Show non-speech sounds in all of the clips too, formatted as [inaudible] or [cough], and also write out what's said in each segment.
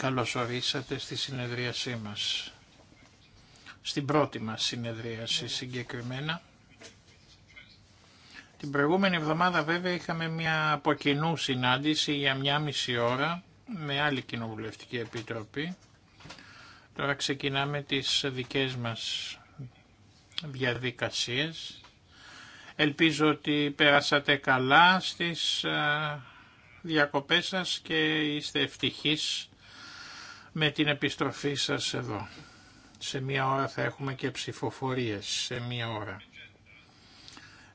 Καλώς ορίσατε στη συνεδρίασή μας. Στην πρώτη μας συνεδρίαση συγκεκριμένα. Την προηγούμενη εβδομάδα βέβαια είχαμε μια από κοινού συνάντηση για μια μισή ώρα με άλλη κοινοβουλευτική επιτροπή. Τώρα ξεκινάμε τις δικές μας διαδικασίες. Ελπίζω ότι περάσατε καλά στις διακοπές σας και είστε ευτυχείς με την επιστροφή σας εδώ. Σε μία ώρα θα έχουμε και ψηφοφορίες, σε μία ώρα.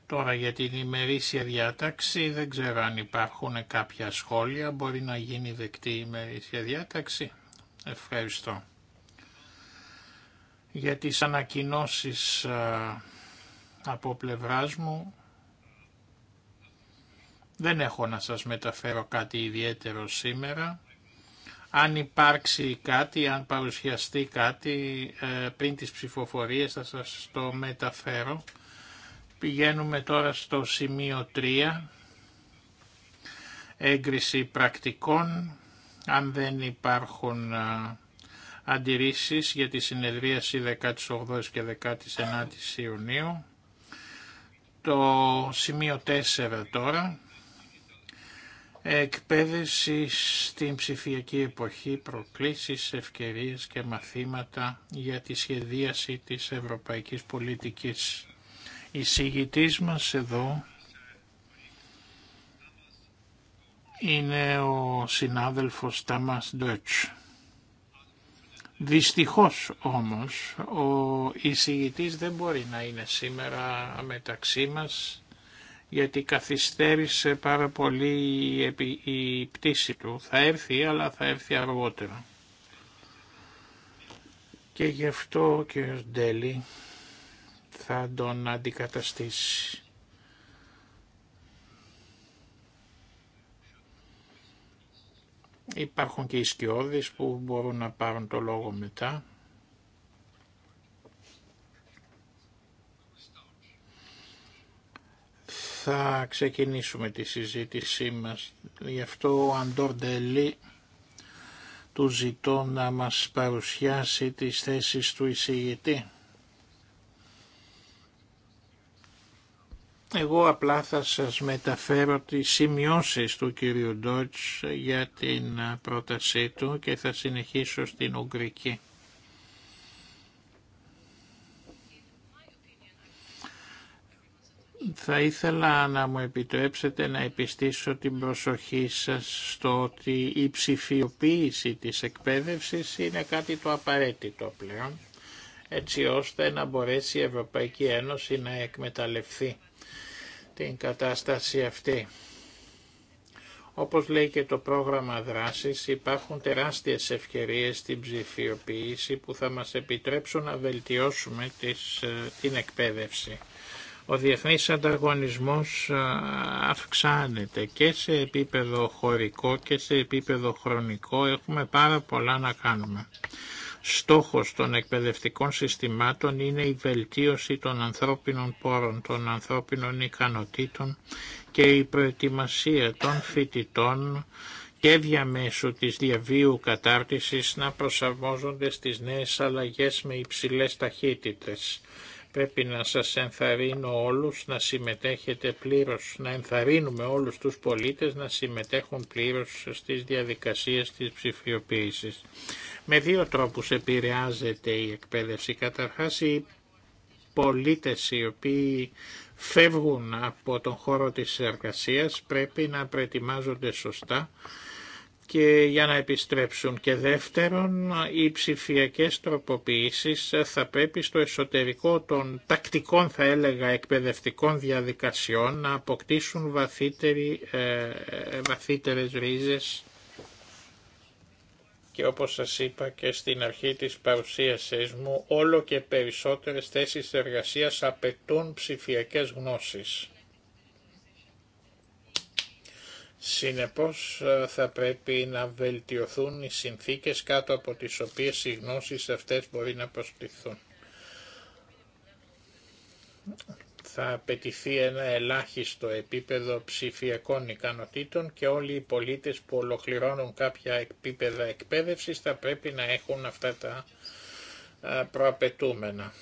Τώρα για την ημερήσια διάταξη δεν ξέρω αν υπάρχουν κάποια σχόλια, μπορεί να γίνει δεκτή η ημερήσια διάταξη. Ευχαριστώ. Για τις ανακοινώσεις από πλευράς μου δεν έχω να σας μεταφέρω κάτι ιδιαίτερο σήμερα. Αν υπάρξει κάτι, αν παρουσιαστεί κάτι ε, πριν τις ψηφοφορίες θα σας το μεταφέρω. Πηγαίνουμε τώρα στο σημείο 3, έγκριση πρακτικών. Αν δεν υπάρχουν ε, αντιρρήσεις για τη συνεδρίαση 18 και 19 Ιουνίου. Το σημείο 4 τώρα Εκπαίδευση στην ψηφιακή εποχή, προκλήσεις, ευκαιρίες και μαθήματα για τη σχεδίαση της ευρωπαϊκής πολιτικής. Η συγητής μας εδώ είναι ο συνάδελφος Τάμας Ντότς. Δυστυχώς όμως ο εισηγητής δεν μπορεί να είναι σήμερα μεταξύ μας γιατί καθυστέρησε πάρα πολύ η πτήση του. Θα έρθει, αλλά θα έρθει αργότερα. Και γι' αυτό ο κ. Ντέλη θα τον αντικαταστήσει. Υπάρχουν και οι σκιώδεις που μπορούν να πάρουν το λόγο μετά. θα ξεκινήσουμε τη συζήτησή μας. Γι' αυτό ο Αντόρ Ντελή του ζητώ να μας παρουσιάσει τις θέσεις του εισηγητή. Εγώ απλά θα σας μεταφέρω τις σημειώσεις του κύριου Ντότς για την πρότασή του και θα συνεχίσω στην Ουγγρική. Θα ήθελα να μου επιτρέψετε να επιστήσω την προσοχή σας στο ότι η ψηφιοποίηση της εκπαίδευσης είναι κάτι το απαραίτητο πλέον, έτσι ώστε να μπορέσει η Ευρωπαϊκή Ένωση να εκμεταλλευτεί την κατάσταση αυτή. Όπως λέει και το πρόγραμμα δράσης, υπάρχουν τεράστιες ευκαιρίες στην ψηφιοποίηση που θα μας επιτρέψουν να βελτιώσουμε ε, την εκπαίδευση. Ο διεθνής ανταγωνισμός αυξάνεται και σε επίπεδο χωρικό και σε επίπεδο χρονικό. Έχουμε πάρα πολλά να κάνουμε. Στόχος των εκπαιδευτικών συστημάτων είναι η βελτίωση των ανθρώπινων πόρων, των ανθρώπινων ικανοτήτων και η προετοιμασία των φοιτητών και διαμέσου της διαβίου κατάρτισης να προσαρμόζονται στις νέες αλλαγές με υψηλές ταχύτητες. Πρέπει να σας ενθαρρύνω όλους να συμμετέχετε πλήρως, να ενθαρρύνουμε όλους τους πολίτες να συμμετέχουν πλήρως στις διαδικασίες της ψηφιοποίησης. Με δύο τρόπους επηρεάζεται η εκπαίδευση. Καταρχάς οι πολίτες οι οποίοι φεύγουν από τον χώρο της εργασίας πρέπει να προετοιμάζονται σωστά και για να επιστρέψουν. Και δεύτερον, οι ψηφιακές τροποποιήσεις θα πρέπει στο εσωτερικό των τακτικών, θα έλεγα, εκπαιδευτικών διαδικασιών να αποκτήσουν βαθύτερη, ε, βαθύτερες ρίζες και όπως σας είπα και στην αρχή της παρουσίασής μου, όλο και περισσότερες θέσεις εργασίας απαιτούν ψηφιακές γνώσεις. Συνεπώς ε, θα πρέπει να βελτιωθούν οι συνθήκες κάτω από τις οποίες οι γνώσεις αυτές μπορεί να προστιθένται. Θα απαιτηθεί ένα ελάχιστο επίπεδο ψηφιακών ικανοτήτων και όλοι οι πολίτες που ολοκληρώνουν κάποια επίπεδα εκπαίδευσης θα πρέπει να έχουν αυτά τα ε, προαπαιτούμενα.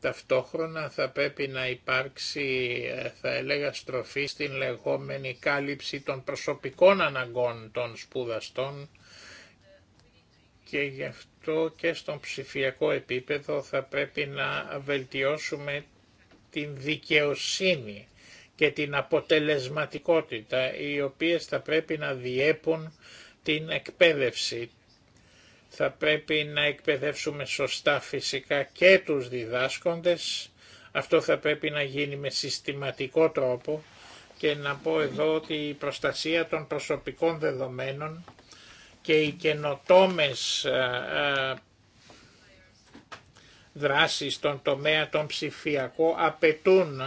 Ταυτόχρονα θα πρέπει να υπάρξει, ε, θα έλεγα, στροφή στην λεγόμενη κάλυψη των προσωπικών αναγκών των σπουδαστών και γι' αυτό και στον ψηφιακό επίπεδο θα πρέπει να βελτιώσουμε την δικαιοσύνη και την αποτελεσματικότητα οι οποίες θα πρέπει να διέπουν την εκπαίδευση θα πρέπει να εκπαιδεύσουμε σωστά φυσικά και τους διδάσκοντες. Αυτό θα πρέπει να γίνει με συστηματικό τρόπο και να πω εδώ ότι η προστασία των προσωπικών δεδομένων και οι καινοτόμες δράσεις στον τομέα των ψηφιακών απαιτούν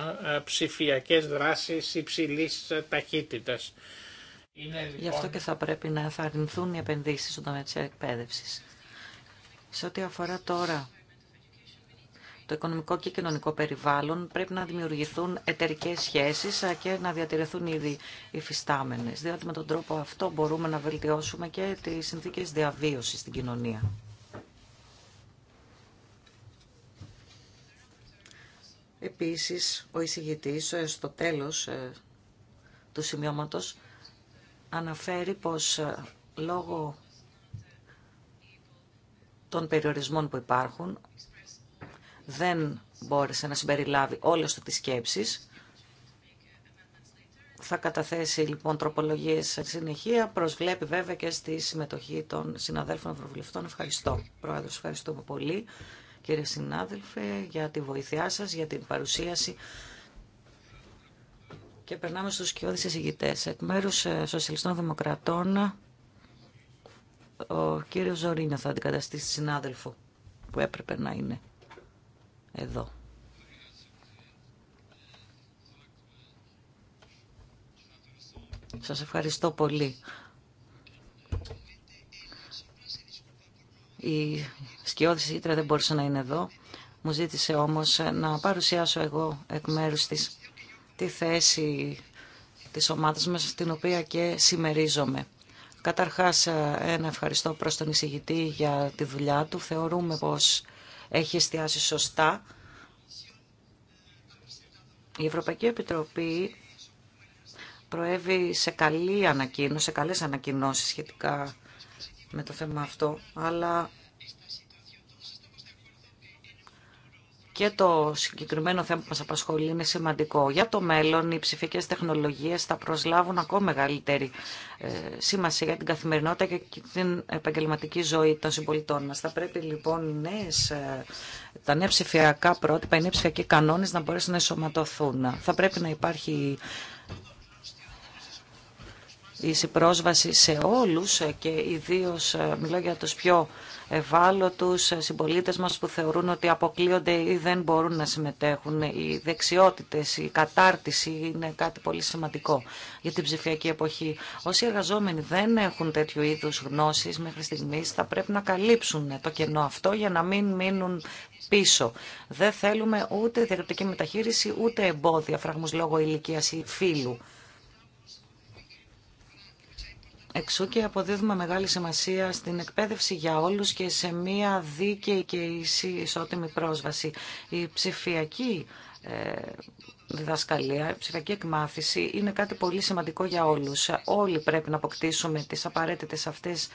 ψηφιακές δράσεις υψηλής ταχύτητας. Γι' λοιπόν αυτό και θα πρέπει να ενθαρρυνθούν οι επενδύσει στον τομέα τη εκπαίδευση. Σε ό,τι αφορά τώρα το οικονομικό και κοινωνικό περιβάλλον, πρέπει να δημιουργηθούν εταιρικέ σχέσεις και να διατηρηθούν ήδη φυστάμενε. διότι με τον τρόπο αυτό μπορούμε να βελτιώσουμε και τις συνθήκες διαβίωσης στην κοινωνία. Επίσης, ο εισηγητής ε, στο τέλος ε, του σημειώματος αναφέρει πως ε, λόγω των περιορισμών που υπάρχουν δεν μπόρεσε να συμπεριλάβει όλες τις σκέψεις. Θα καταθέσει λοιπόν τροπολογίες σε συνεχεία. Προσβλέπει βέβαια και στη συμμετοχή των συναδέλφων ευρωβουλευτών. Ευχαριστώ. Πρόεδρος, ευχαριστούμε πολύ κύριε συνάδελφε για τη βοήθειά σας, για την παρουσίαση και περνάμε στους σκιώδεις εισηγητές. Εκ μέρους ε, Σοσιαλιστών Δημοκρατών, ο κύριος Ζωρίνο θα αντικαταστήσει συνάδελφο που έπρεπε να είναι εδώ. Σας ευχαριστώ πολύ. Η σκιώδης ήτρα δεν μπορούσε να είναι εδώ. Μου ζήτησε όμως να παρουσιάσω εγώ εκ μέρους της τη θέση της ομάδας μας, την οποία και συμμερίζομαι. Καταρχάς, ε, ένα ευχαριστώ προς τον εισηγητή για τη δουλειά του. Θεωρούμε πως έχει εστιάσει σωστά. Η Ευρωπαϊκή Επιτροπή προέβη σε καλή ανακοίνωση, σε καλές ανακοινώσεις σχετικά με το θέμα αυτό, αλλά και το συγκεκριμένο θέμα που μας απασχολεί είναι σημαντικό. Για το μέλλον οι ψηφιακές τεχνολογίες θα προσλάβουν ακόμα μεγαλύτερη ε, σήμαση για την καθημερινότητα και την επαγγελματική ζωή των συμπολιτών μας. Θα πρέπει λοιπόν ε, τα νέα ψηφιακά πρότυπα, οι ψηφιακή ψηφιακοί κανόνες να μπορέσουν να εσωματωθούν. Θα πρέπει να υπάρχει η πρόσβαση σε όλους ε, και ιδίως μιλώ για τους πιο ευάλωτους συμπολίτες μας που θεωρούν ότι αποκλείονται ή δεν μπορούν να συμμετέχουν. Οι δεξιότητες, η κατάρτιση είναι κάτι πολύ σημαντικό για την ψηφιακή εποχή. Όσοι εργαζόμενοι δεν έχουν τέτοιου είδους γνώσεις μέχρι στιγμής θα πρέπει να καλύψουν το κενό αυτό για να μην μείνουν πίσω. Δεν θέλουμε ούτε διακριτική μεταχείριση ούτε εμπόδια φραγμούς λόγω ηλικίας ή φύλου. Εξού και αποδίδουμε μεγάλη σημασία στην εκπαίδευση για όλους και σε μία δίκαιη και ισότιμη πρόσβαση. Η ψηφιακή ε, διδασκαλία, η ψηφιακή εκμάθηση είναι κάτι πολύ σημαντικό για όλους. Όλοι πρέπει να αποκτήσουμε τις απαραίτητες αυτές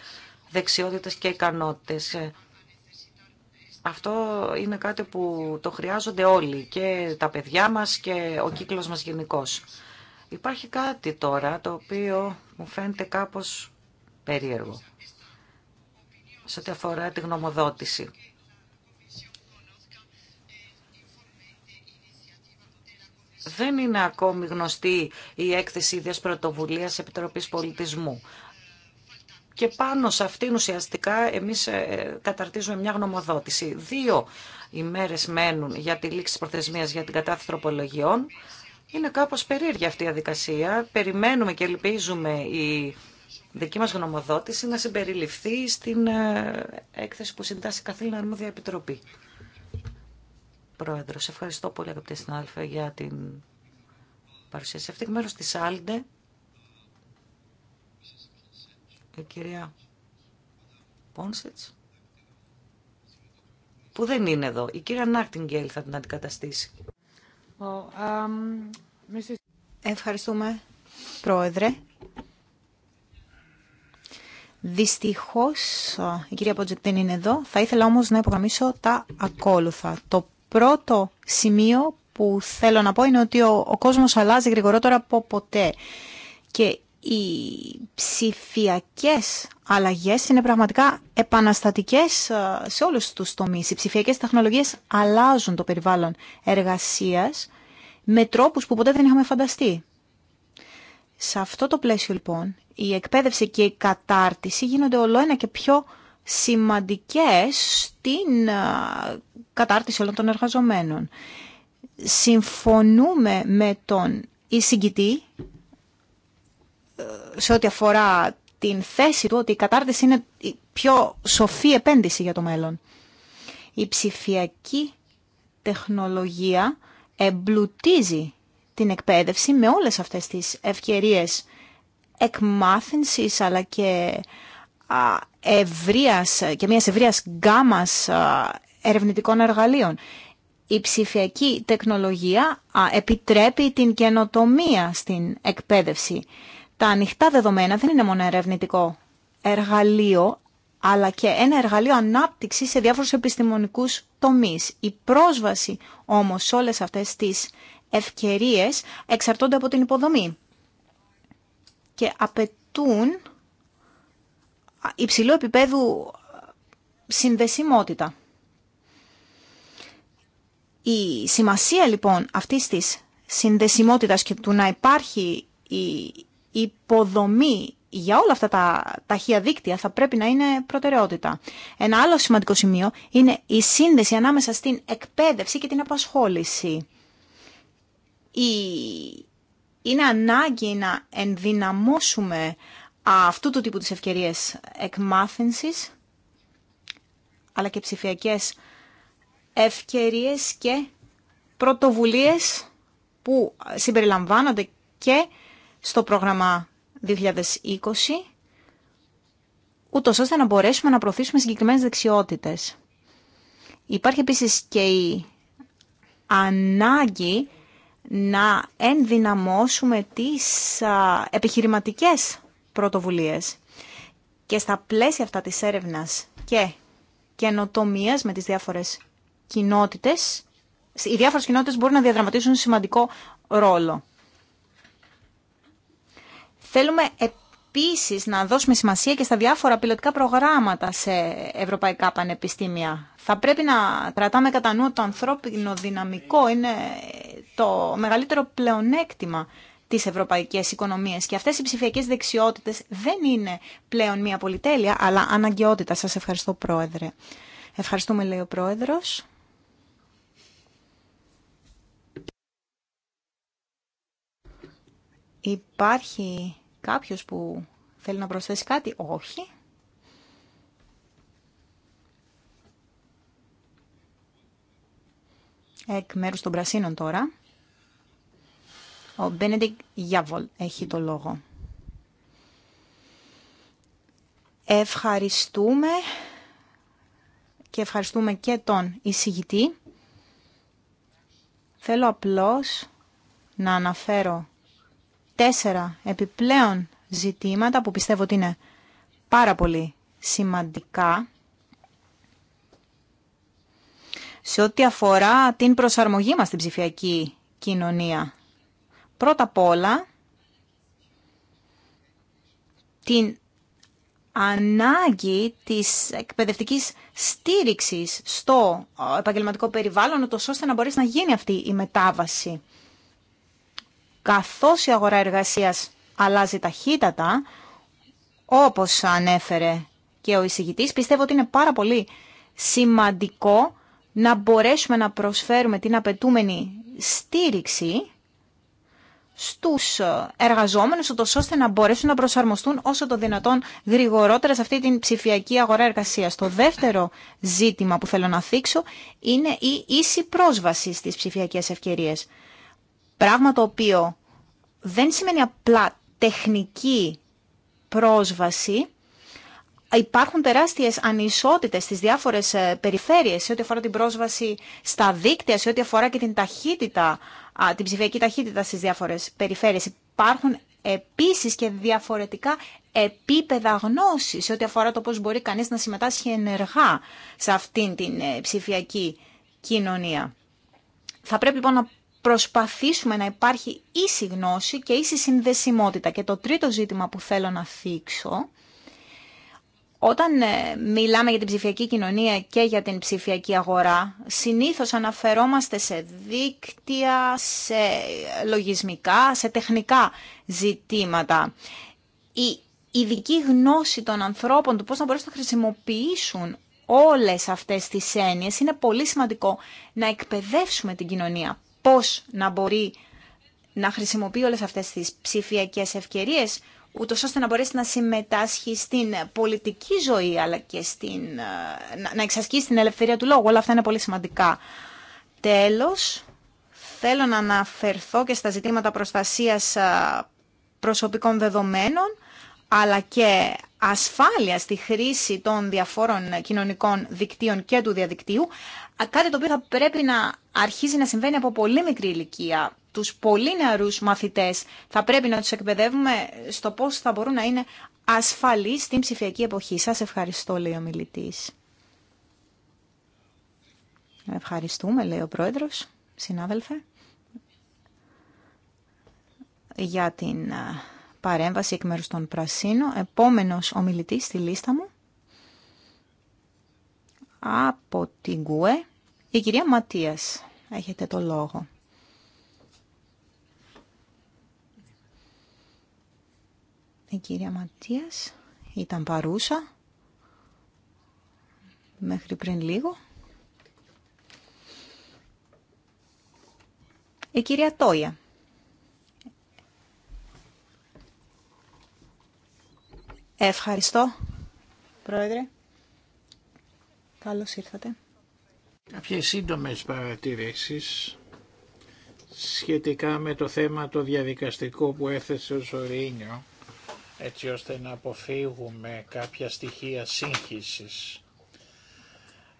δεξιότητες και ικανότητες. Αυτό είναι κάτι που το χρειάζονται όλοι, και τα παιδιά μας και ο κύκλος μας γενικώς. Υπάρχει κάτι τώρα το οποίο μου φαίνεται κάπως περίεργο σε ό,τι αφορά τη γνωμοδότηση. Δεν είναι ακόμη γνωστή η έκθεση ίδιας πρωτοβουλίας Επιτροπής Πολιτισμού. Και πάνω σε αυτήν ουσιαστικά εμείς ε, καταρτίζουμε μια γνωμοδότηση. Δύο ημέρες μένουν για τη λήξη προθεσμίας για την κατάθεση τροπολογιών. Είναι κάπως περίεργη αυτή η διαδικασία. Περιμένουμε και ελπίζουμε η δική μας γνωμοδότηση να συμπεριληφθεί στην ε, έκθεση που συντάσσει η Καθήλυνα Αρμόδια Επιτροπή. Πρόεδρος, ευχαριστώ πολύ αγαπητέ Αλφα, για την παρουσίαση αυτή. Μέρος της Άλντε, η κυρία Πόνσετς, που δεν είναι εδώ. Η κυρία Νάρτιγκέλ θα την αντικαταστήσει. Um, Ευχαριστούμε, Πρόεδρε. Δυστυχώς, η κυρία Πότζεκ δεν είναι εδώ. Θα ήθελα όμως να υπογραμμίσω τα ακόλουθα. Το πρώτο σημείο που θέλω να πω είναι ότι ο, ο κόσμος αλλάζει γρηγορότερα από ποτέ. Και οι ψηφιακές αλλαγές είναι πραγματικά επαναστατικές ε, σε όλους τους τομείς. Οι ψηφιακές τεχνολογίες αλλάζουν το περιβάλλον εργασίας με τρόπους που ποτέ δεν είχαμε φανταστεί. Σε αυτό το πλαίσιο λοιπόν, η εκπαίδευση και η κατάρτιση γίνονται όλο ένα και πιο σημαντικές στην ε, κατάρτιση όλων των εργαζομένων. Συμφωνούμε με τον εισηγητή ε, σε ό,τι αφορά την θέση του ότι η κατάρτιση είναι η πιο σοφή επένδυση για το μέλλον. Η ψηφιακή τεχνολογία εμπλουτίζει την εκπαίδευση με όλες αυτές τις ευκαιρίες εκμάθησης αλλά και ευρείας, και μιας ευρείας γκάμας ερευνητικών εργαλείων. Η ψηφιακή τεχνολογία επιτρέπει την καινοτομία στην εκπαίδευση. Τα ανοιχτά δεδομένα δεν είναι μόνο ερευνητικό εργαλείο, αλλά και ένα εργαλείο ανάπτυξη σε διάφορους επιστημονικούς τομείς. Η πρόσβαση όμως σε όλες αυτές τις ευκαιρίες εξαρτώνται από την υποδομή και απαιτούν υψηλού επίπεδου συνδεσιμότητα. Η σημασία λοιπόν αυτής της συνδεσιμότητας και του να υπάρχει η υποδομή για όλα αυτά τα ταχεία δίκτυα θα πρέπει να είναι προτεραιότητα. Ένα άλλο σημαντικό σημείο είναι η σύνδεση ανάμεσα στην εκπαίδευση και την απασχόληση. Η... Είναι ανάγκη να ενδυναμώσουμε αυτού του τύπου τις ευκαιρίες εκμάθησης, αλλά και ψηφιακές ευκαιρίες και πρωτοβουλίες που συμπεριλαμβάνονται και στο πρόγραμμα 2020, ούτω ώστε να μπορέσουμε να προωθήσουμε συγκεκριμένες δεξιότητες. Υπάρχει επίσης και η ανάγκη να ενδυναμώσουμε τις επιχειρηματικές πρωτοβουλίες. Και στα πλαίσια αυτά της έρευνας και καινοτομία με τις διάφορες κοινότητες, οι διάφορες κοινότητες μπορούν να διαδραματίσουν σημαντικό ρόλο. Θέλουμε επίσης να δώσουμε σημασία και στα διάφορα πιλωτικά προγράμματα σε ευρωπαϊκά πανεπιστήμια. Θα πρέπει να κρατάμε κατά νου το ανθρώπινο δυναμικό είναι το μεγαλύτερο πλεονέκτημα της ευρωπαϊκές οικονομίες και αυτές οι ψηφιακές δεξιότητες δεν είναι πλέον μια πολυτέλεια αλλά αναγκαιότητα. Σας ευχαριστώ Πρόεδρε. Ευχαριστούμε λέει ο Πρόεδρος. Υπάρχει κάποιος που θέλει να προσθέσει κάτι. Όχι. Εκ μέρους των Πρασίνων τώρα. Ο Μπένεντικ Γιάβολ έχει το λόγο. Ευχαριστούμε και ευχαριστούμε και τον εισηγητή. Θέλω απλώς να αναφέρω τέσσερα επιπλέον ζητήματα που πιστεύω ότι είναι πάρα πολύ σημαντικά σε ό,τι αφορά την προσαρμογή μας στην ψηφιακή κοινωνία. Πρώτα απ' όλα, την ανάγκη της εκπαιδευτικής στήριξης στο ε, επαγγελματικό περιβάλλον, ώστε να μπορέσει να γίνει αυτή η μετάβαση καθώς η αγορά εργασίας αλλάζει ταχύτατα, όπως ανέφερε και ο εισηγητής, πιστεύω ότι είναι πάρα πολύ σημαντικό να μπορέσουμε να προσφέρουμε την απαιτούμενη στήριξη στους εργαζόμενους, ώστε να μπορέσουν να προσαρμοστούν όσο το δυνατόν γρηγορότερα σε αυτή την ψηφιακή αγορά εργασίας. Το δεύτερο ζήτημα που θέλω να θίξω είναι η ίση πρόσβαση στις ψηφιακές ευκαιρίες. Πράγμα το οποίο δεν σημαίνει απλά τεχνική πρόσβαση. Υπάρχουν τεράστιες ανισότητες στις διάφορες ε, περιφέρειες σε ό,τι αφορά την πρόσβαση στα δίκτυα, σε ό,τι αφορά και την ταχύτητα, την ψηφιακή ταχύτητα στις διάφορες περιφέρειες. Υπάρχουν επίσης και διαφορετικά επίπεδα γνώσης σε ό,τι αφορά το πώς μπορεί κανείς να συμμετάσχει ενεργά σε αυτήν την ε, ψηφιακή κοινωνία. Θα πρέπει λοιπόν να προσπαθήσουμε να υπάρχει ίση γνώση και ίση συνδεσιμότητα. Και το τρίτο ζήτημα που θέλω να θίξω, όταν ε, μιλάμε για την ψηφιακή κοινωνία και για την ψηφιακή αγορά, συνήθως αναφερόμαστε σε δίκτυα, σε λογισμικά, σε τεχνικά ζητήματα. Η ειδική γνώση των ανθρώπων του πώς να μπορέσουν να χρησιμοποιήσουν όλες αυτές τις έννοιες είναι πολύ σημαντικό να εκπαιδεύσουμε την κοινωνία πώς να μπορεί να χρησιμοποιεί όλες αυτές τις ψηφιακές ευκαιρίες, ούτω ώστε να μπορέσει να συμμετάσχει στην πολιτική ζωή, αλλά και στην, ε, να εξασκήσει την ελευθερία του λόγου. Όλα αυτά είναι πολύ σημαντικά. Τέλος, θέλω να αναφερθώ και στα ζητήματα προστασίας ε, προσωπικών δεδομένων, αλλά και ασφάλεια στη χρήση των διαφόρων κοινωνικών δικτύων και του διαδικτύου, κάτι το οποίο θα πρέπει να αρχίζει να συμβαίνει από πολύ μικρή ηλικία. Τους πολύ νεαρούς μαθητές θα πρέπει να τους εκπαιδεύουμε στο πώς θα μπορούν να είναι ασφαλείς στην ψηφιακή εποχή. Σας ευχαριστώ, λέει ο μιλητή. Ευχαριστούμε, λέει ο πρόεδρος, συνάδελφε, για την παρέμβαση εκ μέρους των Πρασίνων. Επόμενος ομιλητής στη λίστα μου από την ΚΟΕ, η κυρία Ματίας. Έχετε το λόγο. Η κυρία Ματίας ήταν παρούσα μέχρι πριν λίγο. Η κυρία Τόια. Ευχαριστώ, Πρόεδρε. Καλώς ήρθατε. Κάποιες σύντομες παρατηρήσεις σχετικά με το θέμα το διαδικαστικό που έθεσε ο Ζωρίνιο έτσι ώστε να αποφύγουμε κάποια στοιχεία σύγχυσης.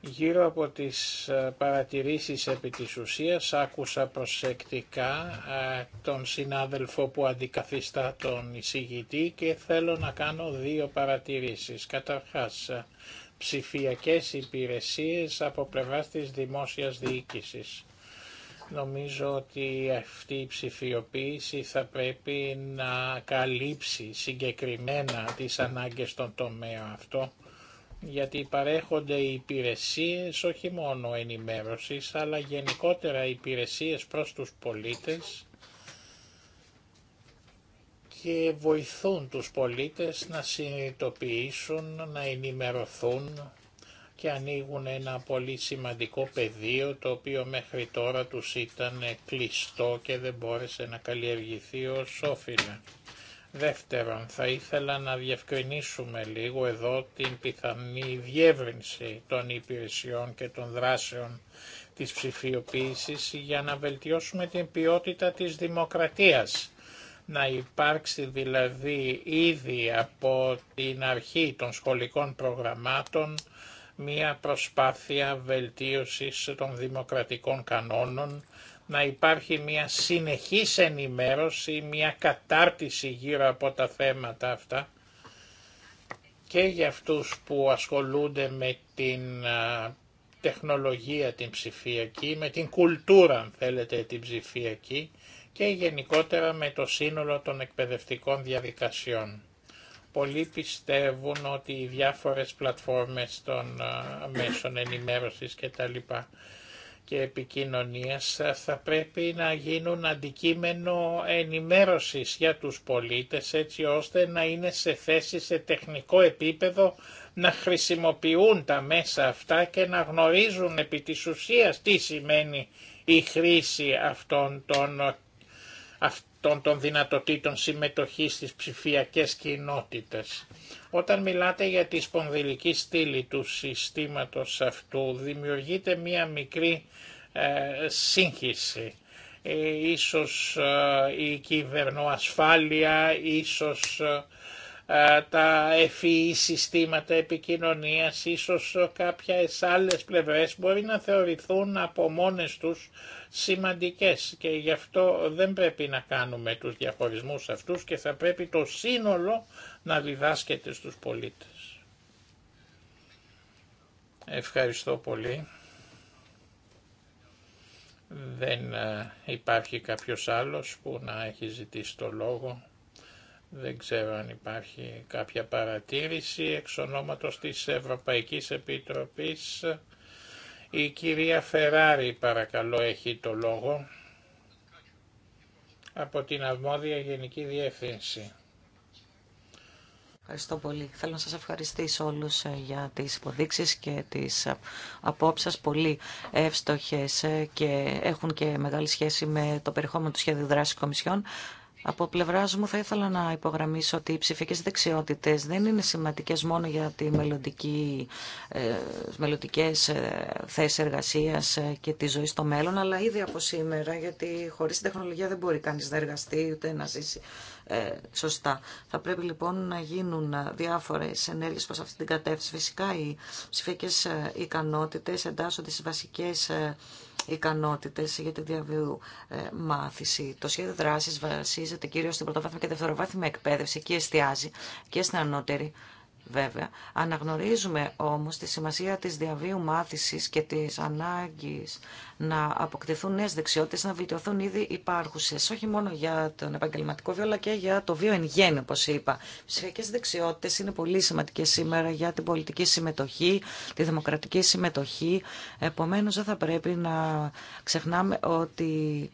Γύρω από τις ε, παρατηρήσεις επί της ουσίας άκουσα προσεκτικά ε, τον συνάδελφο που αντικαθιστά τον εισηγητή και θέλω να κάνω δύο παρατηρήσεις. Καταρχάς, ε, ψηφιακές υπηρεσίες από πλευράς της δημόσιας διοίκησης. Νομίζω ότι αυτή η ψηφιοποίηση θα πρέπει να καλύψει συγκεκριμένα τις ανάγκες των τομέα αυτό, γιατί παρέχονται υπηρεσίες όχι μόνο ενημέρωσης, αλλά γενικότερα υπηρεσίες προς τους πολίτες, και βοηθούν τους πολίτες να συνειδητοποιήσουν, να ενημερωθούν και ανοίγουν ένα πολύ σημαντικό πεδίο το οποίο μέχρι τώρα τους ήταν κλειστό και δεν μπόρεσε να καλλιεργηθεί ως όφιλε. Δεύτερον, θα ήθελα να διευκρινίσουμε λίγο εδώ την πιθανή διεύρυνση των υπηρεσιών και των δράσεων της ψηφιοποίησης για να βελτιώσουμε την ποιότητα της δημοκρατίας να υπάρξει δηλαδή ήδη από την αρχή των σχολικών προγραμμάτων μία προσπάθεια βελτίωσης των δημοκρατικών κανόνων, να υπάρχει μία συνεχής ενημέρωση, μία κατάρτιση γύρω από τα θέματα αυτά και για αυτούς που ασχολούνται με την τεχνολογία την ψηφιακή, με την κουλτούρα αν θέλετε την ψηφιακή, και γενικότερα με το σύνολο των εκπαιδευτικών διαδικασιών. Πολλοί πιστεύουν ότι οι διάφορες πλατφόρμες των μέσων ενημέρωσης και τα λοιπά και επικοινωνίας θα πρέπει να γίνουν αντικείμενο ενημέρωσης για τους πολίτες έτσι ώστε να είναι σε θέση σε τεχνικό επίπεδο να χρησιμοποιούν τα μέσα αυτά και να γνωρίζουν επί της ουσίας τι σημαίνει η χρήση αυτών των αυτών των δυνατοτήτων συμμετοχής στις ψηφιακές κοινότητες. Όταν μιλάτε για τη σπονδυλική στήλη του συστήματος αυτού, δημιουργείται μία μικρή ε, σύγχυση. Ε, ίσως ε, η κυβερνοασφάλεια, ίσως ε, τα ευφυή e e συστήματα επικοινωνίας, ίσως κάποιες άλλες πλευρές μπορεί να θεωρηθούν από μόνες τους σημαντικές και γι' αυτό δεν πρέπει να κάνουμε τους διαχωρισμούς αυτούς και θα πρέπει το σύνολο να διδάσκεται στους πολίτες. Ευχαριστώ πολύ. Δεν υπάρχει κάποιος άλλος που να έχει ζητήσει το λόγο. Δεν ξέρω αν υπάρχει κάποια παρατήρηση εξ ονόματος της Ευρωπαϊκής Επιτροπής. Η κυρία Φεράρη παρακαλώ έχει το λόγο από την Αρμόδια Γενική Διεύθυνση. Ευχαριστώ πολύ. Θέλω να σας ευχαριστήσω όλους ε, για τις υποδείξεις και τις ε, απόψεις πολύ εύστοχες ε, και έχουν και μεγάλη σχέση με το περιεχόμενο του σχέδιου δράσης Κομισιόν. Από πλευρά μου θα ήθελα να υπογραμμίσω ότι οι ψηφιακέ δεξιότητε δεν είναι σημαντικέ μόνο για τι ε, μελλοντικέ ε, θέσει εργασία ε, και τη ζωή στο μέλλον, αλλά ήδη από σήμερα, γιατί χωρί την τεχνολογία δεν μπορεί κανεί να εργαστεί ούτε να ζήσει σωστά. Θα πρέπει λοιπόν να γίνουν διάφορε ενέργειε προ αυτή την κατεύθυνση. Φυσικά οι ψηφιακέ ικανότητε εντάσσονται στι βασικέ ικανότητε για τη διαβίου ε, μάθηση. Το σχέδιο δράση βασίζεται κυρίως στην πρωτοβάθμια και δευτεροβάθμια εκπαίδευση και εστιάζει και στην ανώτερη βέβαια. Αναγνωρίζουμε όμως τη σημασία της διαβίου μάθησης και της ανάγκης να αποκτηθούν νέες δεξιότητες, να βελτιωθούν ήδη υπάρχουσες, όχι μόνο για τον επαγγελματικό βίο, αλλά και για το βίο εν γέννη, όπως είπα. Ψηφιακές δεξιότητες είναι πολύ σημαντικές σήμερα για την πολιτική συμμετοχή, τη δημοκρατική συμμετοχή. Επομένως, δεν θα πρέπει να ξεχνάμε ότι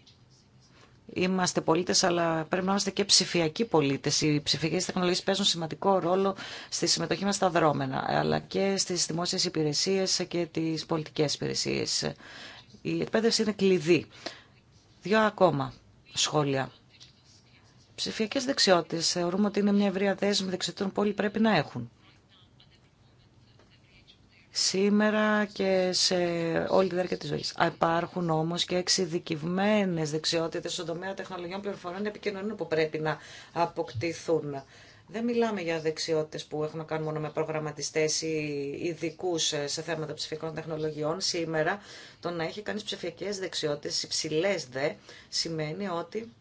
Είμαστε πολίτες, αλλά πρέπει να είμαστε και ψηφιακοί πολίτες. Οι ψηφιακές τεχνολογίες παίζουν σημαντικό ρόλο στη συμμετοχή μας στα δρόμενα, αλλά και στις δημόσιες υπηρεσίες και τις πολιτικές υπηρεσίες. Η εκπαίδευση είναι κλειδί. Δύο ακόμα σχόλια. ψηφιακές δεξιότητες θεωρούμε ότι είναι μια ευρεία δέσμη δεξιότητων που όλοι πρέπει να έχουν σήμερα και σε όλη τη διάρκεια τη ζωής. Υπάρχουν όμως και εξειδικευμένε δεξιότητες στον τομέα τεχνολογιών πληροφοριών επικοινωνίων που πρέπει να αποκτηθούν. Δεν μιλάμε για δεξιότητε που έχουν να κάνουν μόνο με προγραμματιστέ ή ειδικού σε θέματα ψηφιακών τεχνολογιών. Σήμερα το να έχει κανεί ψηφιακέ δεξιότητε υψηλέ δε σημαίνει ότι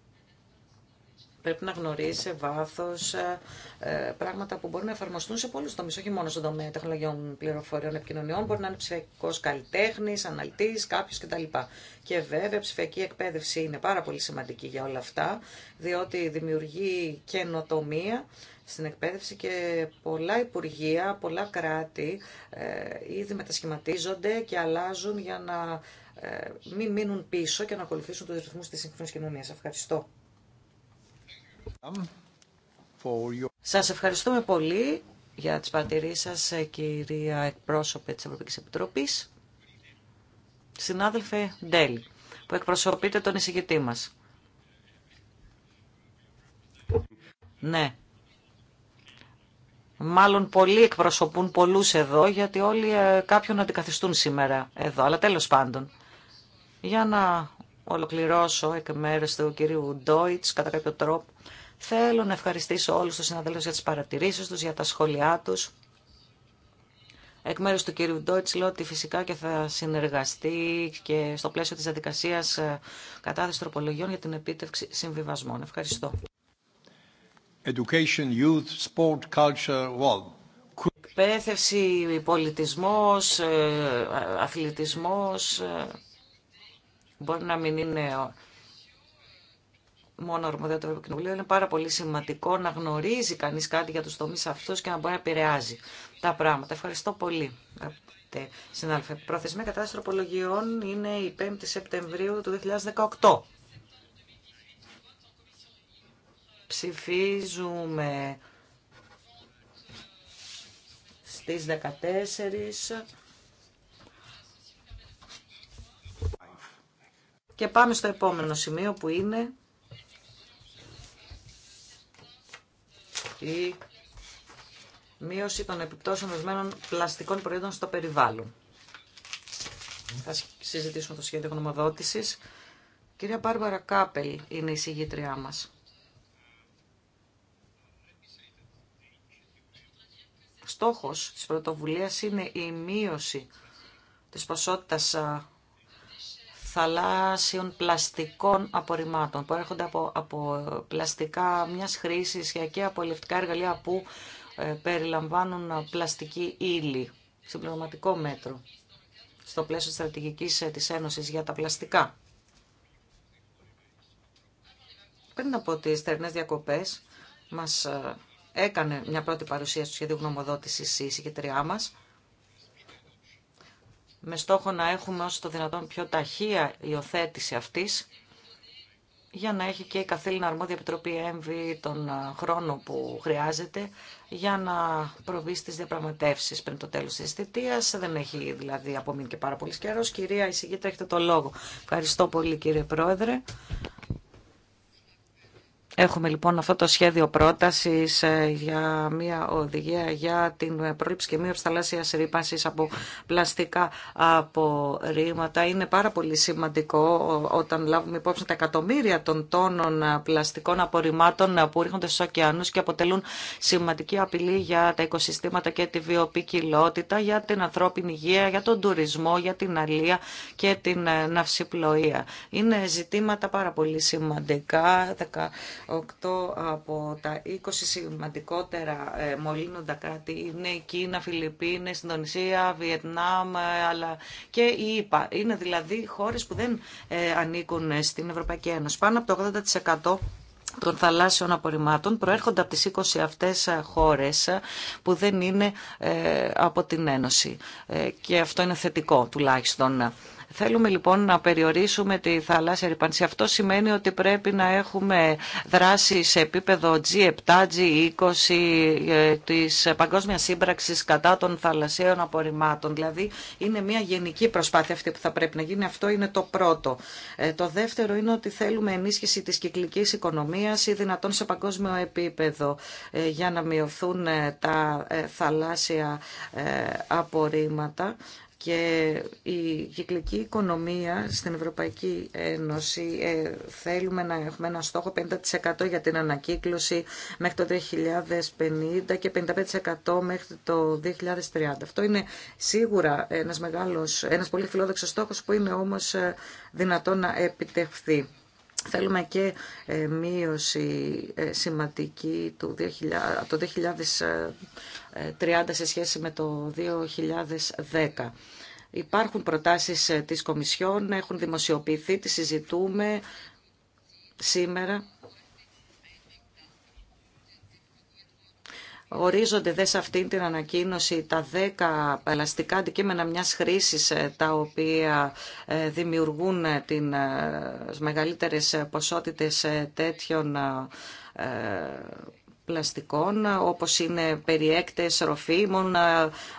πρέπει να γνωρίζει σε βάθο ε, ε, πράγματα που μπορούν να εφαρμοστούν σε πολλού τομεί, όχι μόνο στον τομέα τεχνολογιών πληροφοριών επικοινωνιών. Μπορεί να είναι ψηφιακό καλλιτέχνη, αναλυτή, κάποιο κτλ. Και βέβαια, ψηφιακή εκπαίδευση είναι πάρα πολύ σημαντική για όλα αυτά, διότι δημιουργεί καινοτομία στην εκπαίδευση και πολλά υπουργεία, πολλά κράτη ε, ήδη μετασχηματίζονται και αλλάζουν για να μην μείνουν πίσω και να ακολουθήσουν τους ρυθμούς της σύγχρονης κοινωνίας. Ευχαριστώ. Σας ευχαριστούμε πολύ για τις παρατηρήσεις σας, κυρία εκπρόσωπε της Ευρωπαϊκής Επιτροπής, συνάδελφε Ντέλη, που εκπροσωπείτε τον εισηγητή μας. Ναι. Μάλλον πολλοί εκπροσωπούν πολλούς εδώ, γιατί όλοι ε, κάποιον αντικαθιστούν σήμερα εδώ. Αλλά τέλος πάντων, για να ολοκληρώσω εκ μέρους του κυρίου Ντόιτς, κατά κάποιο τρόπο, Θέλω να ευχαριστήσω όλους τους συναδέλφους για τις παρατηρήσεις τους, για τα σχόλιά τους. Εκ μέρους του κύριου Ντόιτς λέω ότι φυσικά και θα συνεργαστεί και στο πλαίσιο της διαδικασία ε, κατάθεση τροπολογιών για την επίτευξη συμβιβασμών. Ευχαριστώ. Education, youth, sport, culture, world. Εκπαίδευση, πολιτισμός, ε, αθλητισμός, ε, μπορεί να μην είναι μόνο αρμοδιότητα του Κοινοβουλίου. Είναι πάρα πολύ σημαντικό να γνωρίζει κανεί κάτι για του τομεί αυτού και να μπορεί να επηρεάζει τα πράγματα. Ευχαριστώ πολύ. Συνάδελφε, προθεσμία κατάσταση τροπολογιών είναι η 5η Σεπτεμβρίου του 2018. Ψηφίζουμε στις 14. Και πάμε στο επόμενο σημείο που είναι η μείωση των επιπτώσεων ορισμένων πλαστικών προϊόντων στο περιβάλλον. Θα συζητήσουμε το σχέδιο γνωμοδότηση. Κυρία Μπάρμπαρα Κάπελ είναι η συγγήτριά μας. Στόχος της πρωτοβουλίας είναι η μείωση της ποσότητας θαλάσσιων πλαστικών απορριμμάτων που έρχονται από, από πλαστικά μιας χρήσης και από ελευτικά εργαλεία που ε, περιλαμβάνουν πλαστική ύλη, συμπληρωματικό μέτρο στο πλαίσιο της στρατηγικής ε, της Ένωσης για τα πλαστικά. Πριν από τις τερινές διακοπές μας ε, έκανε μια πρώτη παρουσία στο σχέδιο γνωμοδότησης η συγκεκριά μας με στόχο να έχουμε όσο το δυνατόν πιο ταχεία υιοθέτηση αυτής για να έχει και η καθήλυνα αρμόδια επιτροπή έμβη τον χρόνο που χρειάζεται για να προβεί στις διαπραγματεύσεις πριν το τέλος της θητείας. Δεν έχει δηλαδή απομείνει και πάρα πολύ καιρός. Κυρία Ισηγήτρα, έχετε το λόγο. Ευχαριστώ πολύ κύριε Πρόεδρε. Έχουμε λοιπόν αυτό το σχέδιο πρότασης ε, για μια οδηγία για την πρόληψη και μείωση θαλάσσιας ρήπασης από πλαστικά απορρίμματα. Είναι πάρα πολύ σημαντικό όταν λάβουμε υπόψη τα εκατομμύρια των τόνων πλαστικών απορριμμάτων που ρίχνονται στους ωκεανούς και αποτελούν σημαντική απειλή για τα οικοσυστήματα και τη βιοπικιλότητα, για την ανθρώπινη υγεία, για τον τουρισμό, για την αλία και την ε, ναυσιπλοεία. Είναι ζητήματα πάρα πολύ σημαντικά Οκτώ από τα 20 σημαντικότερα ε, μολύνοντα κράτη είναι η Κίνα, Φιλιππίνες, Ινδονησία, Βιετνάμ, ε, αλλά και η ΙΠΑ. Είναι δηλαδή χώρες που δεν ε, ανήκουν στην Ευρωπαϊκή Ένωση. Πάνω από το 80% των θαλάσσιων απορριμμάτων προέρχονται από τις 20 αυτές χώρες που δεν είναι από την Ένωση. Και αυτό είναι θετικό τουλάχιστον. Θέλουμε λοιπόν να περιορίσουμε τη θαλάσσια ρηπάνση. Αυτό σημαίνει ότι πρέπει να έχουμε δράση σε επίπεδο G7, G20 ε, της Παγκόσμιας Σύμπραξης κατά των θαλασσίων απορριμμάτων. Δηλαδή είναι μια γενική προσπάθεια αυτή που θα πρέπει να γίνει. Αυτό είναι το πρώτο. Ε, το δεύτερο είναι ότι θέλουμε ενίσχυση της κυκλικής οικονομίας ή δυνατόν σε παγκόσμιο επίπεδο ε, για να μειωθούν τα θαλάσσια απορρίμματα και η κυκλική οικονομία στην Ευρωπαϊκή Ένωση ε, θέλουμε να έχουμε ένα στόχο 50% για την ανακύκλωση μέχρι το 2050 και 55% μέχρι το 2030. Αυτό είναι σίγουρα ένας, μεγάλος, ένας πολύ φιλόδοξος στόχος που είναι όμως ε, δυνατό να επιτευχθεί. Θέλουμε και ε, μείωση ε, σημαντική του 2000, το 2030 σε σχέση με το 2010. Υπάρχουν προτάσεις ε, της Κομισιόν, έχουν δημοσιοποιηθεί, τις συζητούμε σήμερα. ορίζονται δε σε αυτήν την ανακοίνωση τα 10 ελαστικά αντικείμενα μιας χρήσης ε, τα οποία ε, δημιουργούν ε, την μεγαλύτερες ποσότητες τέτοιων πλαστικών όπως είναι περιέκτες, ροφήμων,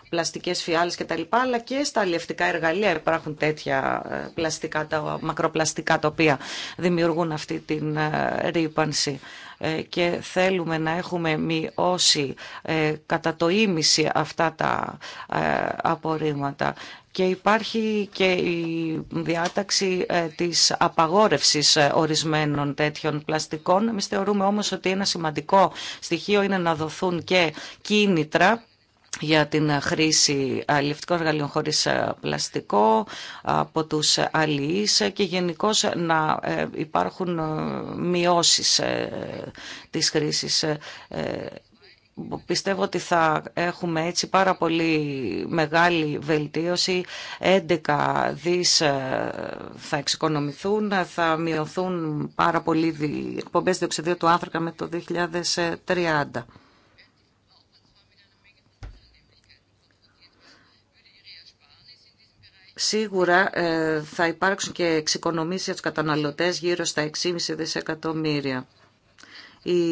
πλαστικές φιάλες κτλ. Αλλά και στα αλλιευτικά εργαλεία υπάρχουν τέτοια πλαστικά, τα μακροπλαστικά τα οποία δημιουργούν αυτή την ρήπανση. Ε, και θέλουμε να έχουμε μειώσει ε, κατά το ίμιση αυτά τα ε, απορρίμματα. Και υπάρχει και η διάταξη της απαγόρευσης ορισμένων τέτοιων πλαστικών. Εμείς θεωρούμε όμως ότι ένα σημαντικό στοιχείο είναι να δοθούν και κίνητρα για την χρήση αλληλευτικών εργαλείων χωρίς πλαστικό από τους αλληλείς και γενικώ να ε, υπάρχουν ε, μειώσεις ε, της χρήσης. Πιστεύω ότι θα έχουμε έτσι πάρα πολύ μεγάλη βελτίωση. 11 δις θα εξοικονομηθούν, θα μειωθούν πάρα πολύ οι εκπομπές διοξιδίου του άνθρακα με το 2030. Σίγουρα ε, θα υπάρξουν και εξοικονομήσεις για τους καταναλωτές γύρω στα 6,5 δισεκατομμύρια. Η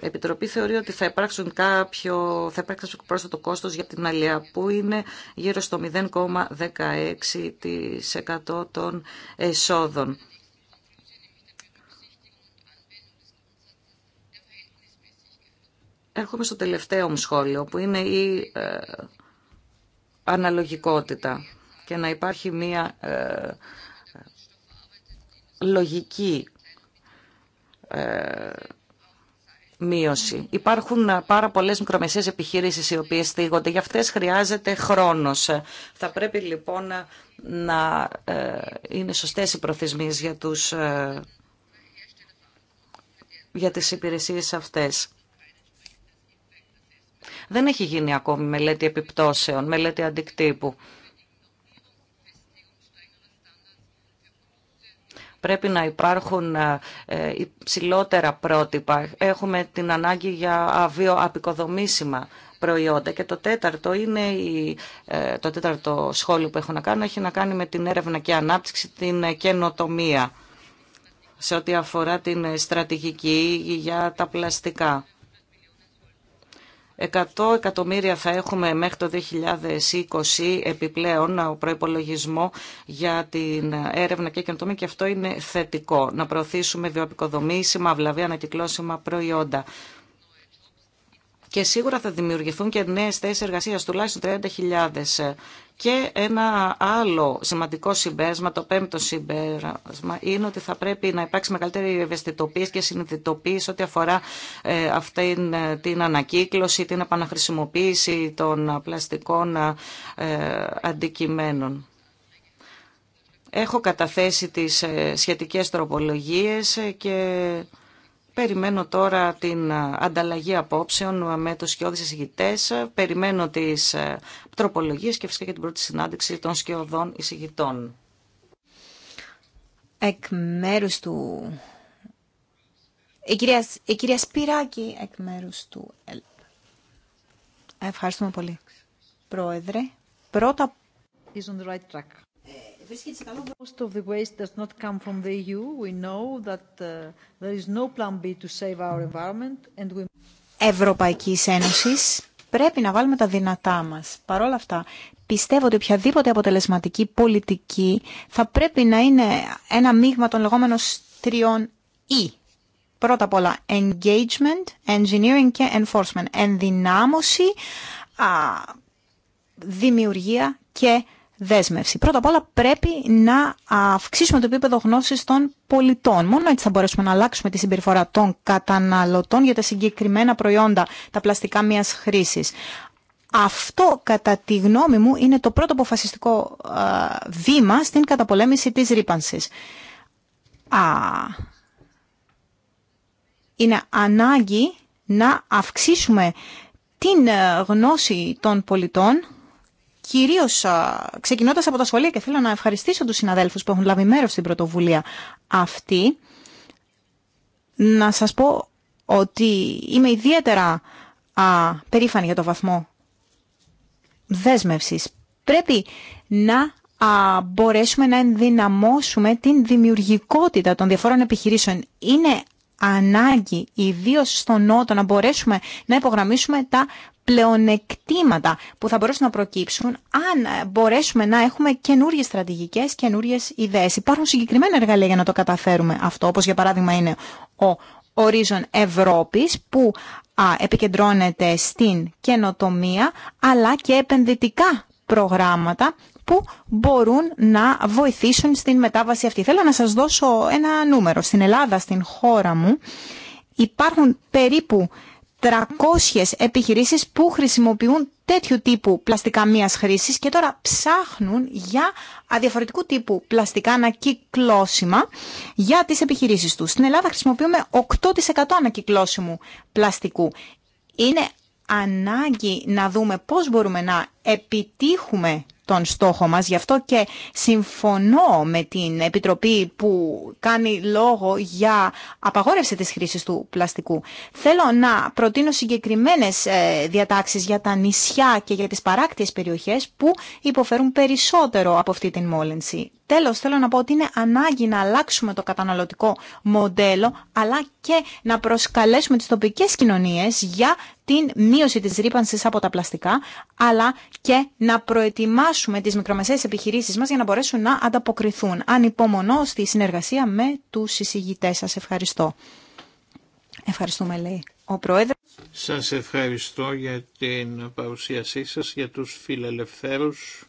Επιτροπή θεωρεί ότι θα υπάρξουν κάποιο, θα υπάρξει πρόσθετο κόστος για την αλία που είναι γύρω στο 0,16% των εσόδων. Έρχομαι στο τελευταίο μου σχόλιο που είναι η ε, αναλογικότητα και να υπάρχει μία ε, λογική ε, μείωση. Υπάρχουν πάρα πολλές μικρομεσαίες επιχειρήσεις οι οποίες στήγονται. Για αυτές χρειάζεται χρόνος. Θα πρέπει λοιπόν να ε, είναι σωστές οι προθεσμίες για, τους, ε, για τις υπηρεσίες αυτές. Δεν έχει γίνει ακόμη μελέτη επιπτώσεων, μελέτη αντικτύπου. Πρέπει να υπάρχουν ε, ε, υψηλότερα πρότυπα. Έχουμε την ανάγκη για αβιοαπικοδομήσιμα προϊόντα. Και το τέταρτο, είναι ε, το τέταρτο σχόλιο που έχω να κάνω έχει να κάνει με την έρευνα και ανάπτυξη, την καινοτομία σε ό,τι αφορά την στρατηγική για τα πλαστικά. 100 εκατομμύρια θα έχουμε μέχρι το 2020 επιπλέον ο προπολογισμό για την έρευνα και καινοτομία και αυτό είναι θετικό. Να προωθήσουμε βιοαπικοδομήσιμα, βλαβεία, ανακυκλώσιμα προϊόντα και σίγουρα θα δημιουργηθούν και νέες θέσεις εργασίας, τουλάχιστον 30.000. Και ένα άλλο σημαντικό συμπέρασμα, το πέμπτο συμπέρασμα, είναι ότι θα πρέπει να υπάρξει μεγαλύτερη ευαισθητοποίηση και συνειδητοποίηση ό,τι αφορά ε, αυτή ε, την ανακύκλωση, την επαναχρησιμοποίηση των πλαστικών ε, αντικειμένων. Έχω καταθέσει τις σχετικές τροπολογίες και Περιμένω τώρα την ε, ανταλλαγή απόψεων με τους σκιώδεις εισηγητές. Περιμένω τις ε, τροπολογίες και φυσικά και την πρώτη συνάντηση των σκιωδών εισηγητών. Εκ μέρους του... Η κυρία, η Σπυράκη εκ μέρους του ΕΛΠ. Ευχαριστούμε πολύ. Πρόεδρε, πρώτα... Is on the Most of the waste does not come from the Ένωσης πρέπει να βάλουμε τα δυνατά μας. Παρ' όλα αυτά, πιστεύω ότι οποιαδήποτε αποτελεσματική πολιτική θα πρέπει να είναι ένα μείγμα των λεγόμενων τριών E. Πρώτα απ' όλα, engagement, engineering και enforcement. Ενδυνάμωση, α, δημιουργία και δέσμευση. Πρώτα απ' όλα πρέπει να αυξήσουμε το επίπεδο γνώσης των πολιτών. Μόνο έτσι θα μπορέσουμε να αλλάξουμε τη συμπεριφορά των καταναλωτών για τα συγκεκριμένα προϊόντα, τα πλαστικά μιας χρήσης. Αυτό, κατά τη γνώμη μου, είναι το πρώτο αποφασιστικό βήμα στην καταπολέμηση της ρήπανσης. είναι ανάγκη να αυξήσουμε την ε, γνώση των πολιτών Κυρίω ξεκινώντα από τα σχολεία και θέλω να ευχαριστήσω τους συναδέλφους που έχουν λάβει μέρο στην πρωτοβουλία αυτή, να σας πω ότι είμαι ιδιαίτερα α, περήφανη για το βαθμό δέσμευσης. Πρέπει να α, μπορέσουμε να ενδυναμώσουμε την δημιουργικότητα των διαφόρων επιχειρήσεων. Είναι ανάγκη, ιδίω στον Νότο, να μπορέσουμε να υπογραμμίσουμε τα πλεονεκτήματα που θα μπορέσουν να προκύψουν αν μπορέσουμε να έχουμε καινούριε στρατηγικέ, καινούριε ιδέε. Υπάρχουν συγκεκριμένα εργαλεία για να το καταφέρουμε αυτό, όπω για παράδειγμα είναι ο Ορίζον Ευρώπης που επικεντρώνεται στην καινοτομία αλλά και επενδυτικά προγράμματα που μπορούν να βοηθήσουν στην μετάβαση αυτή. Θέλω να σας δώσω ένα νούμερο. Στην Ελλάδα, στην χώρα μου, υπάρχουν περίπου 300 επιχειρήσεις που χρησιμοποιούν τέτοιου τύπου πλαστικά μίας χρήσης και τώρα ψάχνουν για αδιαφορετικού τύπου πλαστικά ανακυκλώσιμα για τις επιχειρήσεις τους. Στην Ελλάδα χρησιμοποιούμε 8% ανακυκλώσιμου πλαστικού. Είναι ανάγκη να δούμε πώς μπορούμε να επιτύχουμε τον στόχο μας. Γι' αυτό και συμφωνώ με την Επιτροπή που κάνει λόγο για απαγόρευση της χρήσης του πλαστικού. Θέλω να προτείνω συγκεκριμένες ε, διατάξεις για τα νησιά και για τις παράκτιες περιοχές που υποφέρουν περισσότερο από αυτή την μόλυνση. Τέλος, θέλω να πω ότι είναι ανάγκη να αλλάξουμε το καταναλωτικό μοντέλο, αλλά και να προσκαλέσουμε τις τοπικές κοινωνίες για την μείωση της ρήπανσης από τα πλαστικά, αλλά και να προετοιμάσουμε τις μικρομεσαίες επιχειρήσεις μας για να μπορέσουν να ανταποκριθούν. αν υπομονώ στη συνεργασία με τους συζητητές σας. Ευχαριστώ. Ευχαριστούμε, λέει ο Πρόεδρος. Σας ευχαριστώ για την παρουσίασή σας, για τους φιλελευθέρους.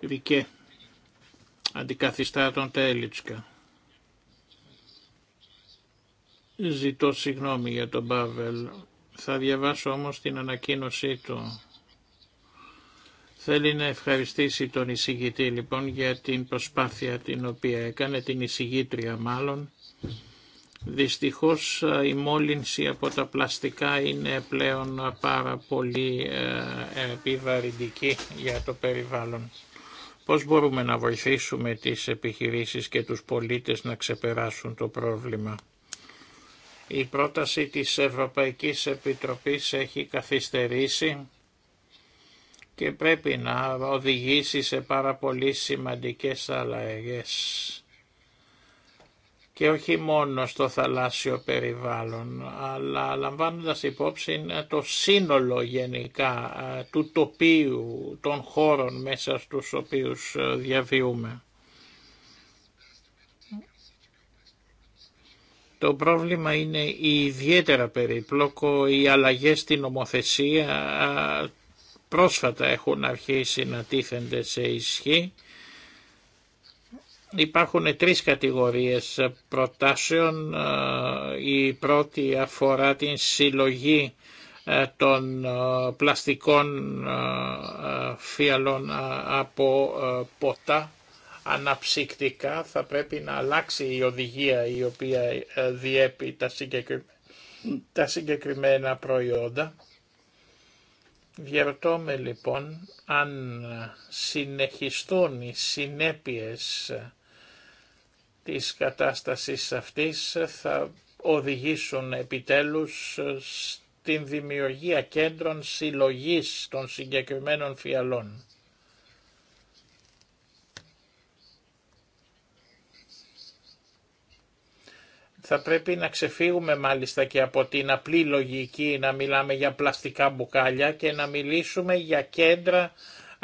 Ρικέ, αντικαθιστά τον Τέλιτσκα. Ζητώ συγγνώμη για τον Πάβελ. Θα διαβάσω όμως την ανακοίνωσή του. Θέλει να ευχαριστήσει τον εισηγητή λοιπόν για την προσπάθεια την οποία έκανε, την εισηγήτρια μάλλον. Δυστυχώς ε, η μόλυνση από τα πλαστικά είναι πλέον πάρα πολύ ε, επιβαρυντική για το περιβάλλον. Πώς μπορούμε να βοηθήσουμε τις επιχειρήσεις και τους πολίτες να ξεπεράσουν το πρόβλημα. Η πρόταση της Ευρωπαϊκής Επιτροπής έχει καθυστερήσει και πρέπει να οδηγήσει σε πάρα πολύ σημαντικές αλλαγές και όχι μόνο στο θαλάσσιο περιβάλλον, αλλά λαμβάνοντας υπόψη το σύνολο γενικά ε, του τοπίου των χώρων μέσα στους οποίους ε, διαβιούμε. Το πρόβλημα είναι ιδιαίτερα περίπλοκο, οι αλλαγές στην νομοθεσία πρόσφατα έχουν αρχίσει να τίθενται σε ισχύ. Υπάρχουν τρεις κατηγορίες προτάσεων. Η πρώτη αφορά την συλλογή των πλαστικών φιαλών από ποτά αναψυκτικά θα πρέπει να αλλάξει η οδηγία η οποία ε, διέπει τα, συγκεκριμένα προϊόντα. Διερωτώμε λοιπόν αν συνεχιστούν οι συνέπειες της κατάστασης αυτής θα οδηγήσουν επιτέλους στην δημιουργία κέντρων συλλογής των συγκεκριμένων φιαλών. Θα πρέπει να ξεφύγουμε μάλιστα και από την απλή λογική να μιλάμε για πλαστικά μπουκάλια και να μιλήσουμε για κέντρα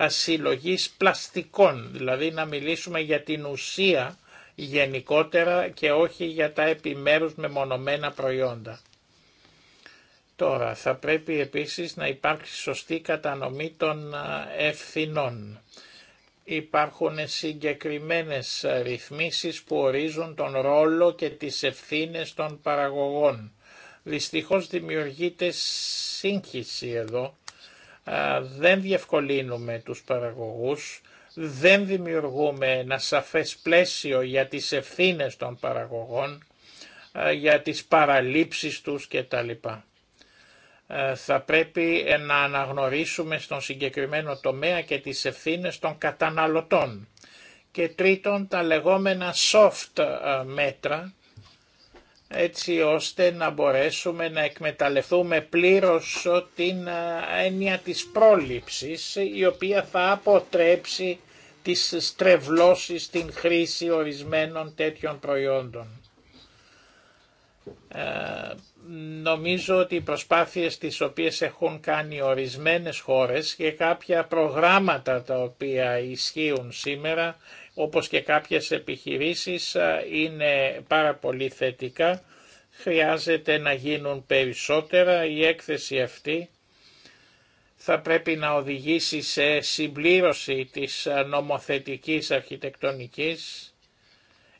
συλλογής πλαστικών, δηλαδή να μιλήσουμε για την ουσία γενικότερα και όχι για τα επιμέρους μεμονωμένα προϊόντα. Τώρα, θα πρέπει επίσης να υπάρξει σωστή κατανομή των ευθυνών υπάρχουν συγκεκριμένες ρυθμίσεις που ορίζουν τον ρόλο και τις ευθύνες των παραγωγών. Δυστυχώς δημιουργείται σύγχυση εδώ. Δεν διευκολύνουμε τους παραγωγούς, δεν δημιουργούμε ένα σαφές πλαίσιο για τις ευθύνες των παραγωγών, για τις παραλήψεις τους κτλ. Ε, θα πρέπει ε, να αναγνωρίσουμε στον συγκεκριμένο τομέα και τις ευθύνες των καταναλωτών. Και τρίτον, τα λεγόμενα soft ε, μέτρα, έτσι ώστε να μπορέσουμε να εκμεταλλευτούμε πλήρως την έννοια της πρόληψης, η οποία θα αποτρέψει τις στρεβλώσεις στην χρήση ορισμένων τέτοιων προϊόντων νομίζω ότι οι προσπάθειες τις οποίες έχουν κάνει ορισμένες χώρες και κάποια προγράμματα τα οποία ισχύουν σήμερα όπως και κάποιες επιχειρήσεις είναι πάρα πολύ θετικά. Χρειάζεται να γίνουν περισσότερα. Η έκθεση αυτή θα πρέπει να οδηγήσει σε συμπλήρωση της νομοθετικής αρχιτεκτονικής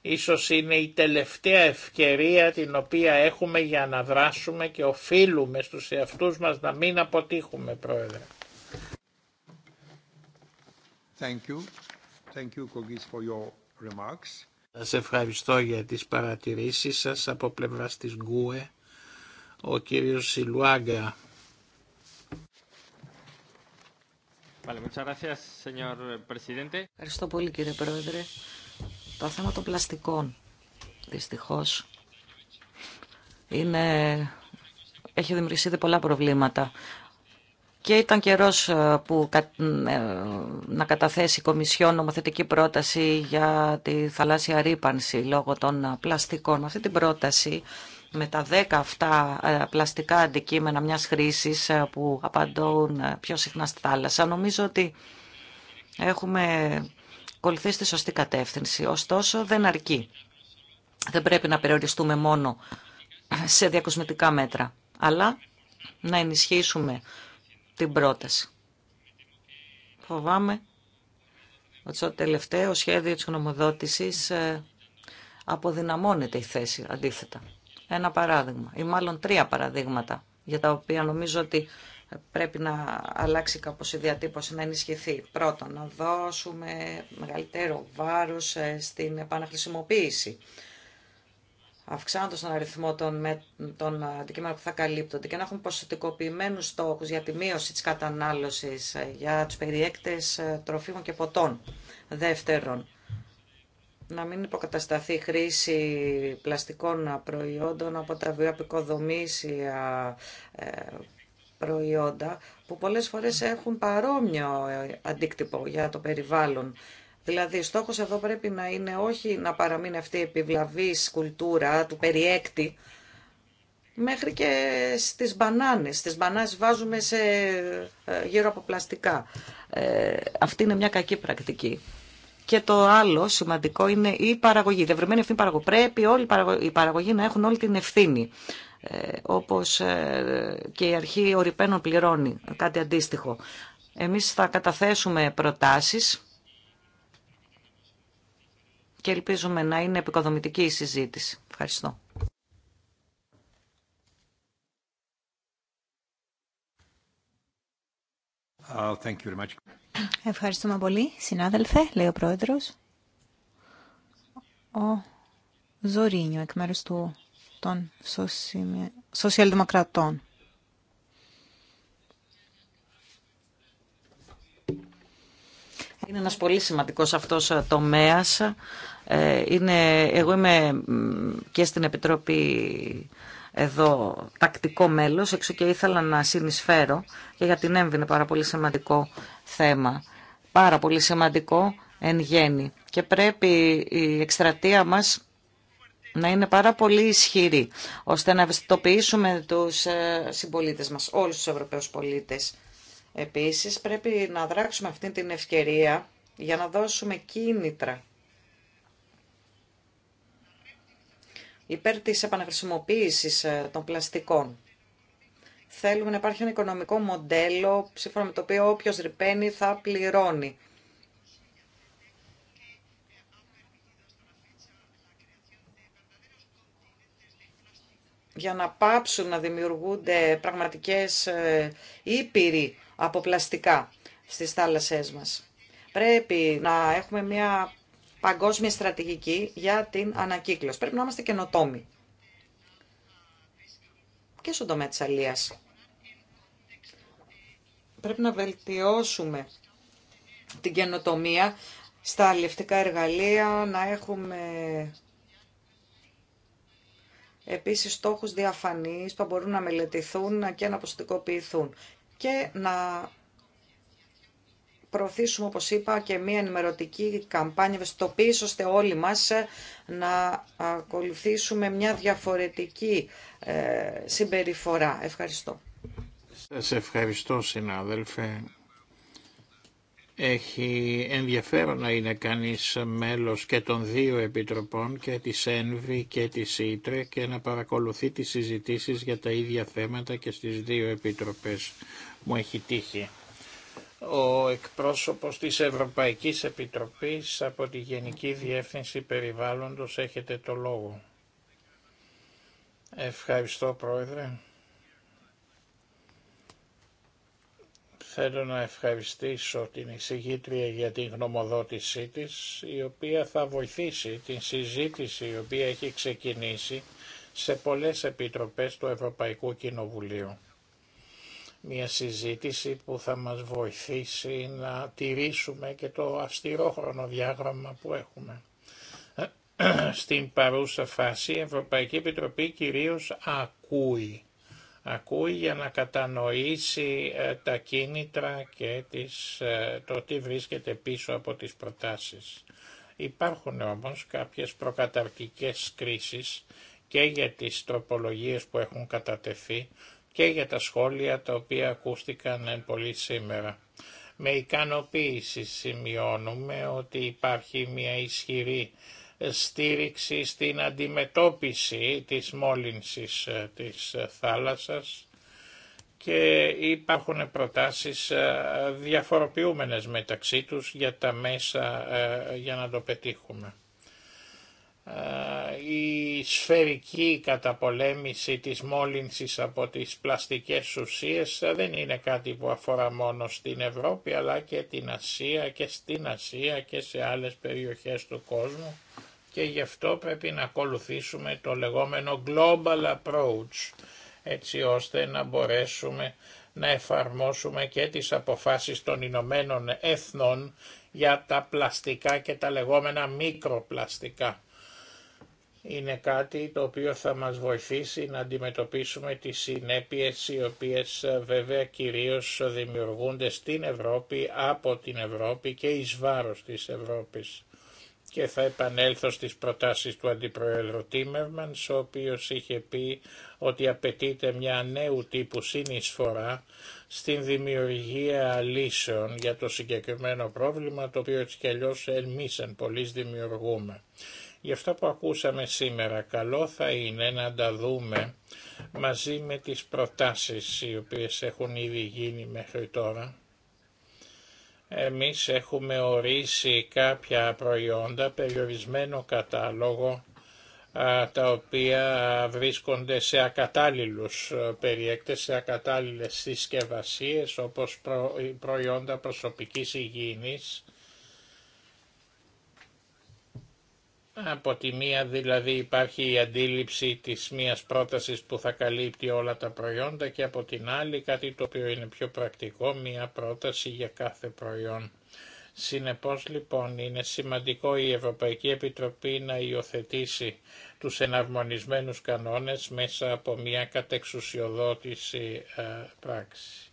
Ίσως είναι η τελευταία ευκαιρία την οποία έχουμε για να δράσουμε και οφείλουμε στους εαυτούς μας να μην αποτύχουμε, Πρόεδρε. Thank Thank you, Σας ευχαριστώ για τις παρατηρήσεις σας από πλευράς της Γκουε. Ο κύριος Σιλουάγκα. Ευχαριστώ πολύ κύριε Πρόεδρε. Το θέμα των πλαστικών, δυστυχώς, είναι... έχει δημιουργηθεί πολλά προβλήματα. Και ήταν καιρός ε, που ε, να καταθέσει η Κομισιόν νομοθετική πρόταση για τη θαλάσσια ρήπανση λόγω των πλαστικών. αυτή την πρόταση με τα δέκα αυτά ε, πλαστικά αντικείμενα μιας χρήσης που απαντούν πιο συχνά στη θάλασσα. Νομίζω ότι έχουμε κολληθεί στη σωστή κατεύθυνση. Ωστόσο, δεν αρκεί. Δεν πρέπει να περιοριστούμε μόνο σε διακοσμητικά μέτρα, αλλά να ενισχύσουμε την πρόταση. Φοβάμαι ότι στο τελευταίο σχέδιο της γνωμοδότησης ε, αποδυναμώνεται η θέση αντίθετα. Ένα παράδειγμα ή μάλλον τρία παραδείγματα για τα οποία νομίζω ότι πρέπει να αλλάξει κάπως η διατύπωση, να ενισχυθεί. Πρώτον, να δώσουμε μεγαλύτερο βάρος ε, στην επαναχρησιμοποίηση αυξάνοντα τον αριθμό των, με, των αντικείμενων που θα καλύπτονται και να έχουν ποσοτικοποιημένου στόχου για τη μείωση τη κατανάλωση ε, για του περιέκτε ε, τροφίμων και ποτών. Δεύτερον, να μην υποκατασταθεί η χρήση πλαστικών προϊόντων από τα βιοαπικοδομήσια προϊόντα που πολλές φορές έχουν παρόμοιο αντίκτυπο για το περιβάλλον. Δηλαδή, στόχος εδώ πρέπει να είναι όχι να παραμείνει αυτή η επιβλαβής κουλτούρα του περιέκτη, μέχρι και στις μπανάνες. Στις μπανάνες βάζουμε σε, ε, γύρω από πλαστικά. Ε, αυτή είναι μια κακή πρακτική. Και το άλλο σημαντικό είναι η παραγωγή. Η δευρυμένη ευθύνη παραγωγή. Πρέπει όλοι η παραγωγή να έχουν όλη την ευθύνη ε, όπως ε, και η αρχή ορυπαίνων πληρώνει, κάτι αντίστοιχο. Εμείς θα καταθέσουμε προτάσεις και ελπίζουμε να είναι επικοδομητική η συζήτηση. Ευχαριστώ. Oh, Ευχαριστούμε πολύ, συνάδελφε, λέει ο πρόεδρος. Ο Ζωρίνιο, εκ μέρους του των σοσιαλδημοκρατών. Είναι ένας πολύ σημαντικός αυτός ε, τομέας. Ε, είναι, εγώ είμαι και στην Επιτροπή εδώ τακτικό μέλος, έξω και ήθελα να συνεισφέρω και για την έμβη είναι πάρα πολύ σημαντικό θέμα. Πάρα πολύ σημαντικό εν γέννη. Και πρέπει η εκστρατεία μας να είναι πάρα πολύ ισχυρή, ώστε να ευαισθητοποιήσουμε τους ε, συμπολίτες μας, όλους τους Ευρωπαίους πολίτες. Επίσης, πρέπει να δράξουμε αυτή την ευκαιρία για να δώσουμε κίνητρα υπέρ της επαναχρησιμοποίησης ε, των πλαστικών. Θέλουμε να υπάρχει ένα οικονομικό μοντέλο, σύμφωνα με το οποίο όποιος ρηπαίνει θα πληρώνει. για να πάψουν να δημιουργούνται πραγματικές ε, ήπειροι από πλαστικά στις θάλασσές μας. Πρέπει να έχουμε μια παγκόσμια στρατηγική για την ανακύκλωση. Πρέπει να είμαστε καινοτόμοι και στον τομέα της αλίας. Πρέπει να βελτιώσουμε την καινοτομία στα αλληλευτικά εργαλεία, να έχουμε επίσης στόχους διαφανείς που μπορούν να μελετηθούν και να αποστικοποιηθούν. και να προωθήσουμε, όπως είπα, και μια ενημερωτική καμπάνια ευαισθητοποίηση, ώστε όλοι μας ε, να ακολουθήσουμε μια διαφορετική ε, συμπεριφορά. Ευχαριστώ. Σας ευχαριστώ, συνάδελφε. Έχει ενδιαφέρον να είναι κανείς μέλος και των δύο επιτροπών και της ΕΝΒΗ και της ήτρε και να παρακολουθεί τις συζητήσεις για τα ίδια θέματα και στις δύο επιτροπές. Μου έχει τύχει. Ο εκπρόσωπος της Ευρωπαϊκής Επιτροπής από τη Γενική Διεύθυνση Περιβάλλοντος έχετε το λόγο. Ευχαριστώ Πρόεδρε. Θέλω να ευχαριστήσω την εισηγήτρια για την γνωμοδότησή της, η οποία θα βοηθήσει την συζήτηση η οποία έχει ξεκινήσει σε πολλές επιτροπές του Ευρωπαϊκού Κοινοβουλίου. Μια συζήτηση που θα μας βοηθήσει να τηρήσουμε και το αυστηρό διάγραμμα που έχουμε. Στην παρούσα φάση η Ευρωπαϊκή Επιτροπή κυρίως ακούει ακούει για να κατανοήσει ε, τα κίνητρα και τις, ε, το τι βρίσκεται πίσω από τις προτάσεις. Υπάρχουν όμως κάποιες προκαταρκτικές κρίσεις και για τις τροπολογίες που έχουν κατατεθεί και για τα σχόλια τα οποία ακούστηκαν πολύ σήμερα. Με ικανοποίηση σημειώνουμε ότι υπάρχει μια ισχυρή στήριξη στην αντιμετώπιση της μόλυνσης ε, της ε, θάλασσας και υπάρχουν προτάσεις ε, διαφοροποιούμενες μεταξύ τους για τα μέσα για να το πετύχουμε. Η σφαιρική καταπολέμηση της μόλυνσης από τις πλαστικές ουσίες δεν είναι κάτι που αφορά μόνο στην Ευρώπη αλλά και την Ασία και στην Ασία και σε άλλες περιοχές του κόσμου και γι' αυτό πρέπει να ακολουθήσουμε το λεγόμενο global approach έτσι ώστε να μπορέσουμε να εφαρμόσουμε και τις αποφάσεις των Ηνωμένων Εθνών για τα πλαστικά και τα λεγόμενα μικροπλαστικά. Είναι κάτι το οποίο θα μας βοηθήσει να αντιμετωπίσουμε τις συνέπειες οι οποίες ε, βέβαια κυρίως δημιουργούνται στην Ευρώπη, από την Ευρώπη και εις βάρος της Ευρώπης και θα επανέλθω στις προτάσεις του Αντιπροέδρου Τίμερμανς, ο οποίος είχε πει ότι απαιτείται μια νέου τύπου συνεισφορά στην δημιουργία λύσεων για το συγκεκριμένο πρόβλημα, το οποίο έτσι κι αλλιώς εμείς εν δημιουργούμε. Γι' αυτό που ακούσαμε σήμερα, καλό θα είναι να τα δούμε μαζί με τις προτάσεις οι οποίες έχουν ήδη γίνει μέχρι τώρα εμείς έχουμε ορίσει κάποια προϊόντα, περιορισμένο κατάλογο, τα οποία βρίσκονται σε ακατάλληλους ε, περιέκτες, σε ακατάλληλες συσκευασίες όπως ε, προϊόντα προσωπικής υγιεινής Από τη μία δηλαδή υπάρχει η αντίληψη της μίας πρότασης που θα καλύπτει όλα τα προϊόντα και από την άλλη κάτι το οποίο είναι πιο πρακτικό, μία πρόταση για κάθε προϊόν. Συνεπώς λοιπόν είναι σημαντικό η Ευρωπαϊκή Επιτροπή να υιοθετήσει τους εναρμονισμένους κανόνες μέσα από μια κατεξουσιοδότηση ε, πράξη.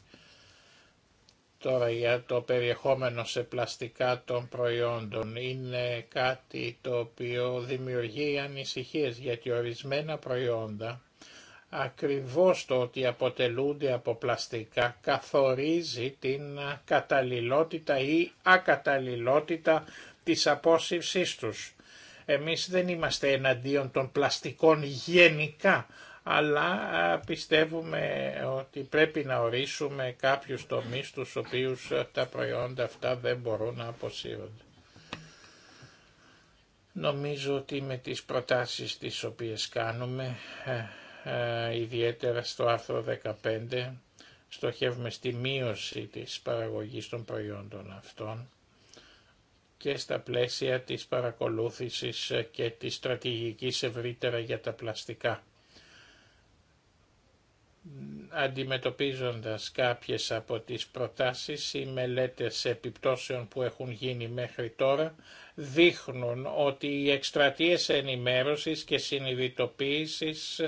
Τώρα για το περιεχόμενο σε πλαστικά των προϊόντων είναι κάτι το οποίο δημιουργεί ανησυχίες γιατί ορισμένα προϊόντα ακριβώς το ότι αποτελούνται από πλαστικά καθορίζει την καταλληλότητα ή ακαταλληλότητα της απόσυρσής τους. Εμείς δεν είμαστε εναντίον των πλαστικών γενικά, αλλά πιστεύουμε ότι πρέπει να ορίσουμε κάποιους τομείς τους οποίους τα προϊόντα αυτά δεν μπορούν να αποσύρονται. Νομίζω ότι με τις προτάσεις τις οποίες κάνουμε, ιδιαίτερα στο άρθρο 15, στοχεύουμε στη μείωση της παραγωγής των προϊόντων αυτών και στα πλαίσια της παρακολούθησης και της στρατηγικής ευρύτερα για τα πλαστικά αντιμετωπίζοντας κάποιες από τις προτάσεις, οι μελέτες επιπτώσεων που έχουν γίνει μέχρι τώρα δείχνουν ότι οι εκστρατείες ενημέρωσης και συνειδητοποίησης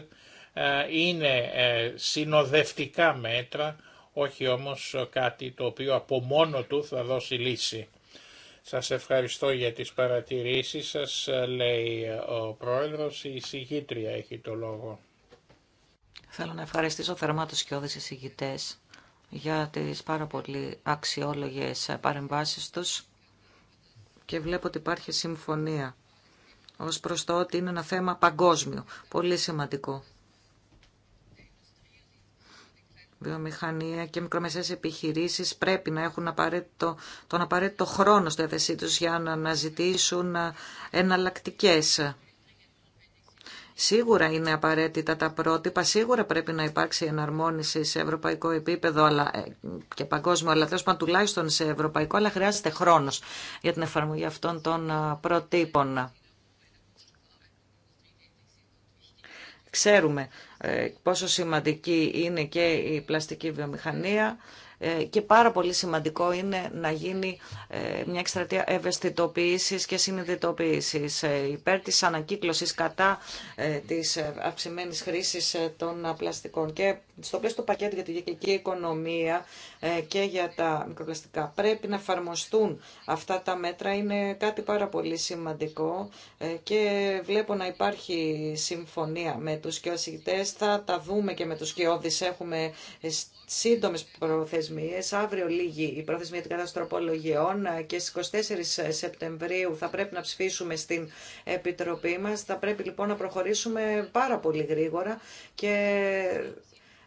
είναι ε, συνοδευτικά μέτρα, όχι όμως κάτι το οποίο από μόνο του θα δώσει λύση. Σας ευχαριστώ για τις παρατηρήσεις σας, λέει ο Πρόεδρος, η συγγήτρια έχει το λόγο. Θέλω να ευχαριστήσω θερμά τους σκιώδες εισηγητές για τις πάρα πολύ αξιόλογες παρεμβάσεις τους και βλέπω ότι υπάρχει συμφωνία ως προς το ότι είναι ένα θέμα παγκόσμιο, πολύ σημαντικό. Βιομηχανία και μικρομεσαίες επιχειρήσεις πρέπει να έχουν απαραίτητο, τον απαραίτητο χρόνο στη θέση τους για να αναζητήσουν εναλλακτικές Σίγουρα είναι απαραίτητα τα πρότυπα, σίγουρα πρέπει να υπάρξει εναρμόνιση σε ευρωπαϊκό επίπεδο αλλά, ε, και παγκόσμιο, αλλά τέλο πάντων τουλάχιστον σε ευρωπαϊκό, αλλά χρειάζεται χρόνο για την εφαρμογή αυτών των προτύπων. Ξέρουμε ε, πόσο σημαντική είναι και η πλαστική βιομηχανία. Ε, και πάρα πολύ σημαντικό είναι να γίνει ε, μια εκστρατεία ευαισθητοποίησης και συνειδητοποίησης ε, υπέρ της ανακύκλωσης κατά της αυξημένης χρήσης των πλαστικών και στο πλαίσιο του πακέτου για τη γενική οικονομία ε, και για τα μικροπλαστικά πρέπει να εφαρμοστούν αυτά τα μέτρα είναι κάτι πάρα πολύ σημαντικό ε, και βλέπω να υπάρχει συμφωνία με τους κοιοσυγητές. Θα τα δούμε και με τους κοιόδης. Έχουμε ε, σύντομες προθεσμίες. Αύριο λίγη η προθεσμία των καταστροπολογιών και στις 24 Σεπτεμβρίου θα πρέπει να ψηφίσουμε στην Επιτροπή μας. Θα πρέπει λοιπόν να προχωρήσουμε πάρα πολύ γρήγορα και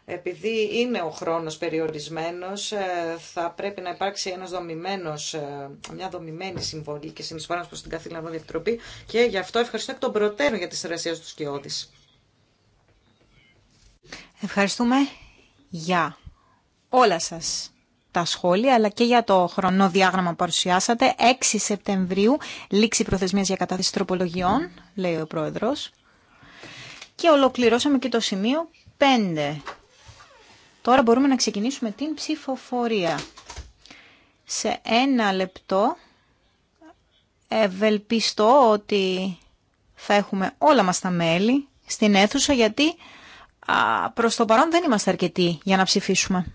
επειδή είναι ο χρόνος περιορισμένος, ε, θα πρέπει να υπάρξει ένας δομημένος, ε, μια δομημένη συμβολή και συνεισφορά προς την Καθήλυνα Διευθυντροπή και γι' αυτό ευχαριστώ εκ των προτέρων για τη συνεργασία του Σκιώδης. Ευχαριστούμε για όλα σας τα σχόλια, αλλά και για το χρονοδιάγραμμα που παρουσιάσατε. 6 Σεπτεμβρίου, λήξη προθεσμίας για κατάθεση τροπολογιών, λέει ο Πρόεδρος. Και ολοκληρώσαμε και το σημείο 5. Τώρα μπορούμε να ξεκινήσουμε την ψηφοφορία. Σε ένα λεπτό ευελπιστώ ότι θα έχουμε όλα μας τα μέλη στην αίθουσα γιατί προς το παρόν δεν είμαστε αρκετοί για να ψηφίσουμε.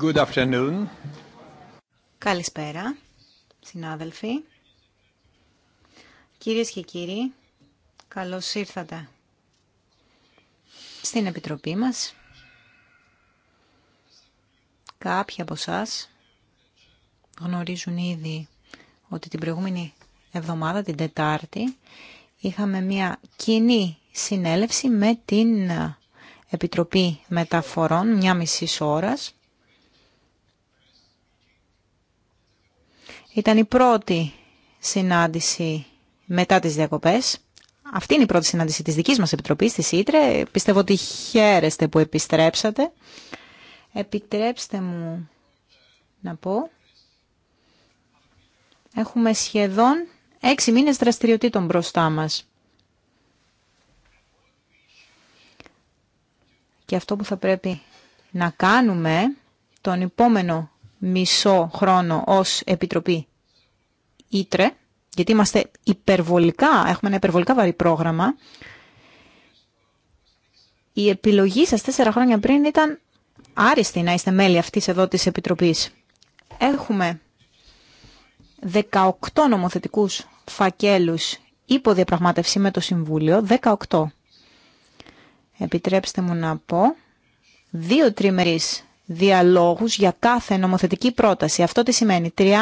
Good afternoon. Καλησπέρα, συνάδελφοι. Κυρίες και κύριοι, καλώς ήρθατε στην Επιτροπή μας. Κάποιοι από εσά γνωρίζουν ήδη ότι την προηγούμενη εβδομάδα, την Τετάρτη, είχαμε μια κοινή συνέλευση με την Επιτροπή Μεταφορών, μια μισή ώρας. Ήταν η πρώτη συνάντηση μετά τις διακοπές. Αυτή είναι η πρώτη συνάντηση της δικής μας Επιτροπής, της Ήτρε. Πιστεύω ότι χαίρεστε που επιστρέψατε. Επιτρέψτε μου να πω, έχουμε σχεδόν έξι μήνες δραστηριοτήτων μπροστά μας. Και αυτό που θα πρέπει να κάνουμε τον επόμενο μισό χρόνο ως Επιτροπή Ήτρε, γιατί είμαστε υπερβολικά, έχουμε ένα υπερβολικά βαρύ πρόγραμμα, η επιλογή σας τέσσερα χρόνια πριν ήταν άριστοι να είστε μέλη αυτής εδώ της Επιτροπής. Έχουμε 18 νομοθετικούς φακέλους διαπραγμάτευση με το Συμβούλιο, 18. Επιτρέψτε μου να πω, δύο τριμερείς διαλόγους για κάθε νομοθετική πρόταση. Αυτό τι σημαίνει, 36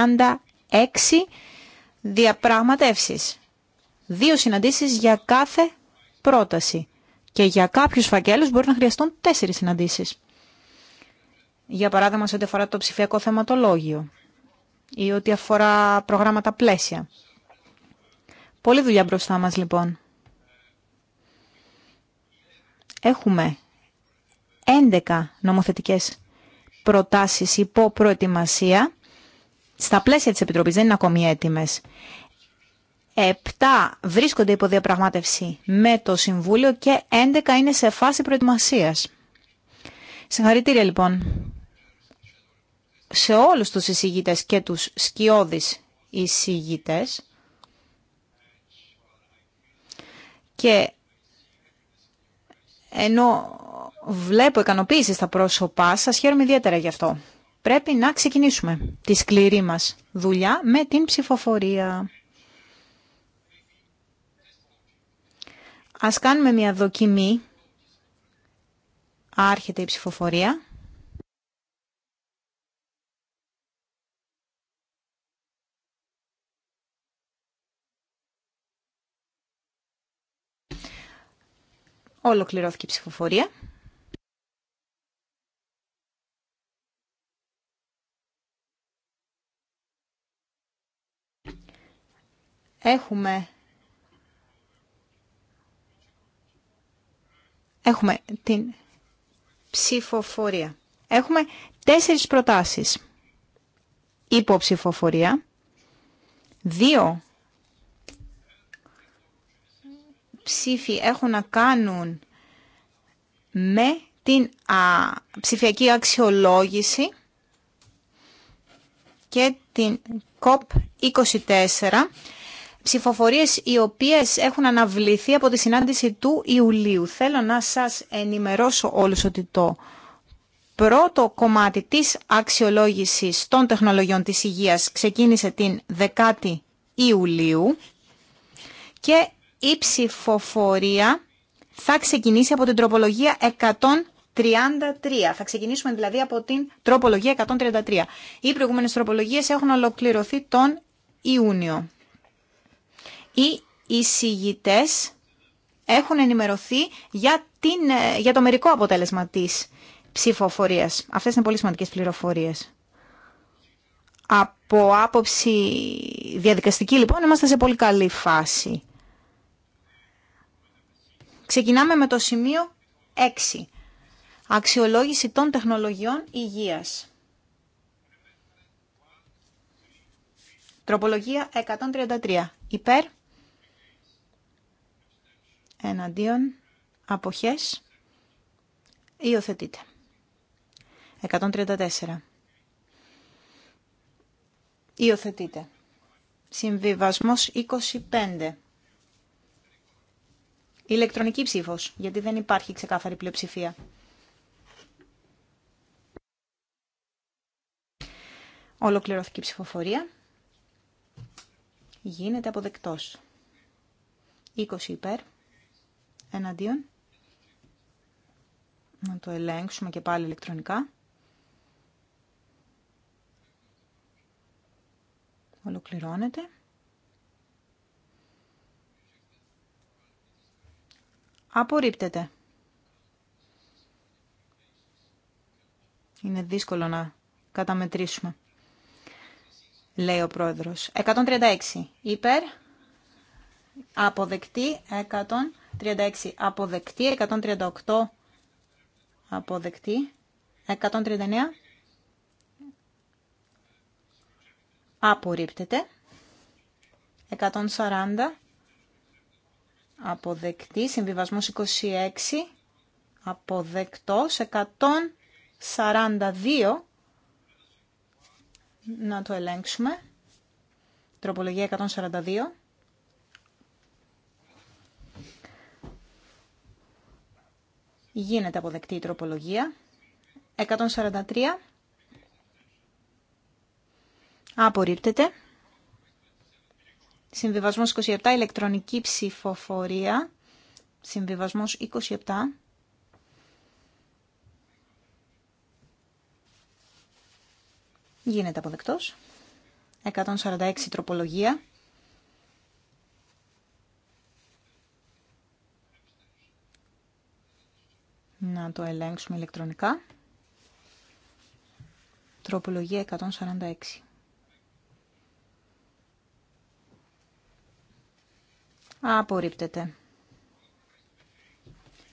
διαπραγματεύσεις. Δύο συναντήσεις για κάθε πρόταση. Και για κάποιους φακέλους μπορεί να χρειαστούν τέσσερις συναντήσεις για παράδειγμα σε ό,τι αφορά το ψηφιακό θεματολόγιο ή ό,τι αφορά προγράμματα πλαίσια. πολύ δουλειά μπροστά μας λοιπόν. Έχουμε 11 νομοθετικές προτάσεις υπό προετοιμασία στα πλαίσια της Επιτροπής, δεν είναι ακόμη έτοιμες. Επτά βρίσκονται υπό διαπραγμάτευση με το Συμβούλιο και 11 είναι σε φάση προετοιμασίας. Συγχαρητήρια λοιπόν σε όλους τους εισηγητές και τους σκιώδεις εισηγητές και ενώ βλέπω ικανοποίηση στα πρόσωπά σας, χαίρομαι ιδιαίτερα γι' αυτό. Πρέπει να ξεκινήσουμε τη σκληρή μας δουλειά με την ψηφοφορία. Ας κάνουμε μια δοκιμή. Άρχεται η ψηφοφορία. Ολοκληρώθηκε η ψηφοφορία. Έχουμε... Έχουμε την ψηφοφορία. Έχουμε τέσσερις προτάσεις. Υποψηφοφορία. Δύο ψήφοι έχουν να κάνουν με την α, ψηφιακή αξιολόγηση και την COP24, ψηφοφορίες οι οποίες έχουν αναβληθεί από τη συνάντηση του Ιουλίου. Θέλω να σας ενημερώσω όλους ότι το πρώτο κομμάτι της αξιολόγησης των τεχνολογιών της υγείας ξεκίνησε την 10η Ιουλίου και η ψηφοφορία θα ξεκινήσει από την τροπολογία 133. Θα ξεκινήσουμε δηλαδή από την τροπολογία 133. Οι προηγούμενες τροπολογίες έχουν ολοκληρωθεί τον Ιούνιο. Οι εισηγητέ έχουν ενημερωθεί για, την, ε, για το μερικό αποτέλεσμα της ψηφοφορίας. Αυτές είναι πολύ σημαντικές πληροφορίες. Από άποψη διαδικαστική λοιπόν είμαστε σε πολύ καλή φάση. Ξεκινάμε με το σημείο 6. Αξιολόγηση των τεχνολογιών υγείας. Τροπολογία 133. Υπέρ. Εναντίον. Αποχές. Υιοθετείτε. 134. Υιοθετείτε. Συμβιβασμός 25. Ηλεκτρονική ψήφο γιατί δεν υπάρχει ξεκάθαρη πλειοψηφία. η ψηφοφορία. Γίνεται αποδεκτός. 20 υπέρ. Εναντίον. Να το ελέγξουμε και πάλι ηλεκτρονικά. Ολοκληρώνεται. Απορρίπτεται. Είναι δύσκολο να καταμετρήσουμε. Λέει ο πρόεδρος. 136 υπέρ. Αποδεκτή. 136 αποδεκτή. 138 αποδεκτή. 139 απορρίπτεται. 140 αποδεκτή, συμβιβασμός 26, αποδεκτός, 142, να το ελέγξουμε, τροπολογία 142. Γίνεται αποδεκτή η τροπολογία. 143. Απορρίπτεται. Συμβιβασμός 27, ηλεκτρονική ψηφοφορία. Συμβιβασμός 27. Γίνεται αποδεκτός. 146 τροπολογία. Να το ελέγξουμε ηλεκτρονικά. Τροπολογία 146. Απορρίπτεται.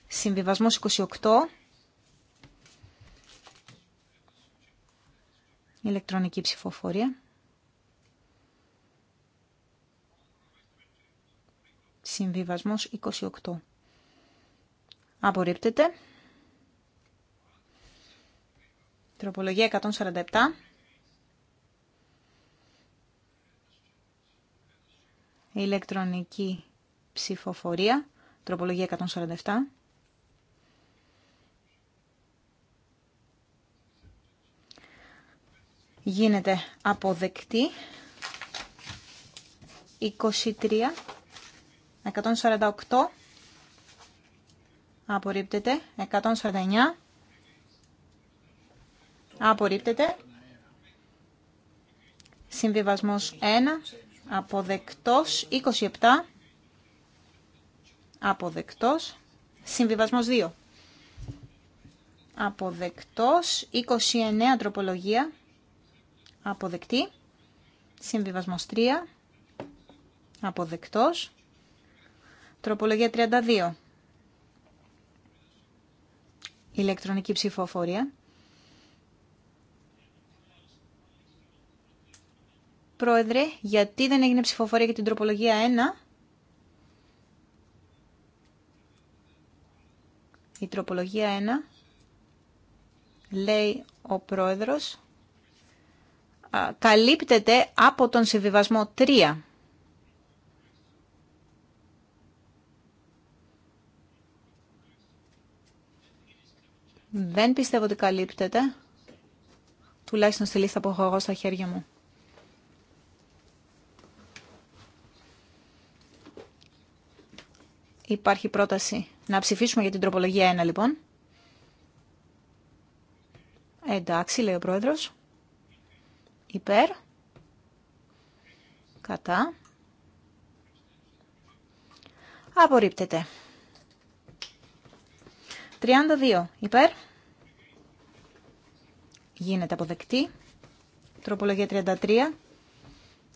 Συμβιβασμός 28. Ηλεκτρονική ψηφοφορία. Συμβιβασμός 28. Απορρίπτεται. Τροπολογία 147. Ηλεκτρονική ψηφοφορία. Τροπολογία 147. Γίνεται αποδεκτή. 23. 148. Απορρίπτεται. 149. Απορρίπτεται. Συμβιβασμός 1. Αποδεκτός. 27 αποδεκτός. Συμβιβασμός 2. Αποδεκτός. 29 τροπολογία. Αποδεκτή. Συμβιβασμός 3. Αποδεκτός. Τροπολογία 32. Ηλεκτρονική ψηφοφορία. Πρόεδρε, γιατί δεν έγινε ψηφοφορία για την τροπολογία 1... Η τροπολογία 1 λέει ο πρόεδρος καλύπτεται από τον συμβιβασμό 3. Δεν πιστεύω ότι καλύπτεται. Τουλάχιστον στη λίστα που έχω εγώ στα χέρια μου. Υπάρχει πρόταση να ψηφίσουμε για την τροπολογία 1 λοιπόν. Εντάξει, λέει ο πρόεδρος. Υπέρ. Κατά. Απορρίπτεται. 32. Υπέρ. Γίνεται αποδεκτή. Τροπολογία 33.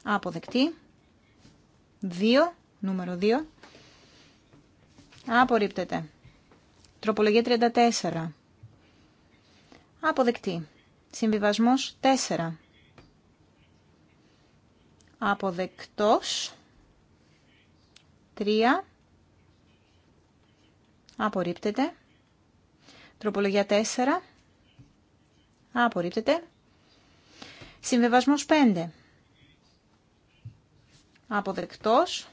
Αποδεκτή. 2. Νούμερο 2. Απορρίπτεται. Τροπολογία 34. Αποδεκτή. Συμβιβασμός 4. Αποδεκτός. 3. Απορρίπτεται. Τροπολογία 4. Απορρίπτεται. Συμβιβασμός 5. Αποδεκτός.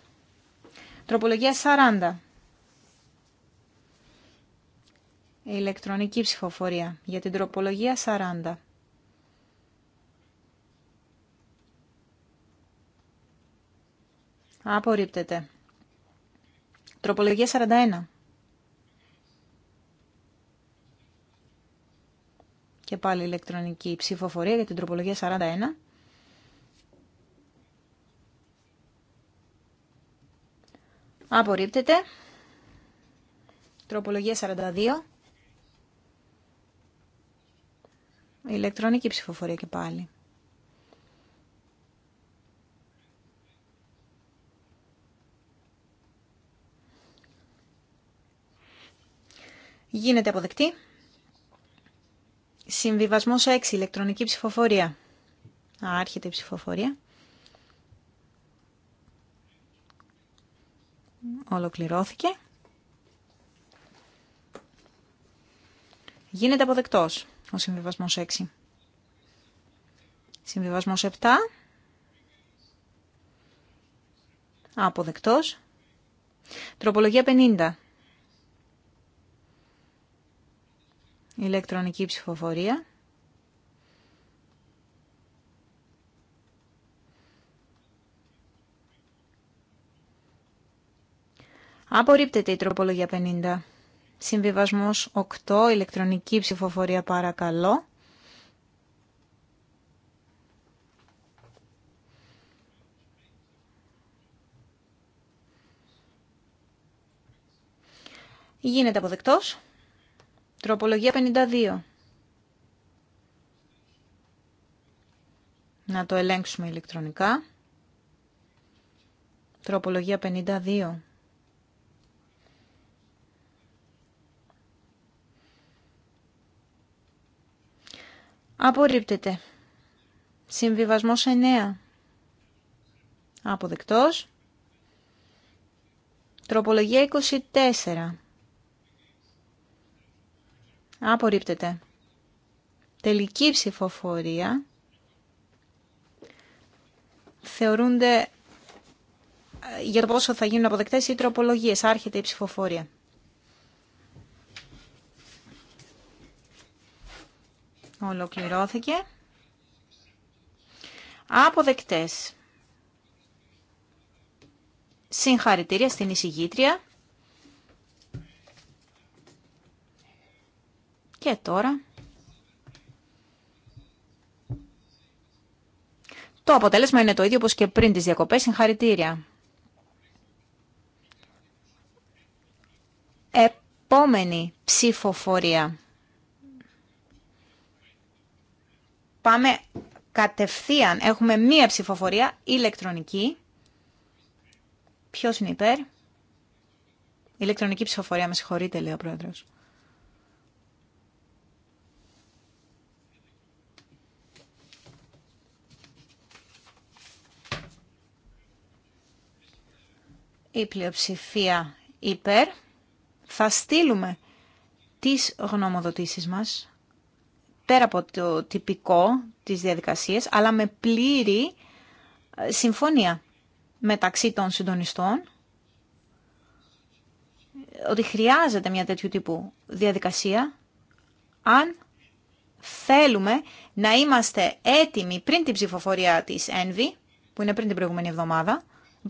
Τροπολογία 40. ηλεκτρονική ψηφοφορία για την τροπολογία 40. Απορρίπτεται. Τροπολογία 41. Και πάλι ηλεκτρονική ψηφοφορία για την τροπολογία 41. Απορρίπτεται. Τροπολογία 42. Ηλεκτρονική ψηφοφορία και πάλι. Γίνεται αποδεκτή. Συμβιβασμός 6. Ηλεκτρονική ψηφοφορία. Άρχεται η ψηφοφορία. Ολοκληρώθηκε. Γίνεται αποδεκτός. Ο συμβιβασμός 6. Συμβιβασμός 7. Αποδεκτός. Τροπολογία 50. Ηλεκτρονική ψηφοφορία. Απορρίπτεται η τροπολογία 50. Συμβιβασμός 8, ηλεκτρονική ψηφοφορία παρακαλώ. Γίνεται αποδεκτός. Τροπολογία 52. Να το ελέγξουμε ηλεκτρονικά. Τροπολογία 52. Απορρίπτεται. Συμβιβασμός 9. Αποδεκτός. Τροπολογία 24. Απορρίπτεται. Τελική ψηφοφορία. Θεωρούνται ε, για το πόσο θα γίνουν αποδεκτές οι τροπολογίες. Άρχεται η ψηφοφορία. Ολοκληρώθηκε. Αποδεκτές. Συγχαρητήρια στην εισηγήτρια. Και τώρα... Το αποτέλεσμα είναι το ίδιο όπως και πριν τις διακοπές. Συγχαρητήρια. Επόμενη ψηφοφορία. Πάμε κατευθείαν. Έχουμε μία ψηφοφορία ηλεκτρονική. Ποιος είναι υπέρ. Ηλεκτρονική ψηφοφορία, με συγχωρείτε, λέει ο πρόεδρος. Η πλειοψηφία υπέρ. Θα στείλουμε τις γνωμοδοτήσεις μας πέρα από το τυπικό της διαδικασίας, αλλά με πλήρη ε, συμφωνία μεταξύ των συντονιστών, ότι χρειάζεται μια τέτοιου τύπου διαδικασία, αν θέλουμε να είμαστε έτοιμοι πριν την ψηφοφορία της ΕΝΒΗ, που είναι πριν την προηγούμενη εβδομάδα,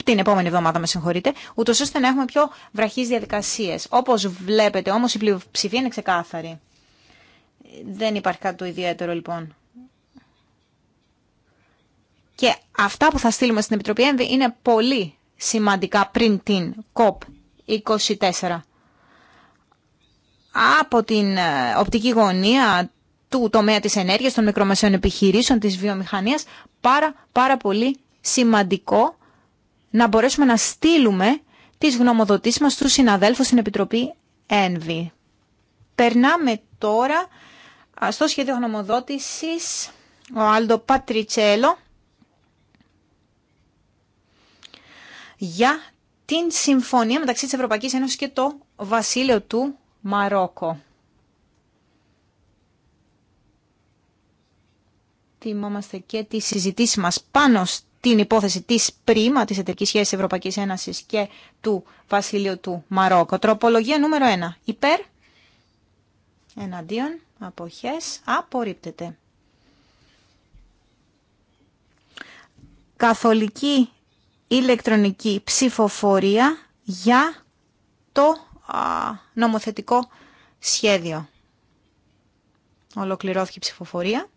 την επόμενη εβδομάδα, με συγχωρείτε, ούτως ώστε να έχουμε πιο βραχείς διαδικασίε. Όπως βλέπετε όμως, η πλειοψηφία είναι ξεκάθαρη. Δεν υπάρχει κάτι το ιδιαίτερο λοιπόν. Και αυτά που θα στείλουμε στην Επιτροπή ΕΜΒΗ είναι πολύ σημαντικά πριν την COP24. Από την ε, οπτική γωνία του τομέα της ενέργειας, των μικρομεσαίων επιχειρήσεων, της βιομηχανίας, πάρα, πάρα πολύ σημαντικό να μπορέσουμε να στείλουμε τις γνωμοδοτήσεις μας στους συναδέλφους στην Επιτροπή ΕΝΒΗ. Περνάμε τώρα στο σχέδιο γνωμοδότησης, ο Άλντο Πατριτσέλο για την συμφωνία μεταξύ της Ευρωπαϊκής Ένωσης και το βασίλειο του Μαρόκο. Θυμόμαστε και τη συζητήση μας πάνω στην υπόθεση της πρίμα, της εταιρικής σχέσης Ευρωπαϊκής Ένωσης και του βασίλειου του Μαρόκο. Τροπολογία νούμερο 1. Υπέρ, εναντίον, αποχές απορρίπτεται. Καθολική ηλεκτρονική ψηφοφορία για το νομοθετικό σχέδιο. Ολοκληρώθηκε η ψηφοφορία.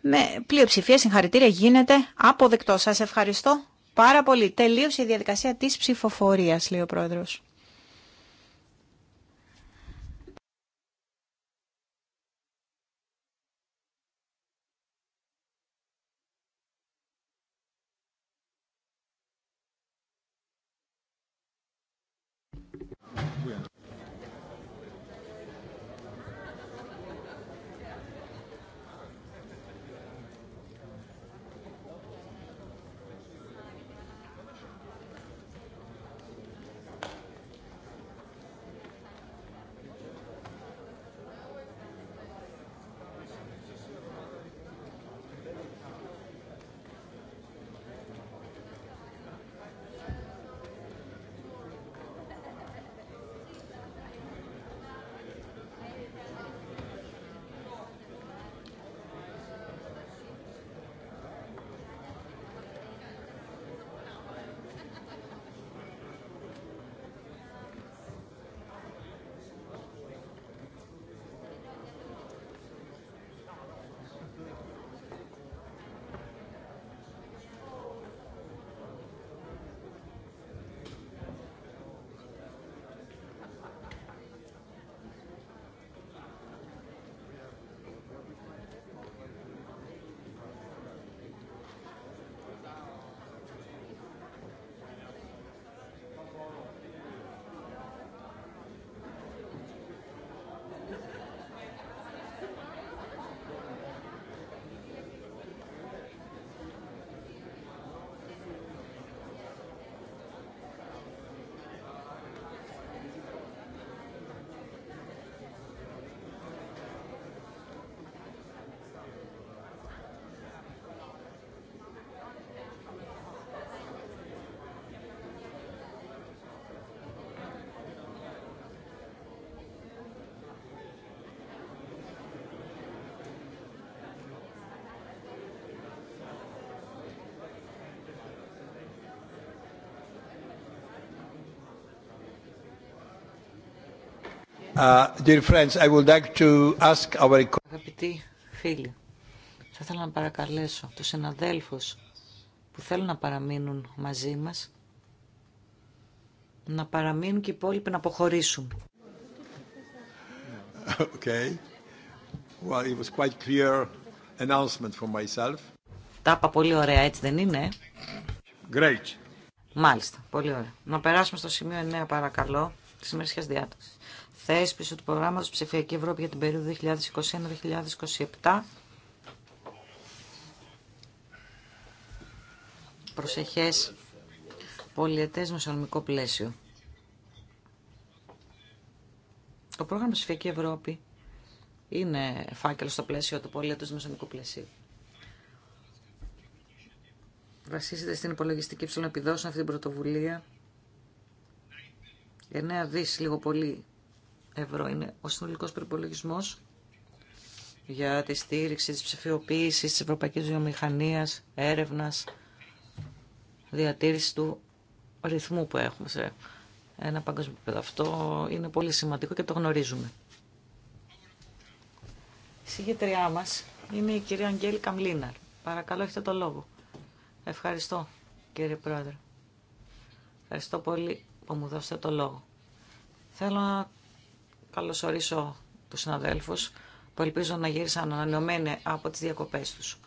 Με πλειοψηφία συγχαρητήρια γίνεται αποδεκτό. Σας ευχαριστώ πάρα πολύ. Τελείωσε η διαδικασία της ψηφοφορίας, λέει ο Πρόεδρος. Αγαπητοί φίλοι, θα ήθελα να παρακαλέσω τους συναδέλφους που θέλουν να παραμείνουν μαζί μας να παραμείνουν και οι υπόλοιποι να αποχωρήσουν. [laughs] Okay. Well, it was quite clear announcement for myself. Τα είπα πολύ ωραία, έτσι δεν είναι. Ε? Great. Μάλιστα, πολύ ωραία. Να περάσουμε στο σημείο 9 παρακαλώ, της ημερησίας διάταξης θέσπιση του προγράμματος Ψηφιακή Ευρώπη για την περίοδο 2021-2027. Προσεχές πολιετές νοσονομικό πλαίσιο. Το πρόγραμμα Ψηφιακή Ευρώπη είναι φάκελο στο πλαίσιο του Πολιετές νοσονομικού πλαίσιου. Βασίζεται στην υπολογιστική ψηλών επιδόσεων αυτή την πρωτοβουλία 9 δις λίγο πολύ ευρώ. Είναι ο συνολικός προπολογισμό για τη στήριξη της ψηφιοποίησης της ευρωπαϊκής βιομηχανίας, έρευνας, διατήρηση του ρυθμού που έχουμε σε ένα παγκόσμιο επίπεδο. Αυτό είναι πολύ σημαντικό και το γνωρίζουμε. Η συγγετριά μας είναι η κυρία Αγγέλη Καμλίναρ. Παρακαλώ, έχετε το λόγο. Ευχαριστώ, κύριε Πρόεδρε. Ευχαριστώ πολύ που μου δώσετε το λόγο. Θέλω να καλωσορίσω τους συναδέλφους που ελπίζω να γύρισαν ανανεωμένοι από τις διακοπές τους.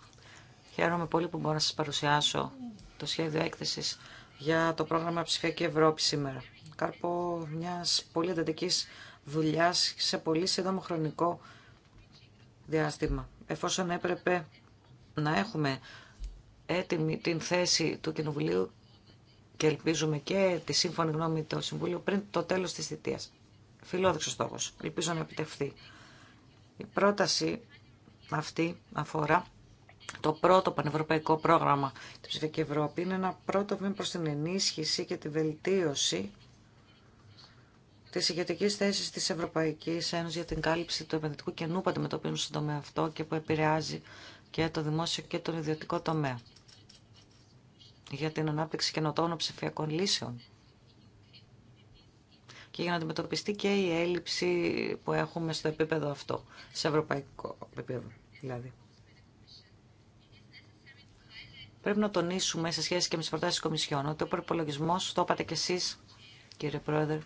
Χαίρομαι πολύ που μπορώ να σας παρουσιάσω το σχέδιο έκθεσης για το πρόγραμμα Ψηφιακή Ευρώπη σήμερα. Κάρπο μιας πολύ εντατική δουλειάς σε πολύ σύντομο χρονικό διάστημα. Εφόσον έπρεπε να έχουμε έτοιμη την θέση του Κοινοβουλίου και ελπίζουμε και τη σύμφωνη γνώμη του Συμβουλίου πριν το τέλος της θητείας. Φιλόδοξο στόχο. Ελπίζω να επιτευχθεί. Η πρόταση αυτή αφορά το πρώτο πανευρωπαϊκό πρόγραμμα της Ψηφιακή Ευρώπη. Είναι ένα πρώτο βήμα προς την ενίσχυση και τη βελτίωση της ηγετική θέση της Ευρωπαϊκής Ένωσης για την κάλυψη του επενδυτικού κενού που αντιμετωπίζουν στον τομέα αυτό και που επηρεάζει και το δημόσιο και τον ιδιωτικό τομέα για την ανάπτυξη καινοτόνων ψηφιακών λύσεων και για να αντιμετωπιστεί και η έλλειψη που έχουμε στο επίπεδο αυτό, σε ευρωπαϊκό επίπεδο δηλαδή. Πρέπει να τονίσουμε σε σχέση και με τι προτάσει τη Κομισιόν ότι ο προπολογισμό, το είπατε και εσεί, κύριε Πρόεδρε,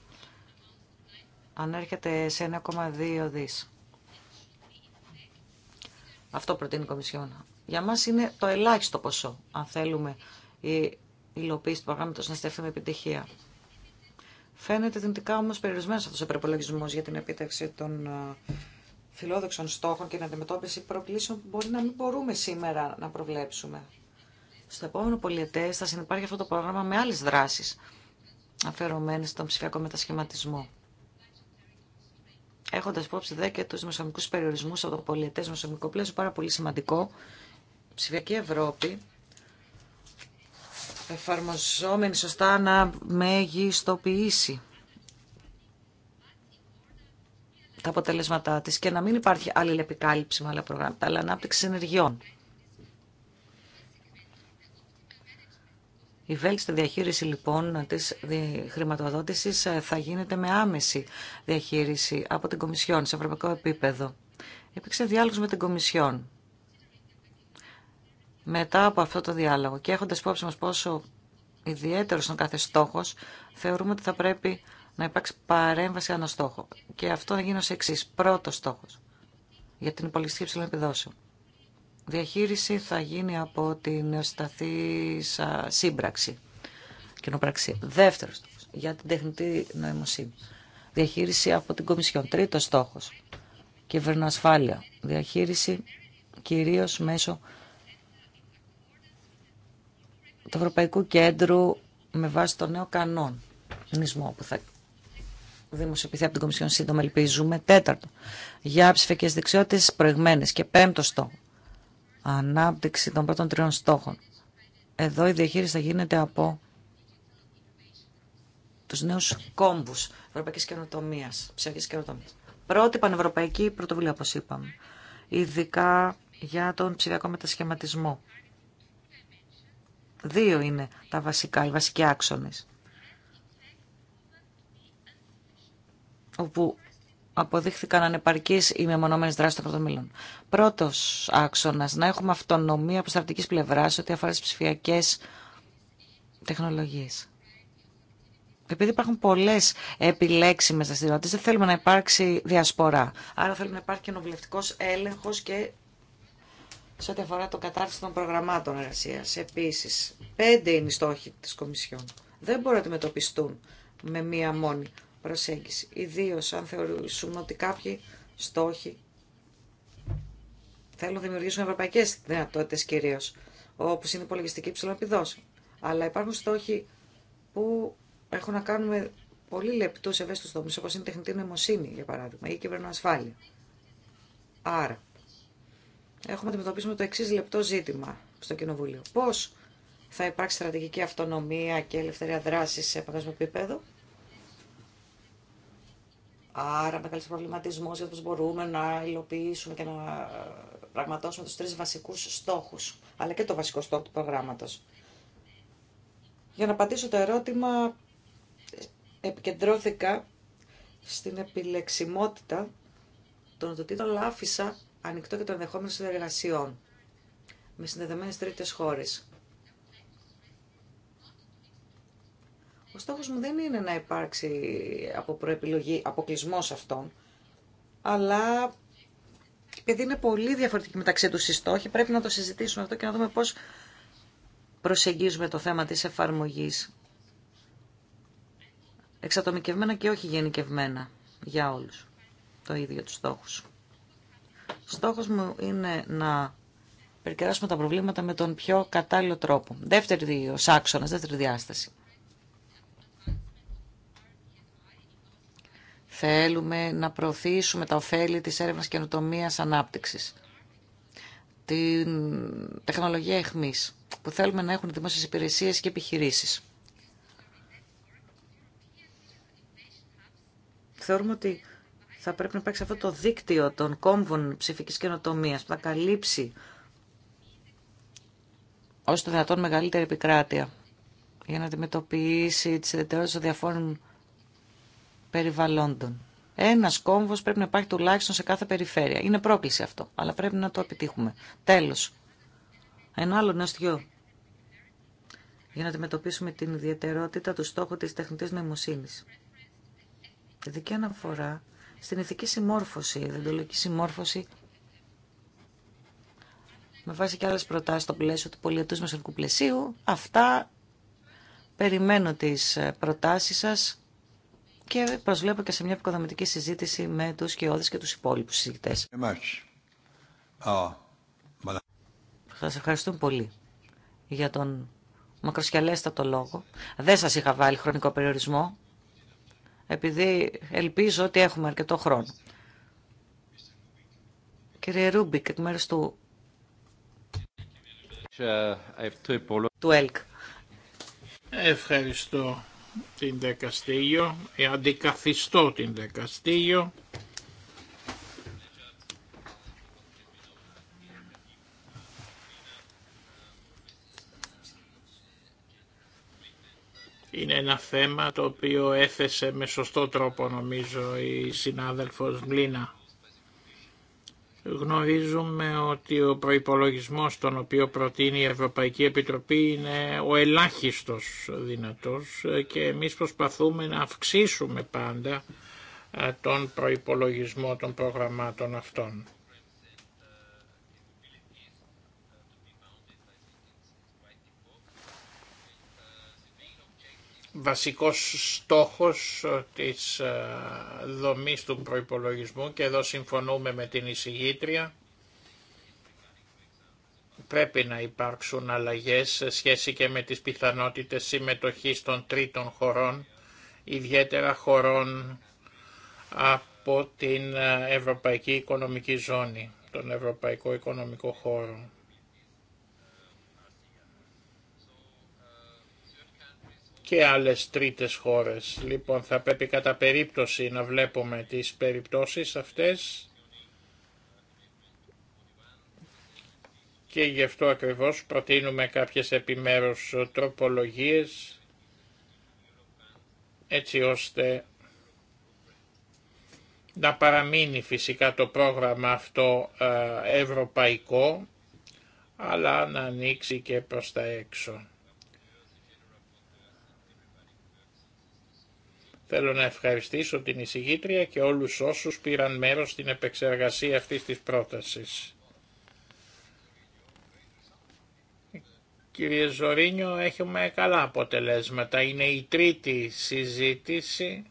ανέρχεται σε 1,2 δι. Αυτό προτείνει η Κομισιόν. Για μα είναι το ελάχιστο ποσό, αν θέλουμε η υλοποίηση του προγράμματο να στεφθεί με επιτυχία. Φαίνεται δυνητικά όμω περιορισμένο αυτό ο προπολογισμό για την επίτευξη των ε, φιλόδοξων στόχων και την αντιμετώπιση προκλήσεων που μπορεί να μην μπορούμε σήμερα να προβλέψουμε. Στο επόμενο πολιετέ θα συνεπάρχει αυτό το πρόγραμμα με άλλε δράσει αφαιρωμένε στον ψηφιακό μετασχηματισμό. Έχοντα υπόψη δε και του μεσομικού περιορισμού από το πολιετέ μεσομικό πλαίσιο, πάρα πολύ σημαντικό, η ψηφιακή Ευρώπη εφαρμοζόμενη σωστά να μεγιστοποιήσει τα αποτελέσματά της και να μην υπάρχει άλλη επικάλυψη με άλλα προγράμματα, αλλά ανάπτυξη ενεργειών. Η βέλτιστη διαχείριση λοιπόν της χρηματοδότησης ε, θα γίνεται με άμεση διαχείριση από την Κομισιόν σε ευρωπαϊκό επίπεδο. Υπήρξε διάλογος με την Κομισιόν μετά από αυτό το διάλογο. Και έχοντας υπόψη μας πόσο ιδιαίτερος είναι κάθε στόχος, θεωρούμε ότι θα πρέπει να υπάρξει παρέμβαση ανά στόχο. Και αυτό θα γίνει ως εξής. Πρώτος στόχος για την υπολογιστική ψηλών επιδόσεων. Διαχείριση θα γίνει από την νεοσταθή σύμπραξη, κοινοπραξία. Δεύτερος στόχος, για την τεχνητή νοημοσύνη. Διαχείριση από την Κομισιόν. Τρίτος στόχος, κυβερνοασφάλεια. Διαχείριση κυρίως μέσω του Ευρωπαϊκού Κέντρου με βάση το νέο κανονισμό που θα δημοσιοποιηθεί από την Κομισιόν σύντομα, ελπίζουμε. Τέταρτο, για ψηφιακέ δεξιότητε προηγμένε. Και πέμπτο στόχο, ανάπτυξη των πρώτων τριών στόχων. Εδώ η διαχείριση θα γίνεται από του νέου κόμβου Ευρωπαϊκής Καινοτομία. ψηφιακής καινοτομίας. Πρώτη πανευρωπαϊκή πρωτοβουλία, όπω είπαμε, ειδικά για τον ψηφιακό μετασχηματισμό. Δύο είναι τα βασικά, οι βασικοί άξονες. Όπου αποδείχθηκαν ανεπαρκείς οι μεμονωμένες δράσεις των κρατομήλων. Πρώτος άξονας, να έχουμε αυτονομία από στρατηγικής πλευράς ό,τι αφορά τις ψηφιακές τεχνολογίες. Επειδή υπάρχουν πολλέ επιλέξιμε δραστηριότητε, δεν θέλουμε να υπάρξει διασπορά. Άρα θέλουμε να υπάρχει νομιλευτικό έλεγχο και σε ό,τι αφορά το κατάρτιση των προγραμμάτων εργασία. Επίση, πέντε είναι οι στόχοι τη Κομισιόν. Δεν μπορούν να αντιμετωπιστούν με μία μόνη προσέγγιση. Ιδίω αν θεωρήσουμε ότι κάποιοι στόχοι θέλουν να δημιουργήσουν ευρωπαϊκέ δυνατότητε κυρίω, όπω είναι η υπολογιστική υψηλών Αλλά υπάρχουν στόχοι που έχουν να κάνουν με πολύ λεπτού ευαίσθητου τομεί, όπω είναι η τεχνητή νοημοσύνη, για παράδειγμα, ή η κυβερνοασφάλεια. Άρα, έχουμε αντιμετωπίσει με το εξή λεπτό ζήτημα στο Κοινοβούλιο. Πώ θα υπάρξει στρατηγική αυτονομία και ελευθερία δράση σε παγκόσμιο επίπεδο. Άρα, μεγάλο προβληματισμό για το πώ μπορούμε να υλοποιήσουμε και να ε, πραγματώσουμε του τρει βασικού στόχου, αλλά και το βασικό στόχο του προγράμματο. Για να απαντήσω το ερώτημα, επικεντρώθηκα στην επιλεξιμότητα των οντοτήτων, αλλά άφησα ανοιχτό και το ενδεχόμενο συνεργασιών με συνδεδεμένες τρίτες χώρες. Ο στόχος μου δεν είναι να υπάρξει από προεπιλογή αποκλεισμό αυτών, αλλά επειδή είναι πολύ διαφορετική μεταξύ τους οι στόχοι, πρέπει να το συζητήσουμε αυτό και να δούμε πώς προσεγγίζουμε το θέμα της εφαρμογής. Εξατομικευμένα και όχι γενικευμένα για όλους το ίδιο τους στόχους. Στόχος μου είναι να περικεράσουμε τα προβλήματα με τον πιο κατάλληλο τρόπο. Δεύτερη ο σάξονας, δεύτερη διάσταση. Θέλουμε να προωθήσουμε τα ωφέλη της έρευνας καινοτομίας ανάπτυξης. Την τεχνολογία εχμής που θέλουμε να έχουν δημόσιες υπηρεσίες και επιχειρήσεις. Θεωρούμε ότι θα πρέπει να υπάρξει αυτό το δίκτυο των κόμβων ψηφικής καινοτομία που θα καλύψει όσο το δυνατόν μεγαλύτερη επικράτεια για να αντιμετωπίσει τις ιδιαιτερότητες των διαφόρων περιβαλλόντων. Ένα κόμβο πρέπει να υπάρχει τουλάχιστον σε κάθε περιφέρεια. Είναι πρόκληση αυτό, αλλά πρέπει να το επιτύχουμε. Τέλο. Ένα άλλο νοστιό Για να αντιμετωπίσουμε την ιδιαιτερότητα του στόχου τη τεχνητή νοημοσύνη. Ειδική αναφορά στην ηθική συμμόρφωση, δεντολογική συμμόρφωση με βάση και άλλες προτάσεις στο πλαίσιο του πολιετούς μεσορικού πλαισίου. Αυτά περιμένω τις προτάσεις σας και προσβλέπω και σε μια επικοδομητική συζήτηση με τους κοιόδες και τους υπόλοιπους συζητητές. Ah, σας ευχαριστούμε πολύ για τον μακροσκελέστατο λόγο. Δεν σας είχα βάλει χρονικό περιορισμό επειδή ελπίζω ότι έχουμε αρκετό χρόνο. Κύριε Ρούμπικ, εκ μέρους του... του ΕΛΚ. Ευχαριστώ την Δεκαστήγιο, ε, αντικαθιστώ την Δεκαστήγιο Είναι ένα θέμα το οποίο έθεσε με σωστό τρόπο νομίζω η συνάδελφος Μλίνα. Γνωρίζουμε ότι ο προϋπολογισμός τον οποίο προτείνει η Ευρωπαϊκή Επιτροπή είναι ο ελάχιστος δυνατός και εμείς προσπαθούμε να αυξήσουμε πάντα ε, τον προϋπολογισμό των προγραμμάτων αυτών. βασικός στόχος ε, της ε, δομής του προϋπολογισμού και εδώ συμφωνούμε με την εισηγήτρια πρέπει να υπάρξουν αλλαγές σε σχέση και με τις πιθανότητες συμμετοχής των τρίτων χωρών ιδιαίτερα χωρών από την ε, Ευρωπαϊκή Οικονομική Ζώνη, τον Ευρωπαϊκό Οικονομικό Χώρο. και άλλες τρίτες χώρες. Λοιπόν, θα πρέπει κατά περίπτωση να βλέπουμε τις περιπτώσεις αυτές και γι' αυτό ακριβώς προτείνουμε κάποιες επιμέρους τροπολογίες έτσι ώστε να παραμείνει φυσικά το πρόγραμμα αυτό ε, ευρωπαϊκό αλλά να ανοίξει και προς τα έξω. Θέλω να ευχαριστήσω την εισηγήτρια και όλους όσους πήραν μέρος στην επεξεργασία αυτής της πρότασης. Κύριε Ζωρίνιο, έχουμε καλά αποτελέσματα. Είναι η τρίτη συζήτηση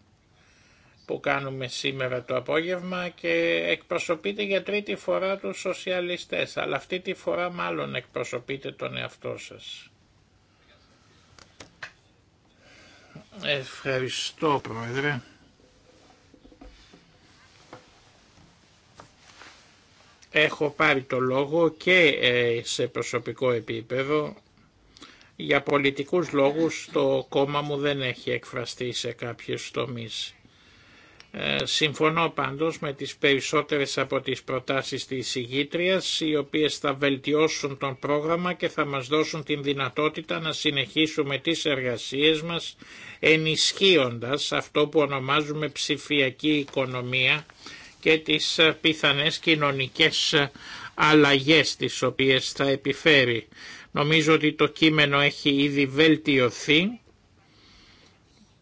που κάνουμε σήμερα το απόγευμα και εκπροσωπείτε για τρίτη φορά τους σοσιαλιστές, αλλά αυτή τη φορά μάλλον εκπροσωπείτε τον εαυτό σας. Ευχαριστώ Πρόεδρε. Έχω πάρει το λόγο και ε, σε προσωπικό επίπεδο. Για πολιτικούς λόγους το κόμμα μου δεν έχει εκφραστεί σε κάποιες τομείς. Ε, συμφωνώ πάντως με τις περισσότερες από τις προτάσεις της ηγήτριας, οι οποίες θα βελτιώσουν τον πρόγραμμα και θα μας δώσουν την δυνατότητα να συνεχίσουμε τις εργασίες μας ενισχύοντας αυτό που ονομάζουμε ψηφιακή οικονομία και τις ε, πιθανές κοινωνικές ε, αλλαγές τις οποίες θα επιφέρει. Νομίζω ότι το κείμενο έχει ήδη βελτιωθεί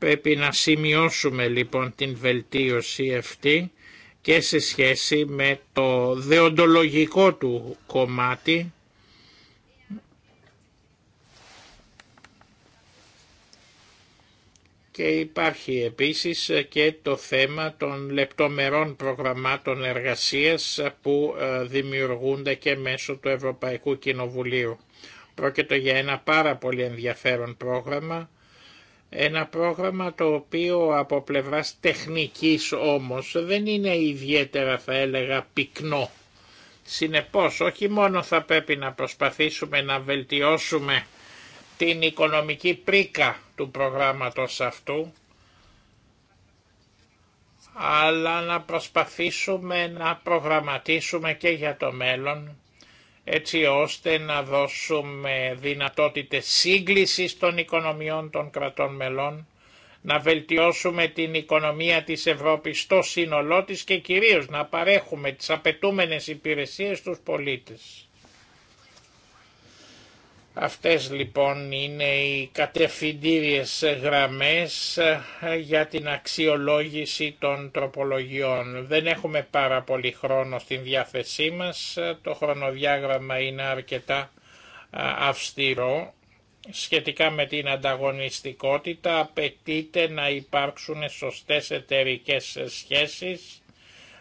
Πρέπει να σημειώσουμε λοιπόν την βελτίωση αυτή και σε σχέση με το δεοντολογικό του κομμάτι και υπάρχει επίσης και το θέμα των λεπτομερών προγραμμάτων εργασίας που ε, δημιουργούνται και μέσω του Ευρωπαϊκού Κοινοβουλίου. Πρόκειται για ένα πάρα πολύ ενδιαφέρον πρόγραμμα ένα πρόγραμμα το οποίο από πλευράς τεχνικής όμως δεν είναι ιδιαίτερα θα έλεγα πυκνό. Συνεπώς όχι μόνο θα πρέπει να προσπαθήσουμε να βελτιώσουμε την οικονομική πρίκα του προγράμματος αυτού, αλλά να προσπαθήσουμε να προγραμματίσουμε και για το μέλλον έτσι ώστε να δώσουμε δυνατότητες σύγκλησης των οικονομιών των κρατών μελών, να βελτιώσουμε την οικονομία της Ευρώπης στο σύνολό της και κυρίως να παρέχουμε τις απαιτούμενες υπηρεσίες στους πολίτες. Αυτές λοιπόν είναι οι κατευθυντήριες γραμμές ε, για την αξιολόγηση των τροπολογιών. Δεν έχουμε πάρα πολύ χρόνο στην διάθεσή μας, το χρονοδιάγραμμα είναι αρκετά αυστηρό. Σχετικά με την ανταγωνιστικότητα απαιτείται να υπάρξουν σωστές εταιρικές σχέσεις,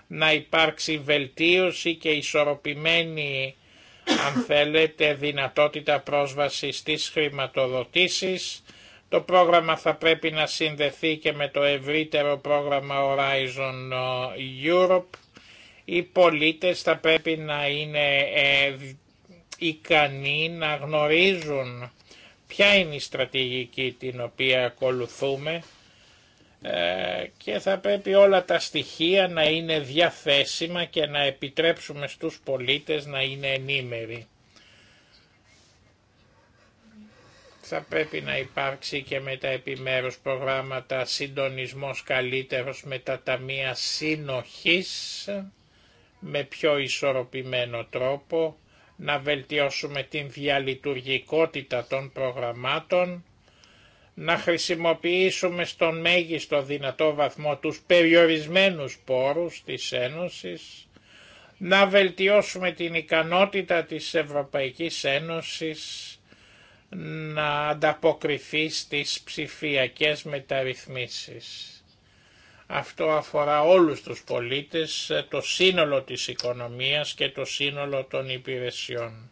να υπάρξει βελτίωση και ισορροπημένη αν θέλετε, δυνατότητα πρόσβασης στις χρηματοδοτήσεις. Το πρόγραμμα θα πρέπει να συνδεθεί και με το ευρύτερο πρόγραμμα Horizon uh, Europe. Οι πολίτες θα πρέπει να είναι ε, ικανοί να γνωρίζουν ποια είναι η στρατηγική την οποία ακολουθούμε ε, και θα πρέπει όλα τα στοιχεία να είναι διαθέσιμα και να επιτρέψουμε στους πολίτες να είναι ενήμεροι. Θα πρέπει να υπάρξει και με τα επιμέρους προγράμματα συντονισμός καλύτερος με τα ταμεία συνοχής με πιο ισορροπημένο τρόπο, να βελτιώσουμε την διαλειτουργικότητα των προγραμμάτων να χρησιμοποιήσουμε στον μέγιστο δυνατό βαθμό τους περιορισμένους πόρους της Ένωσης, να βελτιώσουμε την ικανότητα της Ευρωπαϊκής Ένωσης να ανταποκριθεί στις ψηφιακές μεταρρυθμίσεις. Αυτό αφορά όλους τους πολίτες, το σύνολο της οικονομίας και το σύνολο των υπηρεσιών.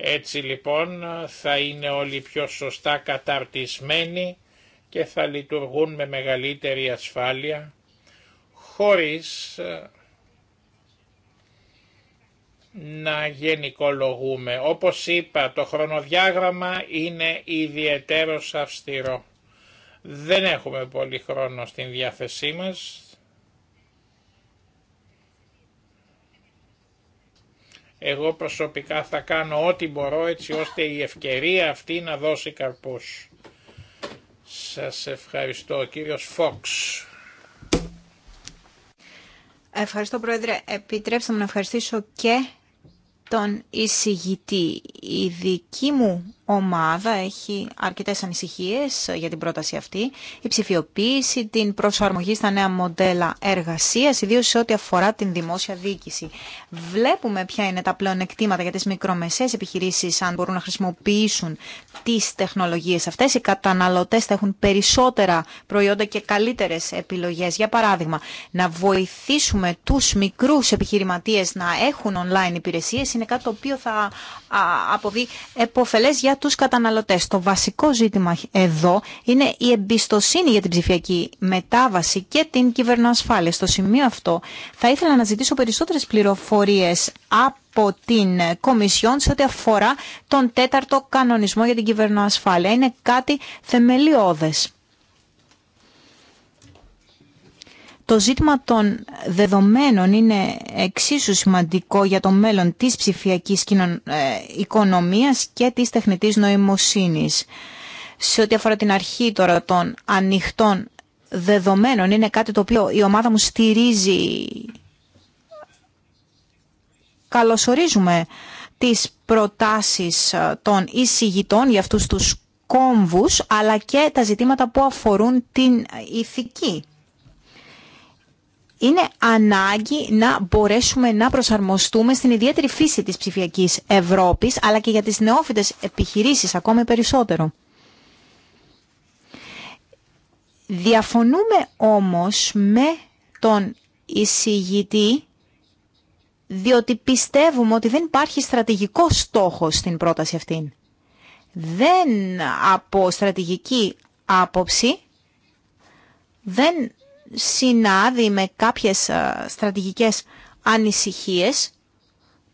Έτσι λοιπόν θα είναι όλοι πιο σωστά καταρτισμένοι και θα λειτουργούν με μεγαλύτερη ασφάλεια χωρίς ε, να γενικολογούμε. Όπως είπα το χρονοδιάγραμμα είναι ιδιαίτερος αυστηρό. Δεν έχουμε πολύ χρόνο στην διάθεσή μας, Εγώ προσωπικά θα κάνω ό,τι μπορώ έτσι ώστε η ευκαιρία αυτή να δώσει καρπούς. Σας ευχαριστώ. κύριος Φόξ. Ευχαριστώ Πρόεδρε. Επιτρέψτε μου να ευχαριστήσω και τον εισηγητή. Η δική μου ομάδα έχει αρκετές ανησυχίες για την πρόταση αυτή. Η ψηφιοποίηση, την προσαρμογή στα νέα μοντέλα εργασίας, ιδίως σε ό,τι αφορά την δημόσια διοίκηση. Βλέπουμε ποια είναι τα πλεονεκτήματα για τις μικρομεσαίες επιχειρήσεις, αν μπορούν να χρησιμοποιήσουν τις τεχνολογίες αυτές. Οι καταναλωτές θα έχουν περισσότερα προϊόντα και καλύτερες επιλογές. Για παράδειγμα, να βοηθήσουμε τους μικρούς επιχειρηματίες να έχουν online υπηρεσίες είναι κάτι το οποίο θα αποβεί εποφελές για τους καταναλωτές. Το βασικό ζήτημα εδώ είναι η εμπιστοσύνη για την ψηφιακή μετάβαση και την κυβερνοασφάλεια. Στο σημείο αυτό θα ήθελα να ζητήσω περισσότερες πληροφορίες από την Κομισιόν σε ό,τι αφορά τον τέταρτο κανονισμό για την κυβερνοασφάλεια. Είναι κάτι θεμελιώδες. Το ζήτημα των δεδομένων είναι εξίσου σημαντικό για το μέλλον της ψηφιακής ε, οικονομίας και της τεχνητής νοημοσύνης. Σε ό,τι αφορά την αρχή τώρα των ανοιχτών δεδομένων, είναι κάτι το οποίο η ομάδα μου στηρίζει. Καλωσορίζουμε τις προτάσεις ε, των εισηγητών για αυτούς τους κόμβους, αλλά και τα ζητήματα που αφορούν την ε, ηθική είναι ανάγκη να μπορέσουμε να προσαρμοστούμε στην ιδιαίτερη φύση της ψηφιακής Ευρώπης, αλλά και για τις νεόφυτες επιχειρήσεις ακόμη περισσότερο. Διαφωνούμε όμως με τον εισηγητή, διότι πιστεύουμε ότι δεν υπάρχει στρατηγικό στόχος στην πρόταση αυτήν. Δεν από στρατηγική άποψη, δεν συνάδει με κάποιες ε, στρατηγικές ανησυχίες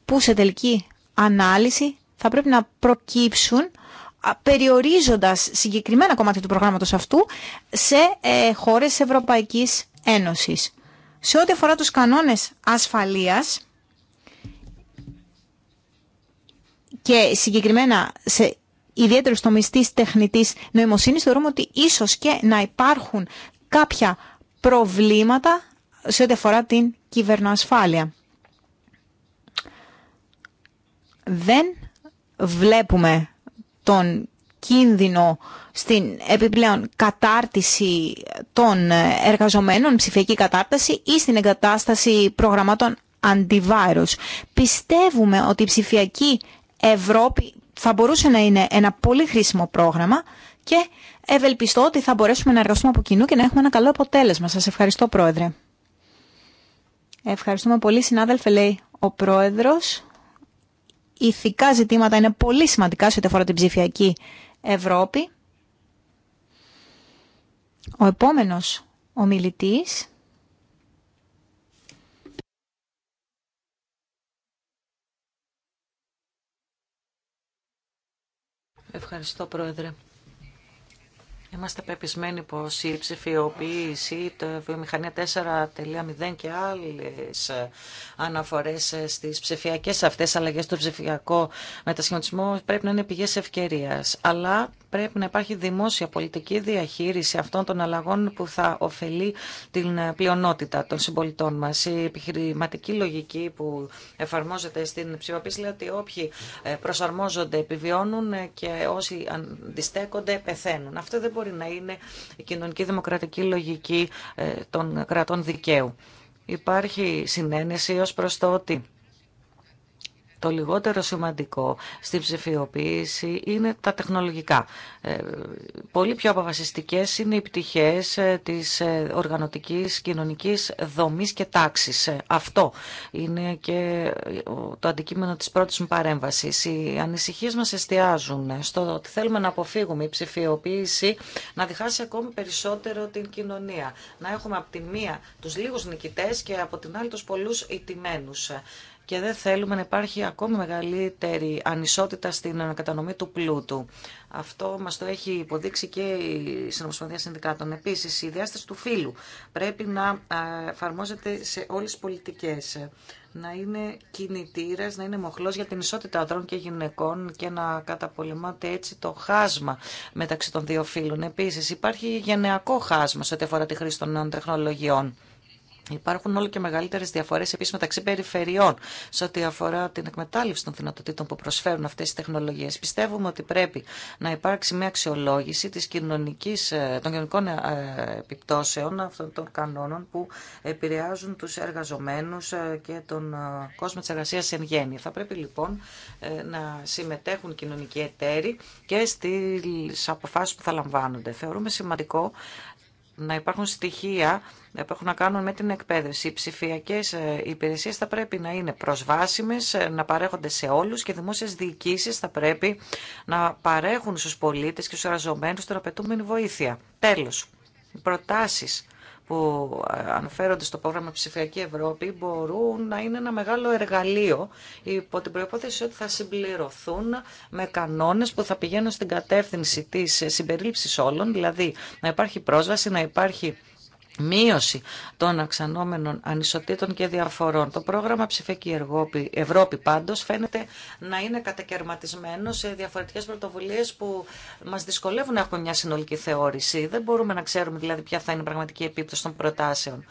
που σε τελική ανάλυση θα πρέπει να προκύψουν περιορίζοντας συγκεκριμένα κομμάτια του προγράμματος αυτού σε ε, χώρες Ευρωπαϊκής Ένωσης. Σε ό,τι αφορά τους κανόνες ασφαλείας και συγκεκριμένα σε ιδιαίτερους τομείς της τεχνητής νοημοσύνης θεωρούμε ότι ίσως και να υπάρχουν κάποια προβλήματα σε ό,τι αφορά την κυβερνοασφάλεια. Δεν βλέπουμε τον κίνδυνο στην επιπλέον κατάρτιση των εργαζομένων, ψηφιακή κατάρτιση ή στην εγκατάσταση προγραμμάτων αντιβάρους. Πιστεύουμε ότι η ψηφιακή Ευρώπη θα μπορούσε να είναι ένα πολύ χρήσιμο πρόγραμμα και ευελπιστώ ότι θα μπορέσουμε να εργαστούμε από κοινού και να έχουμε ένα καλό αποτέλεσμα. Σας ευχαριστώ Πρόεδρε. Ευχαριστούμε πολύ συνάδελφε λέει ο Πρόεδρος. Ηθικά ζητήματα είναι πολύ σημαντικά σε ό,τι αφορά την ψηφιακή Ευρώπη. Ο επόμενος ομιλητής Ευχαριστώ Πρόεδρε. Είμαστε πεπισμένοι πως η ψηφιοποίηση, το βιομηχανία 4.0 και άλλες αναφορές στις ψηφιακές αυτές αλλαγέ στο ψηφιακό μετασχηματισμό πρέπει να είναι πηγές ευκαιρία. Αλλά πρέπει να υπάρχει δημόσια πολιτική διαχείριση αυτών των αλλαγών που θα ωφελεί την πλειονότητα των συμπολιτών μας. Η επιχειρηματική λογική που εφαρμόζεται στην ψηφοποίηση λέει ότι όποιοι ε, προσαρμόζονται επιβιώνουν και όσοι αντιστέκονται πεθαίνουν. Αυτό δεν μπορεί να είναι η κοινωνική δημοκρατική λογική ε, των κρατών δικαίου. Υπάρχει συνένεση ως προς το ότι το λιγότερο σημαντικό στην ψηφιοποίηση είναι τα τεχνολογικά. Ε, πολύ πιο αποφασιστικές είναι οι πτυχές ε, της ε, οργανωτικής κοινωνικής δομής και τάξης. Αυτό είναι και το αντικείμενο της πρώτης μου παρέμβασης. Οι ανησυχίες μας εστιάζουν στο ότι θέλουμε να αποφύγουμε η ψηφιοποίηση να διχάσει ακόμη περισσότερο την κοινωνία. Να έχουμε από τη μία τους λίγους νικητές και από την άλλη τους πολλούς ιτημένους και δεν θέλουμε να υπάρχει ακόμη μεγαλύτερη ανισότητα στην ανακατανομή του πλούτου. Αυτό μα το έχει υποδείξει και η Συνομοσπονδία Συνδικάτων. Επίση, η διάσταση του φύλου πρέπει να εφαρμόζεται σε όλε τι πολιτικέ. Να είναι κινητήρε, να είναι μοχλό για την ισότητα ανδρών και γυναικών και να καταπολεμάται έτσι το χάσμα μεταξύ των δύο φύλων. Επίση, υπάρχει γενεακό χάσμα σε ό,τι αφορά τη χρήση των νέων τεχνολογιών. Υπάρχουν όλο και μεγαλύτερε διαφορέ επίση μεταξύ περιφερειών σε ό,τι αφορά την εκμετάλλευση των δυνατοτήτων που προσφέρουν αυτέ οι τεχνολογίε. Πιστεύουμε ότι πρέπει να υπάρξει μια αξιολόγηση της κοινωνικής, ε, των κοινωνικών ε, επιπτώσεων αυτών των κανόνων που επηρεάζουν του εργαζομένου ε, και τον κόσμο τη εργασία εν γέννη. Θα πρέπει λοιπόν να συμμετέχουν κοινωνικοί εταίροι και στι αποφάσει που θα λαμβάνονται. Θεωρούμε σημαντικό να υπάρχουν στοιχεία που έχουν να κάνουν με την εκπαίδευση. Οι ψηφιακέ ε, υπηρεσίε θα πρέπει να είναι προσβάσιμε, ε, να παρέχονται σε όλου και οι δημόσιε διοικήσει θα πρέπει να παρέχουν στου πολίτε και στου εργαζομένου την απαιτούμενη βοήθεια. Τέλο, οι προτάσει που ε, αναφέρονται στο πρόγραμμα Ψηφιακή Ευρώπη μπορούν να είναι ένα μεγάλο εργαλείο υπό την προϋπόθεση ότι θα συμπληρωθούν με κανόνες που θα πηγαίνουν στην κατεύθυνση της συμπερίληψης όλων, δηλαδή να υπάρχει πρόσβαση, να υπάρχει Μείωση των αυξανόμενων ανισοτήτων και διαφορών. Το πρόγραμμα Ψηφιακή Ευρώπη, πάντως φαίνεται να είναι κατακαιρματισμένο σε διαφορετικές πρωτοβουλίες που μας δυσκολεύουν να έχουμε μια συνολική θεώρηση. Δεν μπορούμε να ξέρουμε δηλαδή ποια θα είναι η πραγματική επίπτωση των προτάσεων.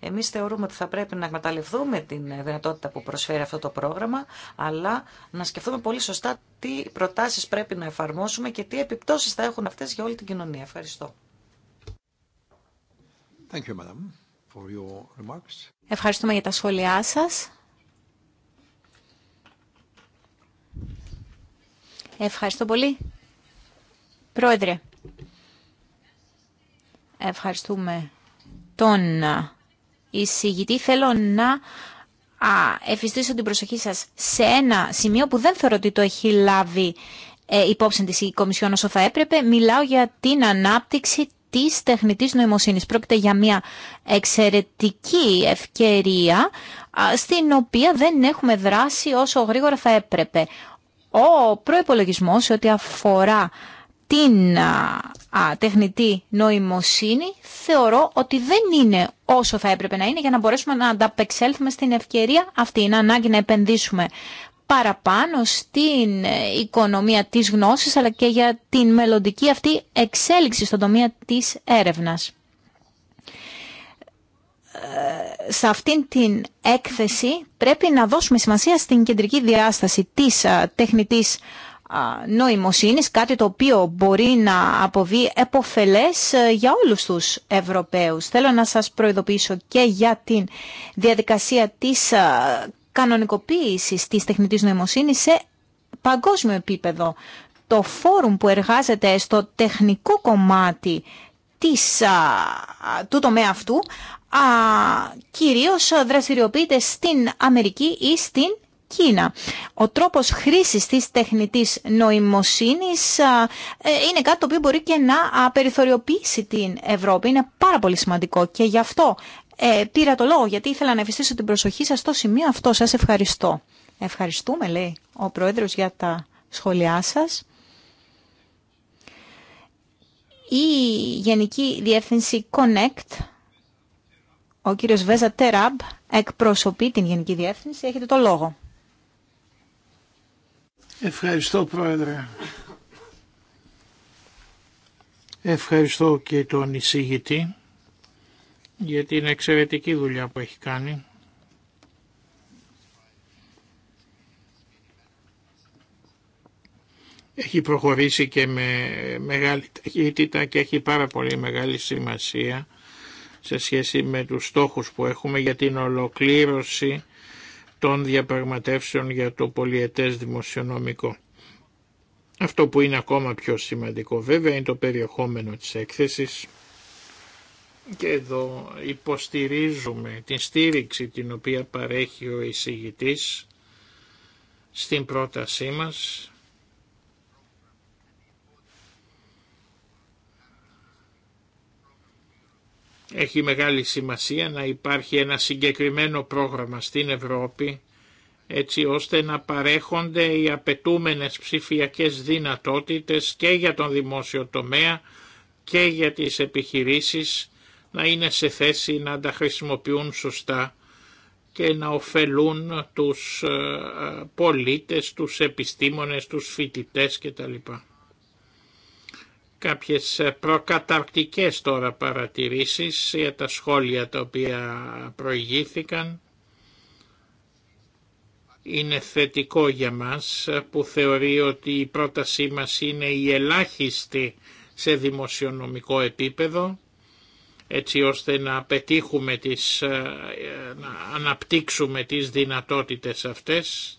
Εμείς θεωρούμε ότι θα πρέπει να εκμεταλλευτούμε την δυνατότητα που προσφέρει αυτό το πρόγραμμα, αλλά να σκεφτούμε πολύ σωστά τι προτάσεις πρέπει να εφαρμόσουμε και τι επιπτώσεις θα έχουν αυτές για όλη την κοινωνία. Ευχαριστώ. Thank you, madam, for your Ευχαριστούμε για τα σχόλιά σας. Ευχαριστώ πολύ. Πρόεδρε, ευχαριστούμε τον εισηγητή. Θέλω να εφιστήσω την προσοχή σας σε ένα σημείο που δεν θεωρώ ότι το έχει λάβει ε, υπόψη της η Κομισιόν όσο θα έπρεπε. Μιλάω για την ανάπτυξη Τη τεχνητή νοημοσύνης. Πρόκειται για μια εξαιρετική ευκαιρία στην οποία δεν έχουμε δράσει όσο γρήγορα θα έπρεπε. Ο προπολογισμό ό,τι αφορά την τεχνητή νοημοσύνη θεωρώ ότι δεν είναι όσο θα έπρεπε να είναι για να μπορέσουμε να ανταπεξέλθουμε στην ευκαιρία αυτή. Είναι ανάγκη να επενδύσουμε παραπάνω στην ε, οικονομία της γνώσης αλλά και για την μελλοντική αυτή εξέλιξη στον τομέα της έρευνας. Ε, σε αυτήν την έκθεση πρέπει να δώσουμε σημασία στην κεντρική διάσταση της ε, τεχνητής νοημοσύνης, κάτι το οποίο μπορεί να αποβεί εποφελές για όλους τους Ευρωπαίους. Θέλω να σας προειδοποιήσω και για την διαδικασία της κανονικοποίησης της τεχνητής νοημοσύνης σε παγκόσμιο επίπεδο. Το φόρουμ που εργάζεται στο τεχνικό κομμάτι της, του τομέα αυτού α, κυρίως δραστηριοποιείται στην Αμερική ή στην Κίνα. Ο τρόπος χρήσης της τεχνητής νοημοσύνης ε, είναι κάτι το οποίο μπορεί και να περιθωριοποιήσει την Ευρώπη. Είναι πάρα πολύ σημαντικό και γι' αυτό ε, πήρα το λόγο γιατί ήθελα να ευαισθήσω την προσοχή σας στο σημείο αυτό. Σας ευχαριστώ. Ευχαριστούμε, λέει ο Πρόεδρος, για τα σχόλιά σας. Η Γενική Διεύθυνση Connect, ο κύριος Βέζα Τέραμπ, εκπροσωπεί την Γενική Διεύθυνση. Έχετε το λόγο. Ευχαριστώ, Πρόεδρε. Ευχαριστώ και τον εισηγητή για την εξαιρετική δουλειά που έχει κάνει. Έχει προχωρήσει και με μεγάλη ταχύτητα και έχει πάρα πολύ μεγάλη σημασία σε σχέση με τους στόχους που έχουμε για την ολοκλήρωση των διαπραγματεύσεων για το πολιετές δημοσιονομικό. Αυτό που είναι ακόμα πιο σημαντικό βέβαια είναι το περιεχόμενο της έκθεσης και εδώ υποστηρίζουμε την στήριξη την οποία παρέχει ο εισηγητής στην πρότασή μας Έχει μεγάλη σημασία να υπάρχει ένα συγκεκριμένο πρόγραμμα στην Ευρώπη έτσι ώστε να παρέχονται οι απαιτούμενες ψηφιακές δυνατότητες και για τον δημόσιο τομέα και για τις επιχειρήσεις να είναι σε θέση να τα χρησιμοποιούν σωστά και να ωφελούν τους ε, ε, πολίτες, τους επιστήμονες, τους φοιτητές κτλ. Κάποιες ε, προκαταρκτικές τώρα παρατηρήσεις για τα σχόλια τα οποία προηγήθηκαν. Είναι θετικό για μας που θεωρεί ότι η πρότασή μας είναι η ελάχιστη σε δημοσιονομικό επίπεδο έτσι ώστε να πετύχουμε τις, ε, να αναπτύξουμε τις δυνατότητες αυτές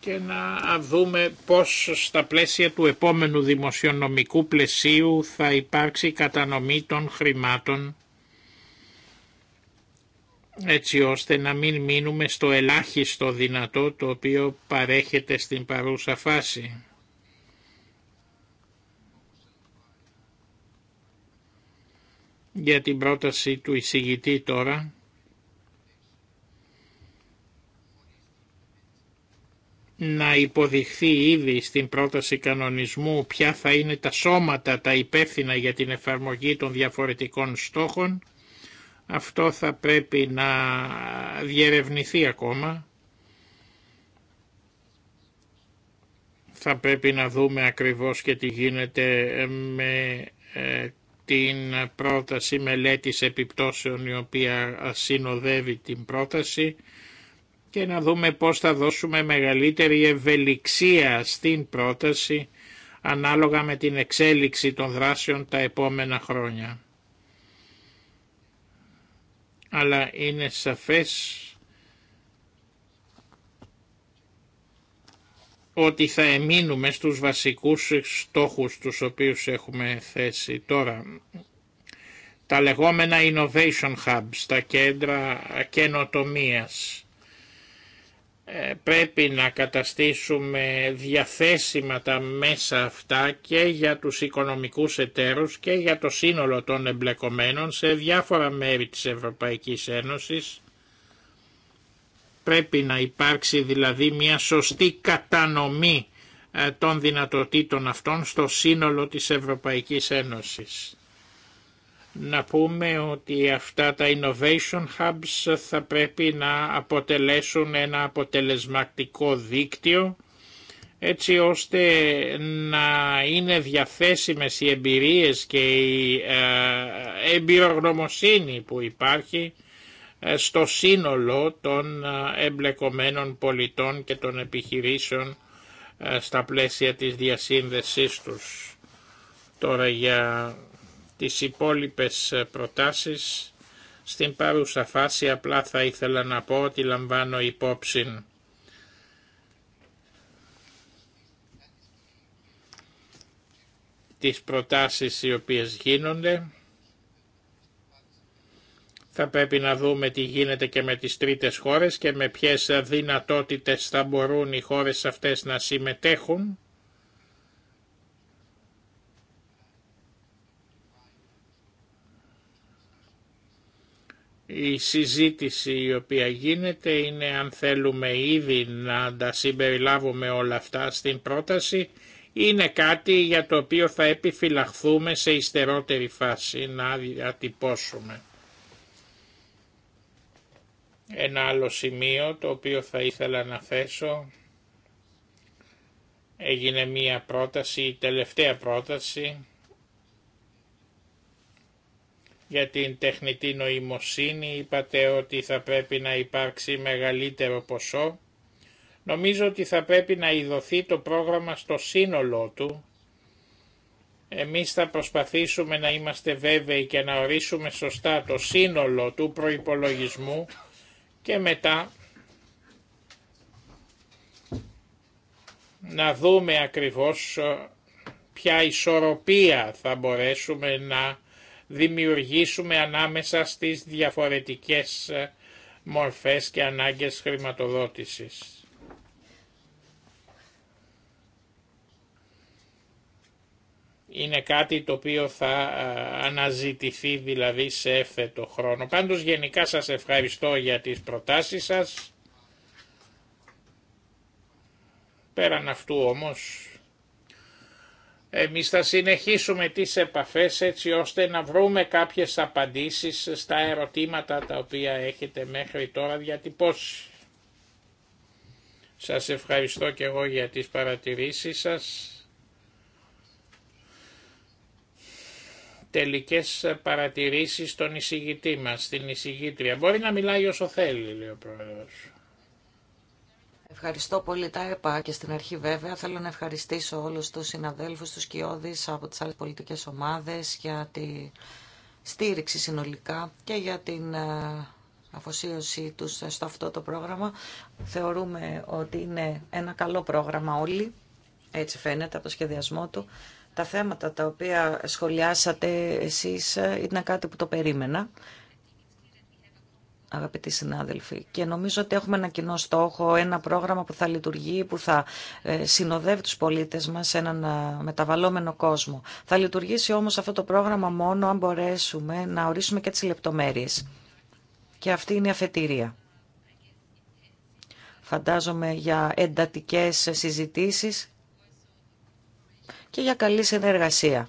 και να δούμε πώς στα πλαίσια του επόμενου δημοσιονομικού πλαισίου θα υπάρξει κατανομή των χρημάτων έτσι ώστε να μην μείνουμε στο ελάχιστο δυνατό το οποίο παρέχεται στην παρούσα φάση. για την πρόταση του εισηγητή τώρα. να υποδειχθεί ήδη στην πρόταση κανονισμού ποια θα είναι τα σώματα τα υπεύθυνα για την εφαρμογή των διαφορετικών στόχων. Αυτό θα πρέπει να διερευνηθεί ακόμα. Θα πρέπει να δούμε ακριβώς και τι γίνεται με ε, την πρόταση μελέτης επιπτώσεων η οποία συνοδεύει την πρόταση και να δούμε πώς θα δώσουμε μεγαλύτερη ευελιξία στην πρόταση ανάλογα με την εξέλιξη των δράσεων τα επόμενα χρόνια. Αλλά είναι σαφές ότι θα εμείνουμε στους βασικούς στόχους τους οποίους έχουμε θέσει τώρα. Τα λεγόμενα innovation hubs, τα κέντρα καινοτομίας. Ε, πρέπει να καταστήσουμε διαθέσιμα τα μέσα αυτά και για τους οικονομικούς εταίρους και για το σύνολο των εμπλεκομένων σε διάφορα μέρη της Ευρωπαϊκής Ένωσης Πρέπει να υπάρξει δηλαδή μια σωστή κατανομή ε, των δυνατοτήτων αυτών στο σύνολο της Ευρωπαϊκής Ένωσης. Να πούμε ότι αυτά τα innovation hubs θα πρέπει να αποτελέσουν ένα αποτελεσματικό δίκτυο έτσι ώστε να είναι διαθέσιμες οι εμπειρίες και η ε, εμπειρογνωμοσύνη που υπάρχει ε, στο σύνολο των ε, εμπλεκομένων πολιτών και των επιχειρήσεων ε, στα πλαίσια της διασύνδεσής τους. Τώρα για τις υπόλοιπες προτάσεις, στην παρούσα φάση απλά θα ήθελα να πω ότι λαμβάνω υπόψη τις προτάσεις οι οποίες γίνονται θα πρέπει να δούμε τι γίνεται και με τις τρίτες χώρες και με ποιες δυνατότητες θα μπορούν οι χώρες αυτές να συμμετέχουν. Η συζήτηση η οποία γίνεται είναι αν θέλουμε ήδη να τα συμπεριλάβουμε όλα αυτά στην πρόταση είναι κάτι για το οποίο θα επιφυλαχθούμε σε ιστερότερη φάση να διατυπώσουμε. Ένα άλλο σημείο το οποίο θα ήθελα να θέσω έγινε μία πρόταση, η τελευταία πρόταση για την τεχνητή νοημοσύνη. Είπατε ότι θα πρέπει να υπάρξει μεγαλύτερο ποσό. Νομίζω ότι θα πρέπει να ειδωθεί το πρόγραμμα στο σύνολό του. Εμείς θα προσπαθήσουμε να είμαστε βέβαιοι και να ορίσουμε σωστά το σύνολο του προϋπολογισμού και μετά να δούμε ακριβώς ε, ποια ισορροπία θα μπορέσουμε να δημιουργήσουμε ανάμεσα στις διαφορετικές ε, μορφές και ανάγκες χρηματοδότησης. είναι κάτι το οποίο θα αναζητηθεί δηλαδή σε έφετο χρόνο. Πάντως γενικά σας ευχαριστώ για τις προτάσεις σας. Πέραν αυτού όμως, εμείς θα συνεχίσουμε τις επαφές έτσι ώστε να βρούμε κάποιες απαντήσεις στα ερωτήματα τα οποία έχετε μέχρι τώρα διατυπώσει. Σας ευχαριστώ και εγώ για τις παρατηρήσεις σας. τελικές παρατηρήσεις στον εισηγητή μας, στην εισηγήτρια. Μπορεί να μιλάει όσο θέλει, λέει ο Πρόεδρος. Ευχαριστώ πολύ. Τα ΕΠΑ και στην αρχή βέβαια. Θέλω να ευχαριστήσω όλους τους συναδέλφους, τους κοιόδης από τις άλλες πολιτικές ομάδες για τη στήριξη συνολικά και για την ε, αφοσίωση τους στο αυτό το πρόγραμμα. Θεωρούμε ότι είναι ένα καλό πρόγραμμα όλοι. Έτσι φαίνεται από το σχεδιασμό του. Τα θέματα τα οποία σχολιάσατε εσείς ε, ήταν κάτι που το περίμενα, αγαπητοί συνάδελφοι. Και νομίζω ότι έχουμε ένα κοινό στόχο, ένα πρόγραμμα που θα λειτουργεί, που θα ε, συνοδεύει τους πολίτες μας σε έναν ε, μεταβαλλόμενο κόσμο. Θα λειτουργήσει όμως αυτό το πρόγραμμα μόνο αν μπορέσουμε να ορίσουμε και τις λεπτομέρειες. Και αυτή είναι η αφετηρία. Φαντάζομαι για εντατικές συζητήσεις και για καλή συνεργασία.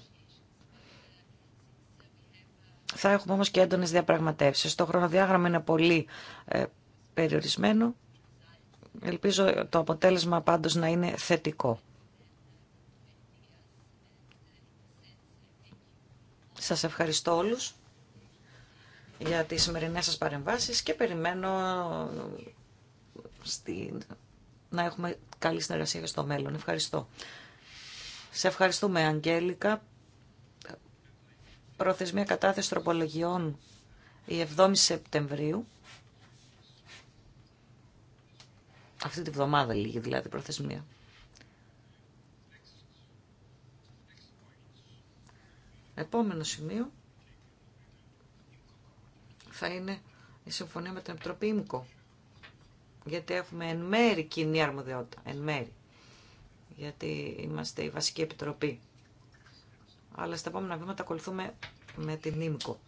Θα έχουμε όμως και έντονες διαπραγματεύσεις. Το χρονοδιάγραμμα είναι πολύ ε, περιορισμένο. Ελπίζω το αποτέλεσμα πάντως να είναι θετικό. Σας ευχαριστώ όλους για τις σημερινές σας παρεμβάσεις και περιμένω ε, στη... να έχουμε καλή συνεργασία στο μέλλον. Ευχαριστώ. Σε ευχαριστούμε, Αγγέλικα. Προθεσμία κατάθεση τροπολογιών η 7η Σεπτεμβρίου. Αυτή τη βδομάδα λίγη δηλαδή προθεσμία. Επόμενο σημείο θα είναι η συμφωνία με την Επιτροπή ΙΜΚΟ. Γιατί έχουμε εν μέρη κοινή αρμοδιότητα. Εν μέρη γιατί είμαστε η βασική επιτροπή. Αλλά στα επόμενα βήματα ακολουθούμε με την ΙΜΚΟ.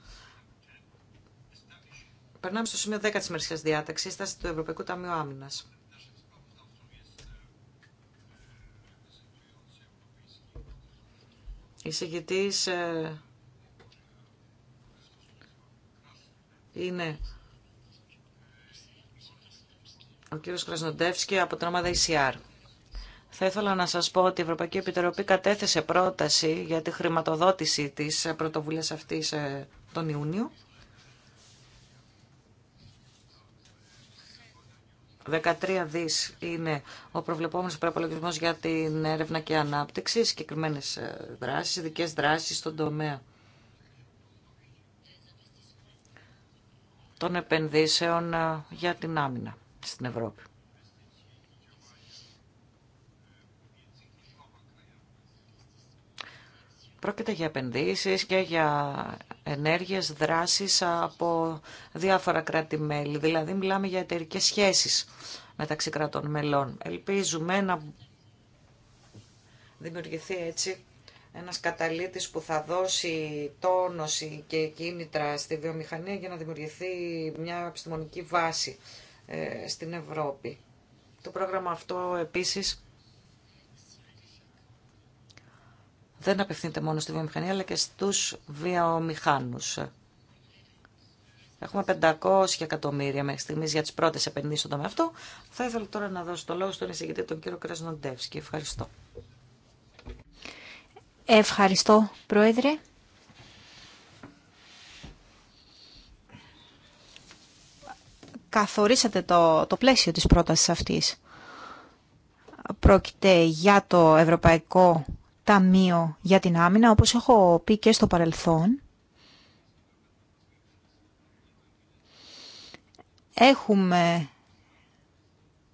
Περνάμε στο σημείο 10 της μερικής διάταξης, στάση του Ευρωπαϊκού Ταμείου Άμυνας. Εισηγητής ε, είναι ο κύριος Κρασνοντεύσκη από την ομάδα ECR. Θα ήθελα να σας πω ότι η Ευρωπαϊκή Επιτροπή κατέθεσε πρόταση για τη χρηματοδότηση της πρωτοβουλίας αυτής ε, τον Ιούνιο. 13 δις είναι ο προβλεπόμενος προπολογισμό για την έρευνα και ανάπτυξη, συγκεκριμένε ε, δράσεις, ειδικέ δράσεις στον τομέα των επενδύσεων ε, για την άμυνα στην Ευρώπη. Πρόκειται για επενδύσεις και για ενέργειες, δράσεις από διάφορα κράτη-μέλη. Δηλαδή μιλάμε για εταιρικέ σχέσεις μεταξύ κρατών μελών. Ελπίζουμε να δημιουργηθεί έτσι ένας καταλήτης που θα δώσει τόνωση και κίνητρα στη βιομηχανία για να δημιουργηθεί μια επιστημονική βάση ε, στην Ευρώπη. Το πρόγραμμα αυτό επίσης δεν απευθύνεται μόνο στη βιομηχανία αλλά και στους βιομηχάνους. Έχουμε 500 εκατομμύρια μέχρι στιγμή για τι πρώτε επενδύσει στον τομέα αυτό. Θα ήθελα τώρα να δώσω το λόγο στον εισηγητή, τον κύριο Κρασνοντεύσκη. Ευχαριστώ. Ευχαριστώ, Πρόεδρε. Καθορίσατε το, το πλαίσιο της πρότασης αυτής. Πρόκειται για το Ευρωπαϊκό ταμείο για την άμυνα, όπως έχω πει και στο παρελθόν. Έχουμε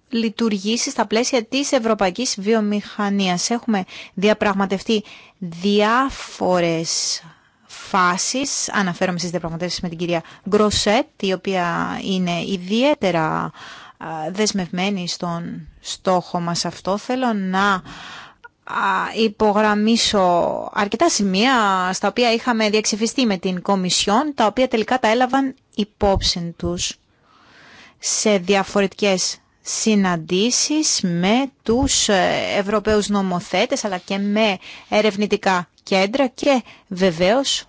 λειτουργήσει στα πλαίσια της ευρωπαϊκής βιομηχανίας. Έχουμε διαπραγματευτεί διάφορες φάσεις, αναφέρομαι στις διαπραγματεύσεις με την κυρία Γκροσέτ, η οποία είναι ιδιαίτερα δεσμευμένη στον στόχο μας αυτό. Θέλω να υπογραμμίσω αρκετά σημεία στα οποία είχαμε διαξεφιστεί με την Κομισιόν, τα οποία τελικά τα έλαβαν υπόψη τους σε διαφορετικές συναντήσεις με τους ε, Ευρωπαίους νομοθέτες αλλά και με ερευνητικά κέντρα και βεβαίως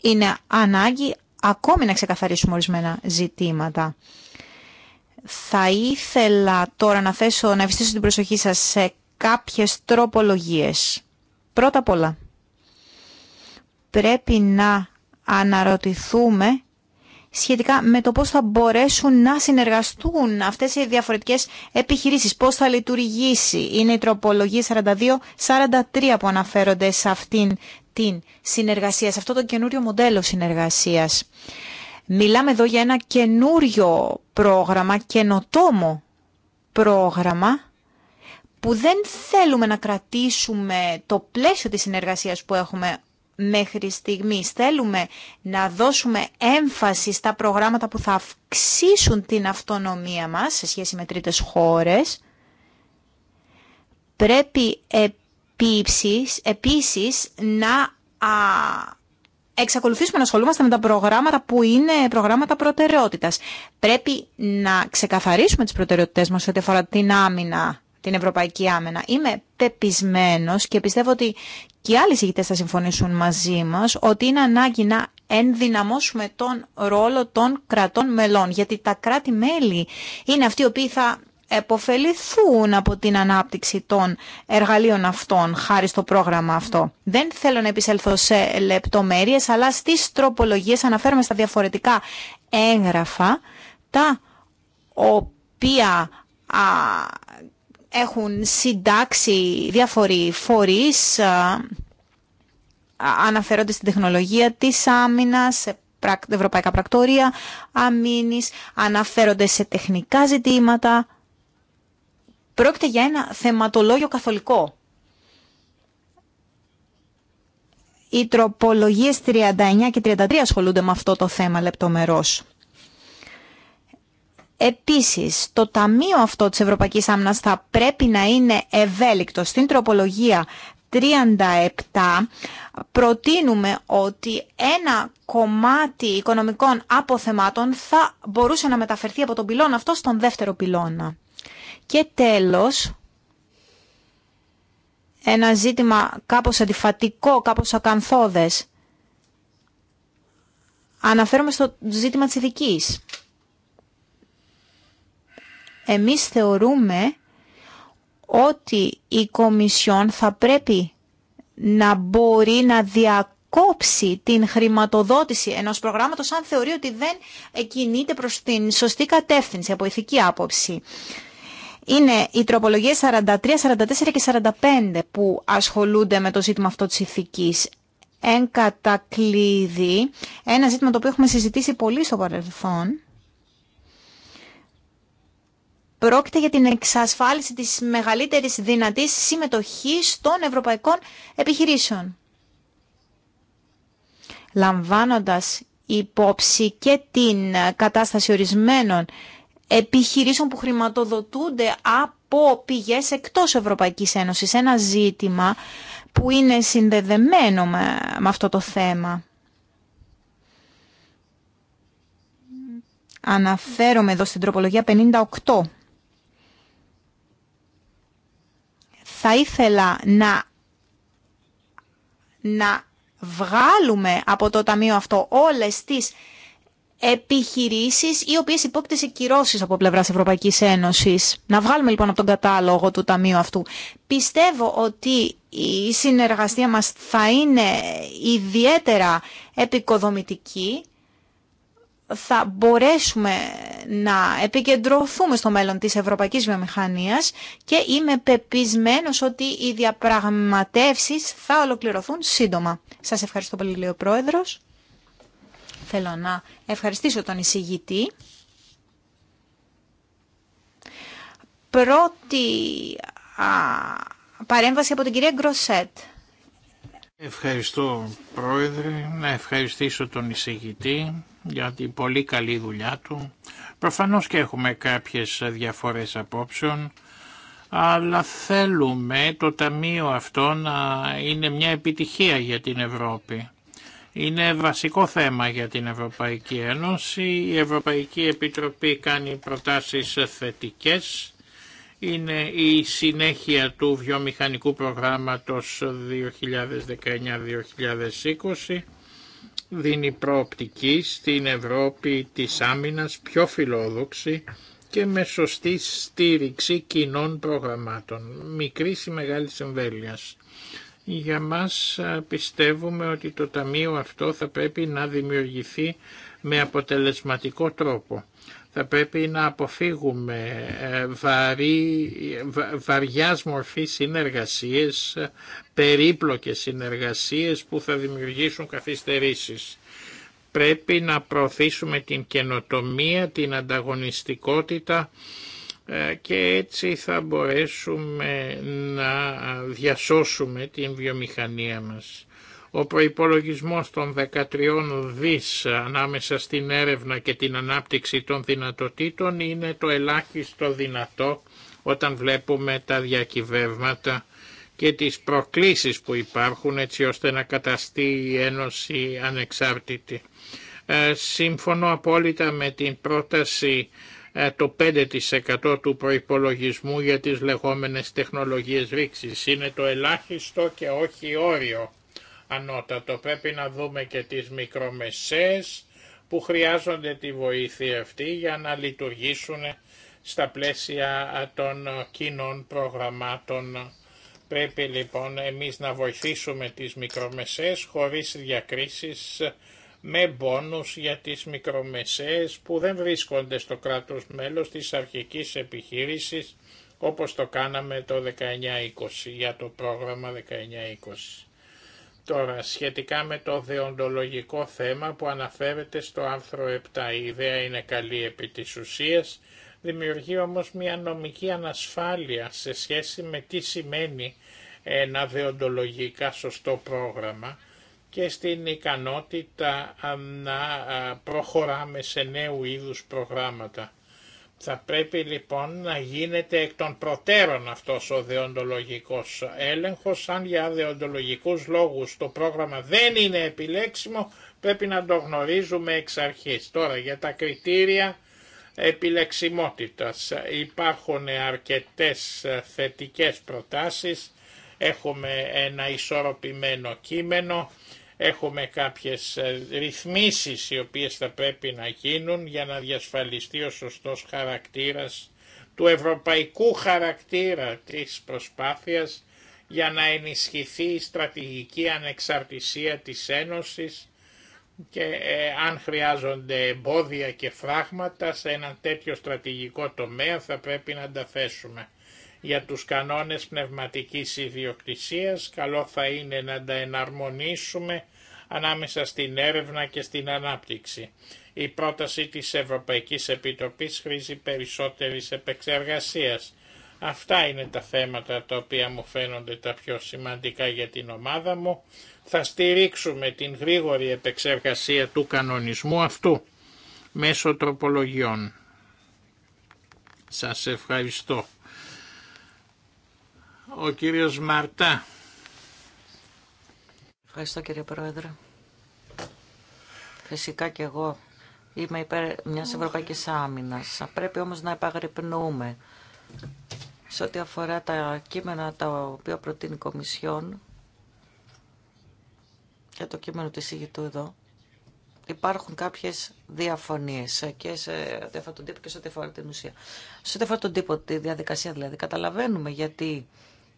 είναι ανάγκη ακόμη να ξεκαθαρίσουμε ορισμένα ζητήματα. Θα ήθελα τώρα να θέσω, να την προσοχή σας σε κάποιες τροπολογίες. Πρώτα απ' όλα, πρέπει να αναρωτηθούμε σχετικά με το πώς θα μπορέσουν να συνεργαστούν αυτές οι διαφορετικές επιχειρήσεις, πώς θα λειτουργήσει. Είναι η τροπολογία 42-43 που αναφέρονται σε αυτήν την συνεργασία, σε αυτό το καινούριο μοντέλο συνεργασίας. Μιλάμε εδώ για ένα καινούριο πρόγραμμα, καινοτόμο πρόγραμμα, που δεν θέλουμε να κρατήσουμε το πλαίσιο της συνεργασίας που έχουμε μέχρι στιγμής. Θέλουμε να δώσουμε έμφαση στα προγράμματα που θα αυξήσουν την αυτονομία μας σε σχέση με τρίτες χώρες. Πρέπει επίσης, επίσης να εξακολουθήσουμε να ασχολούμαστε με τα προγράμματα που είναι προγράμματα προτεραιότητας. Πρέπει να ξεκαθαρίσουμε τις προτεραιότητές μας ό,τι αφορά την άμυνα, την ευρωπαϊκή άμυνα. Είμαι πεπισμένο και πιστεύω ότι και οι άλλοι ηγητέ θα συμφωνήσουν μαζί μας ότι είναι ανάγκη να ενδυναμώσουμε τον ρόλο των κρατών μελών. Γιατί τα κράτη-μέλη είναι αυτοί οι οποίοι θα εποφεληθούν από την ανάπτυξη των εργαλείων αυτών χάρη στο πρόγραμμα αυτό. Δεν θέλω να επισέλθω σε λεπτομέρειες, αλλά στις τροπολογίες αναφέρομαι στα διαφορετικά έγγραφα, τα οποία έχουν συντάξει διάφοροι φορείς, αναφέρονται στην τεχνολογία της άμυνας, σε ευρωπαϊκά πρακτορία αμήνης, αναφέρονται σε τεχνικά ζητήματα Πρόκειται για ένα θεματολόγιο καθολικό. Οι τροπολογίες 39 και 33 ασχολούνται με αυτό το θέμα λεπτομερώς. Επίσης, το ταμείο αυτό της Ευρωπαϊκής Άμυνας θα πρέπει να είναι ευέλικτο. Στην τροπολογία 37 προτείνουμε ότι ένα κομμάτι οικονομικών αποθεμάτων θα μπορούσε να μεταφερθεί από τον πυλώνα αυτό στον δεύτερο πυλώνα. Και τέλος, ένα ζήτημα κάπως αντιφατικό, κάπως ακανθόδες. Αναφέρομαι στο ζήτημα της ειδικής. Εμείς θεωρούμε ότι η Κομισιόν θα πρέπει να μπορεί να διακόψει την χρηματοδότηση ενός προγράμματος αν θεωρεί ότι δεν κινείται προς την σωστή κατεύθυνση από ηθική άποψη είναι οι τροπολογίες 43, 44 και 45 που ασχολούνται με το ζήτημα αυτό της ηθικής. Εν κατακλείδη, ένα ζήτημα το οποίο έχουμε συζητήσει πολύ στο παρελθόν, πρόκειται για την εξασφάλιση της μεγαλύτερης δυνατής συμμετοχής των ευρωπαϊκών επιχειρήσεων. Λαμβάνοντας υπόψη και την κατάσταση ορισμένων επιχειρήσεων που χρηματοδοτούνται από πηγές εκτός Ευρωπαϊκής Ένωσης. Ένα ζήτημα που είναι συνδεδεμένο με, αυτό το θέμα. Αναφέρομαι εδώ στην τροπολογία 58. Θα ήθελα να, να βγάλουμε από το ταμείο αυτό όλες τις επιχειρήσεις οι οποίες υπόκειται σε κυρώσεις από πλευράς Ευρωπαϊκής Ένωσης. Να βγάλουμε λοιπόν από τον κατάλογο του Ταμείου αυτού. Πιστεύω ότι η συνεργασία μας θα είναι ιδιαίτερα επικοδομητική. Θα μπορέσουμε να επικεντρωθούμε στο μέλλον της ευρωπαϊκής βιομηχανίας και είμαι πεπισμένος ότι οι διαπραγματεύσεις θα ολοκληρωθούν σύντομα. Σας ευχαριστώ πολύ, λέει ο Πρόεδρος. Θέλω να ευχαριστήσω τον εισηγητή. Πρώτη α, παρέμβαση από την κυρία Γκροσέτ. Ευχαριστώ Πρόεδρε, να ευχαριστήσω τον εισηγητή για την πολύ καλή δουλειά του. Προφανώς και έχουμε κάποιες διαφορές απόψεων, αλλά θέλουμε το Ταμείο αυτό να είναι μια επιτυχία για την Ευρώπη είναι βασικό θέμα για την Ευρωπαϊκή Ένωση. Η Ευρωπαϊκή Επιτροπή κάνει προτάσεις θετικές. Είναι η συνέχεια του βιομηχανικού προγράμματος 2019-2020. Δίνει προοπτική στην Ευρώπη της άμυνας πιο φιλόδοξη και με σωστή στήριξη κοινών προγραμμάτων, μικρής ή μεγάλης εμβέλειας. Για μας πιστεύουμε ότι το Ταμείο αυτό θα πρέπει να δημιουργηθεί με αποτελεσματικό τρόπο. Θα πρέπει να αποφύγουμε ε, βαρύ, βα, βαριάς μορφής συνεργασίες, ε, περίπλοκες συνεργασίες που θα δημιουργήσουν καθυστερήσεις. Πρέπει να προωθήσουμε την καινοτομία, την ανταγωνιστικότητα ε, και έτσι θα μπορέσουμε να διασώσουμε την βιομηχανία μας. Ο προϋπολογισμός των 13 δις ανάμεσα στην έρευνα και την ανάπτυξη των δυνατοτήτων είναι το ελάχιστο δυνατό όταν βλέπουμε τα διακυβεύματα και τις προκλήσεις που υπάρχουν έτσι ώστε να καταστεί η Ένωση ανεξάρτητη. Ε, Σύμφωνο απόλυτα με την πρόταση ε, το 5% του προϋπολογισμού για τις λεγόμενες τεχνολογίες ρήξης. Είναι το ελάχιστο και όχι όριο ανώτατο. Πρέπει να δούμε και τις μικρομεσές που χρειάζονται τη βοήθεια αυτή για να λειτουργήσουν στα πλαίσια των κοινών προγραμμάτων. Πρέπει λοιπόν εμείς να βοηθήσουμε τις μικρομεσές χωρίς διακρίσεις με πόνους για τις μικρομεσαίες που δεν βρίσκονται στο κράτος μέλος της αρχικής επιχείρησης όπως το κάναμε το 1920 για το πρόγραμμα 1920. Τώρα, σχετικά με το δεοντολογικό θέμα που αναφέρεται στο άρθρο 7, η ιδέα είναι καλή επί της ουσίας, δημιουργεί όμως μια νομική ανασφάλεια σε σχέση με τι σημαίνει ένα δεοντολογικά σωστό πρόγραμμα, και στην ικανότητα να προχωράμε σε νέου είδους προγράμματα. Θα πρέπει λοιπόν να γίνεται εκ των προτέρων αυτός ο δεοντολογικός έλεγχος, αν για δεοντολογικούς λόγους το πρόγραμμα δεν είναι επιλέξιμο, πρέπει να το γνωρίζουμε εξ αρχής. Τώρα για τα κριτήρια επιλεξιμότητας υπάρχουν αρκετές θετικές προτάσεις, έχουμε ένα ισορροπημένο κείμενο, Έχουμε κάποιες ε, ρυθμίσεις οι οποίες θα πρέπει να γίνουν για να διασφαλιστεί ο σωστός χαρακτήρας του ευρωπαϊκού χαρακτήρα της προσπάθειας για να ενισχυθεί η στρατηγική ανεξαρτησία της Ένωσης και ε, αν χρειάζονται εμπόδια και φράγματα σε ένα τέτοιο στρατηγικό τομέα θα πρέπει να τα για τους κανόνες πνευματικής ιδιοκτησίας. Καλό θα είναι να τα εναρμονίσουμε ανάμεσα στην έρευνα και στην ανάπτυξη. Η πρόταση της Ευρωπαϊκής Επιτροπής χρήζει περισσότερης επεξεργασίας. Αυτά είναι τα θέματα τα οποία μου φαίνονται τα πιο σημαντικά για την ομάδα μου. Θα στηρίξουμε την γρήγορη επεξεργασία του κανονισμού αυτού μέσω τροπολογιών. Σας ευχαριστώ. Ο κύριος Μαρτά. Ευχαριστώ κύριε Πρόεδρε. Φυσικά και εγώ είμαι υπέρ μιας ευρωπαϊκής άμυνας. Πρέπει όμως να επαγρυπνούμε σε ό,τι αφορά τα κείμενα τα οποία προτείνει η Κομισιόν και το κείμενο της ηγητού εδώ. Υπάρχουν κάποιε διαφωνίε και σε ό,τι αφορά τον τύπο και σε ό,τι αφορά την ουσία. Σε ό,τι αφορά τον τύπο, τη διαδικασία δηλαδή, καταλαβαίνουμε γιατί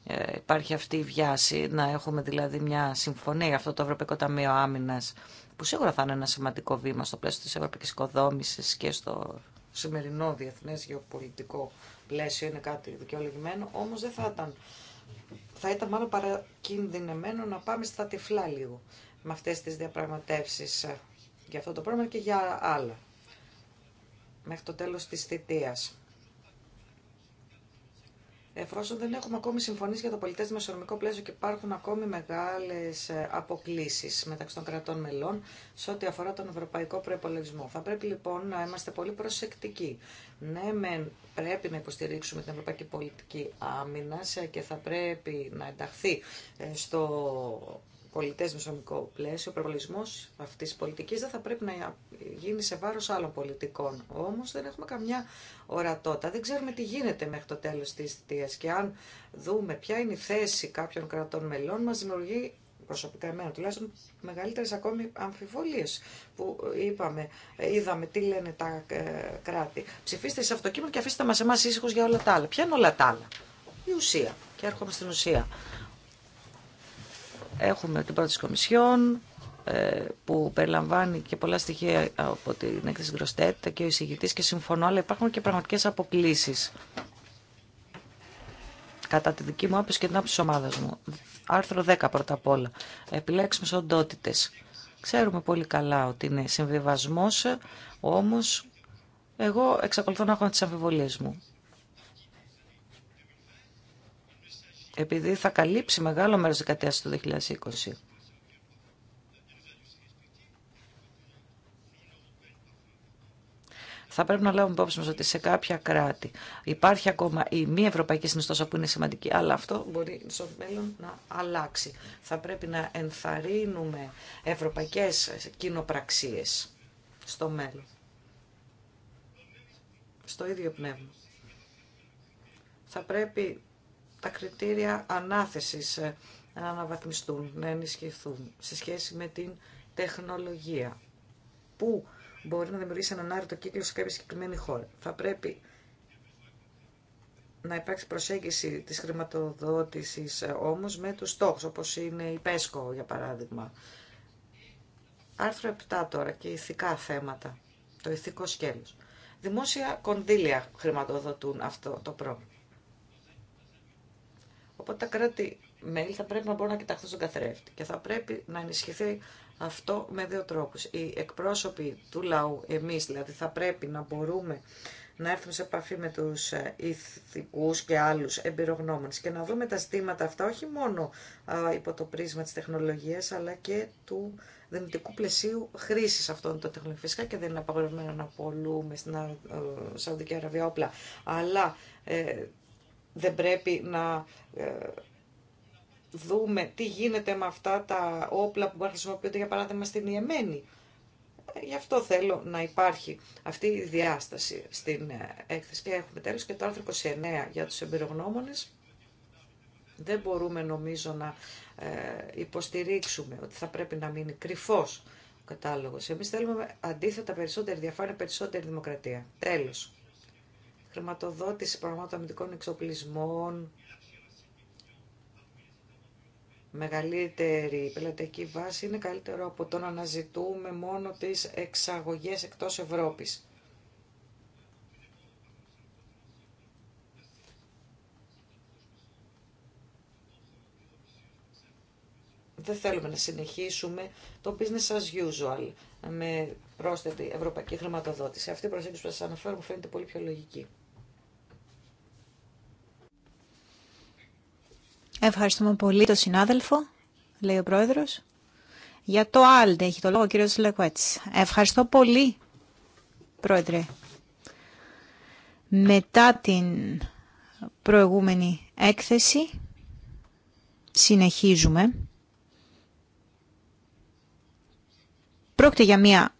ε, υπάρχει αυτή η βιάση, να έχουμε δηλαδή μια συμφωνία για αυτό το Ευρωπαϊκό Ταμείο Άμυνας, που σίγουρα θα είναι ένα σημαντικό βήμα στο πλαίσιο της ευρωπαϊκής οικοδόμησης και στο σημερινό διεθνές γεωπολιτικό πλαίσιο, είναι κάτι δικαιολογημένο, όμως δεν θα ήταν, θα ήταν μάλλον παρακινδυνεμένο να πάμε στα τυφλά λίγο με αυτές τις διαπραγματεύσεις ε, για αυτό το πρόγραμμα και για άλλα μέχρι το τέλος της θητείας εφόσον δεν έχουμε ακόμη συμφωνήσει για το πολιτέ μεσορμικό πλαίσιο και υπάρχουν ακόμη μεγάλες ε, αποκλήσει μεταξύ των κρατών μελών σε ό,τι αφορά τον ευρωπαϊκό προπολογισμό. Θα πρέπει λοιπόν να είμαστε πολύ προσεκτικοί. Ναι, με, πρέπει να υποστηρίξουμε την ευρωπαϊκή πολιτική άμυνα ε, και θα πρέπει να ενταχθεί ε, στο πολιτές σωμικό πλαίσιο, ο προβλησμός αυτής της πολιτικής δεν θα πρέπει να γίνει σε βάρος άλλων πολιτικών. Όμως δεν έχουμε καμιά ορατότητα. Δεν ξέρουμε τι γίνεται μέχρι το τέλος της θητείας και αν δούμε ποια είναι η θέση κάποιων κρατών μελών μας δημιουργεί προσωπικά εμένα τουλάχιστον μεγαλύτερες ακόμη αμφιβολίες που ε, είπαμε, ε, είδαμε τι λένε τα ε, κράτη. Ψηφίστε σε αυτό και αφήστε μας εμάς ήσυχους για όλα τα άλλα. Ποια είναι όλα τα άλλα. Η ουσία. Και έρχομαι στην ουσία. Έχουμε την πρώτη Κομισιόν ε, που περιλαμβάνει και πολλά στοιχεία από την έκθεση Γκροστέτ και ο εισηγητής και συμφωνώ, αλλά υπάρχουν και πραγματικές αποκλήσεις κατά τη δική μου άποψη και την άποψη της ομάδας μου. Άρθρο 10 πρώτα απ' όλα. Επιλέξουμε οντότητες. Ξέρουμε πολύ καλά ότι είναι συμβιβασμός, όμως εγώ εξακολουθώ να έχω τις αμφιβολίες μου. επειδή θα καλύψει μεγάλο μέρος της κατάστασης του 2020. θα πρέπει να λάβουμε υπόψη μας ότι σε κάποια κράτη υπάρχει ακόμα η μη ευρωπαϊκή συνιστόσα που είναι σημαντική, αλλά αυτό μπορεί στο μέλλον να αλλάξει. Θα πρέπει να ενθαρρύνουμε ευρωπαϊκές κοινοπραξίες στο μέλλον. Στο ίδιο πνεύμα. Θα πρέπει τα κριτήρια ανάθεσης ε, να αναβαθμιστούν, να ενισχυθούν σε σχέση με την τεχνολογία που μπορεί να δημιουργήσει έναν άρρητο κύκλο σε κάποια συγκεκριμένη χώρα. Θα πρέπει να υπάρξει προσέγγιση της χρηματοδότησης ε, όμως με τους στόχους, όπως είναι η ΠΕΣΚΟ για παράδειγμα. Άρθρο 7 τώρα και ηθικά θέματα, το ηθικό σκέλος. Δημόσια κονδύλια χρηματοδοτούν αυτό το πρόβλημα. Οπότε τα κράτη-μέλη θα πρέπει να μπορούν να κοιταχθούν στον καθρέφτη και θα πρέπει να ενισχυθεί αυτό με δύο τρόπους. Οι εκπρόσωποι του λαού, εμείς δηλαδή, θα πρέπει να μπορούμε να έρθουμε σε επαφή με τους ε, ηθικούς και άλλους εμπειρογνώμονες και να δούμε τα στήματα αυτά όχι μόνο υπό το πρίσμα της τεχνολογίας αλλά και του δυνητικού πλαισίου χρήσης αυτών των τεχνολογιών. Φυσικά και δεν είναι απαγορευμένο να πολλούμε στην ε, Σαουδική Αραβία όπλα, αλλά ε, δεν πρέπει να ε, δούμε τι γίνεται με αυτά τα όπλα που χρησιμοποιούνται για παράδειγμα στην Ιεμένη. Ε, γι' αυτό θέλω να υπάρχει αυτή η διάσταση στην ε, έκθεση. Και έχουμε τέλος και το άρθρο 29 για τους εμπειρογνώμονες. Δεν μπορούμε νομίζω να υποστηρίξουμε ότι θα πρέπει να μείνει κρυφός ο κατάλογος. Εμείς θέλουμε αντίθετα περισσότερη διαφάνεια, περισσότερη δημοκρατία. Τέλος χρηματοδότηση προγραμμάτων αμυντικών εξοπλισμών, μεγαλύτερη πελατειακή βάση είναι καλύτερο από το να αναζητούμε μόνο τις εξαγωγές εκτός Ευρώπης. Δεν θέλουμε να συνεχίσουμε το business as usual με πρόσθετη ευρωπαϊκή χρηματοδότηση. Αυτή η προσέγγιση που σας αναφέρω μου φαίνεται πολύ πιο λογική. Ευχαριστούμε πολύ τον συνάδελφο, λέει ο πρόεδρος. Για το άλλο έχει το λόγο ο κύριος Λεκουέτς. Ευχαριστώ πολύ, πρόεδρε. Μετά την προηγούμενη έκθεση συνεχίζουμε. Πρόκειται για μια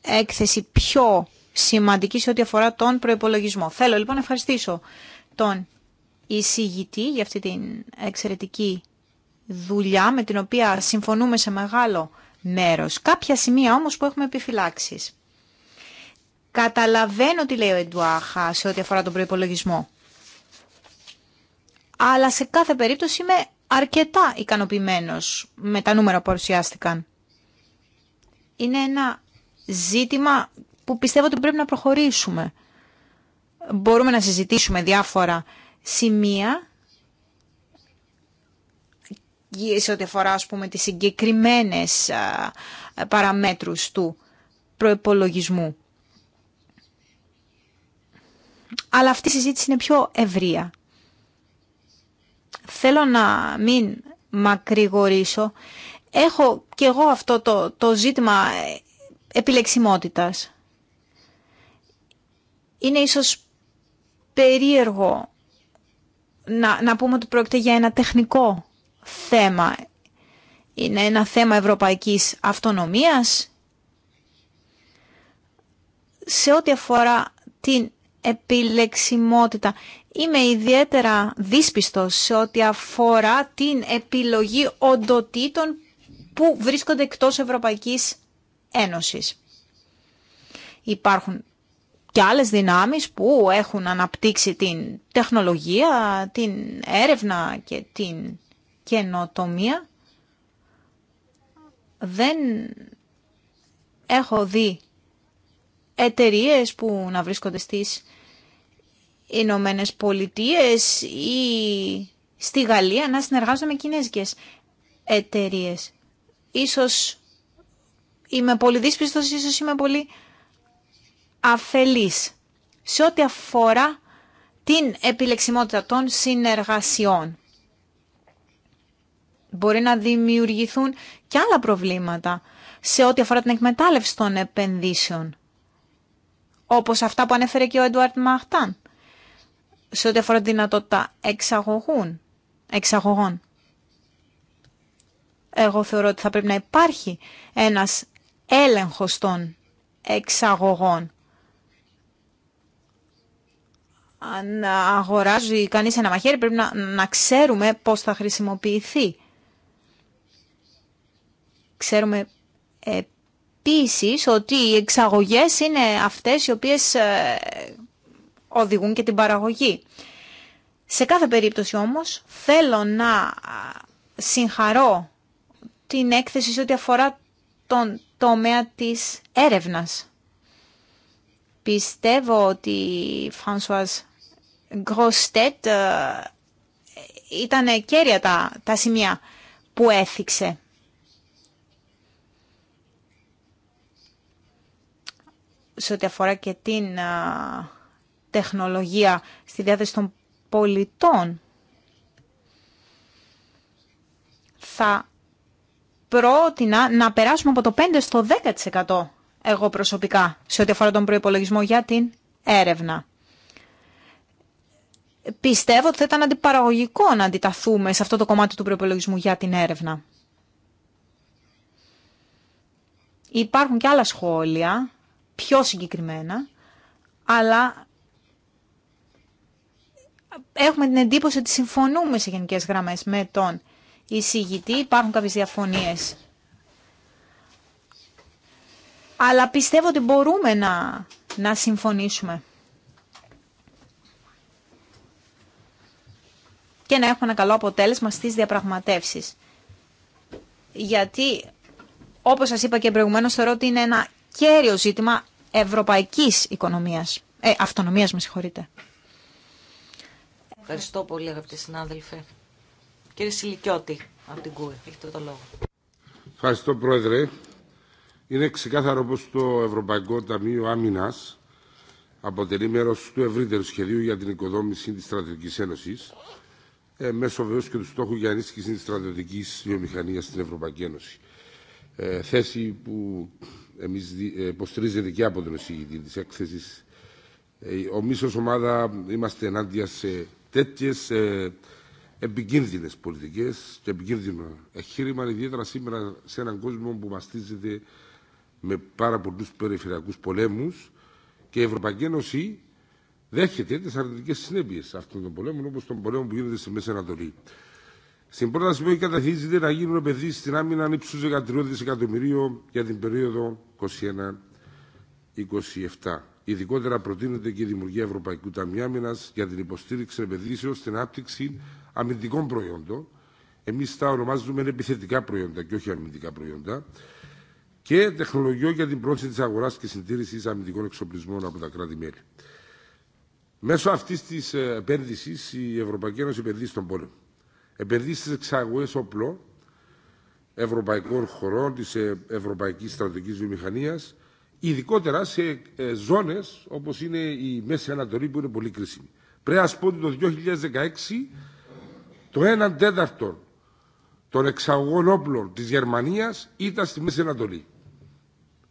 έκθεση πιο σημαντική σε ό,τι αφορά τον προϋπολογισμό. Θέλω λοιπόν να ευχαριστήσω τον η εισηγητή για αυτή την εξαιρετική δουλειά με την οποία συμφωνούμε σε μεγάλο μέρος. Κάποια σημεία όμως που έχουμε επιφυλάξεις. Καταλαβαίνω τι λέει ο Εντουάχα σε ό,τι αφορά τον προϋπολογισμό. Αλλά σε κάθε περίπτωση είμαι αρκετά ικανοποιημένος με τα νούμερα που παρουσιάστηκαν. Είναι ένα ζήτημα που πιστεύω ότι πρέπει να προχωρήσουμε. Μπορούμε να συζητήσουμε διάφορα σημεία σε ό,τι αφορά ας πούμε, τις συγκεκριμένες παραμέτρους του προϋπολογισμού. Αλλά αυτή η συζήτηση είναι πιο ευρεία. Θέλω να μην μακρηγορήσω. Έχω και εγώ αυτό το, το ζήτημα ε, επιλεξιμότητας. Είναι ίσως περίεργο να, να πούμε ότι πρόκειται για ένα τεχνικό θέμα. Είναι ένα θέμα ευρωπαϊκής αυτονομίας. Σε ό,τι αφορά την επιλεξιμότητα, είμαι ιδιαίτερα δύσπιστος σε ό,τι αφορά την επιλογή οντοτήτων που βρίσκονται εκτός Ευρωπαϊκής Ένωσης. Υπάρχουν και άλλες δυνάμεις που έχουν αναπτύξει την τεχνολογία, την έρευνα και την καινοτομία. Δεν έχω δει εταιρείε που να βρίσκονται στις Ηνωμένε Πολιτείε ή στη Γαλλία να συνεργάζονται με κινέζικες εταιρείε. Ίσως είμαι πολύ δύσπιστος, ίσως είμαι πολύ αφελής σε ό,τι αφορά την επιλεξιμότητα των συνεργασιών. Μπορεί να δημιουργηθούν και άλλα προβλήματα σε ό,τι αφορά την εκμετάλλευση των επενδύσεων, όπως αυτά που ανέφερε και ο Έντουαρτ Μαχτάν, σε ό,τι αφορά τη δυνατότητα εξαγωγών. εξαγωγών. Εγώ θεωρώ ότι θα πρέπει να υπάρχει ένας έλεγχος των εξαγωγών αν αγοράζει κανείς ένα μαχαίρι πρέπει να, να ξέρουμε πώς θα χρησιμοποιηθεί. Ξέρουμε ε, επίσης ότι οι εξαγωγές είναι αυτές οι οποίες ε, οδηγούν και την παραγωγή. Σε κάθε περίπτωση όμως θέλω να συγχαρώ την έκθεση σε ό,τι αφορά τον τομέα της έρευνας. Πιστεύω ότι η Γκροστέτ ε, ήταν κέρια τα, τα σημεία που έθιξε. Σε ό,τι αφορά και την ε, τεχνολογία στη διάθεση των πολιτών, θα πρότεινα να περάσουμε από το 5% στο 10% εγώ προσωπικά, σε ό,τι αφορά τον προϋπολογισμό για την έρευνα πιστεύω ότι θα ήταν αντιπαραγωγικό να αντιταθούμε σε αυτό το κομμάτι του προπολογισμού για την έρευνα. Υπάρχουν και άλλα σχόλια, πιο συγκεκριμένα, αλλά έχουμε την εντύπωση ότι συμφωνούμε σε γενικές γραμμές με τον εισηγητή. Υπάρχουν κάποιες διαφωνίες. Αλλά πιστεύω ότι μπορούμε να, να συμφωνήσουμε. και να έχουμε ένα καλό αποτέλεσμα στις διαπραγματεύσεις. Γιατί, όπως σας είπα και προηγουμένως, θεωρώ ότι είναι ένα κέριο ζήτημα ευρωπαϊκής οικονομίας. Ε, αυτονομίας, με συγχωρείτε. Ευχαριστώ πολύ, αγαπητοί συνάδελφοι. Κύριε Σιλικιώτη, από την ΚΟΕ, έχετε το λόγο. Ευχαριστώ, Πρόεδρε. Είναι ξεκάθαρο πως το Ευρωπαϊκό Ταμείο Άμυνας αποτελεί μέρο του ευρύτερου σχεδίου για την οικοδόμηση τη Στρατιωτικής Ένωσης. Ε, μέσω βεβαίω και του στόχου για ενίσχυση τη στρατιωτική βιομηχανία στην Ευρωπαϊκή Ένωση. Ε, θέση που εμεί ε, υποστηρίζεται και από τον εισηγητή τη έκθεση. Ε, ο μίσο ομάδα είμαστε ενάντια σε τέτοιε ε, επικίνδυνε πολιτικέ και επικίνδυνο εγχείρημα, ιδιαίτερα σήμερα σε έναν κόσμο που μαστίζεται με πάρα πολλού περιφερειακού πολέμου και η Ευρωπαϊκή Ένωση δέχεται τι αρνητικέ συνέπειε αυτών των πολέμων, όπω των πολέμων που γίνονται στη Μέση Ανατολή. Στην πρόταση που έχει καταθέσει να γίνουν επενδύσει στην άμυνα ύψου 13 δισεκατομμυρίων για την περίοδο 21-27. Ειδικότερα προτείνεται και η δημιουργία Ευρωπαϊκού Ταμείου Άμυνα για την υποστήριξη επενδύσεων στην άπτυξη αμυντικών προϊόντων. Εμεί τα ονομάζουμε επιθετικά προϊόντα και όχι αμυντικά προϊόντα. Και τεχνολογιών για την πρόθεση τη αγορά και συντήρηση αμυντικών εξοπλισμών από τα κράτη-μέλη. Μέσω αυτή τη ε, επένδυση η Ευρωπαϊκή Ένωση επενδύσει στον πόλεμο. Επενδύει στι εξαγωγέ όπλων ευρωπαϊκών χωρών, τη ε, ευρωπαϊκή στρατηγική βιομηχανία, ειδικότερα σε ε, ζώνε όπω είναι η Μέση Ανατολή που είναι πολύ κρίσιμη. Πρέπει να πω ότι το 2016 το 1 τέταρτο των εξαγωγών όπλων τη Γερμανία ήταν στη Μέση Ανατολή.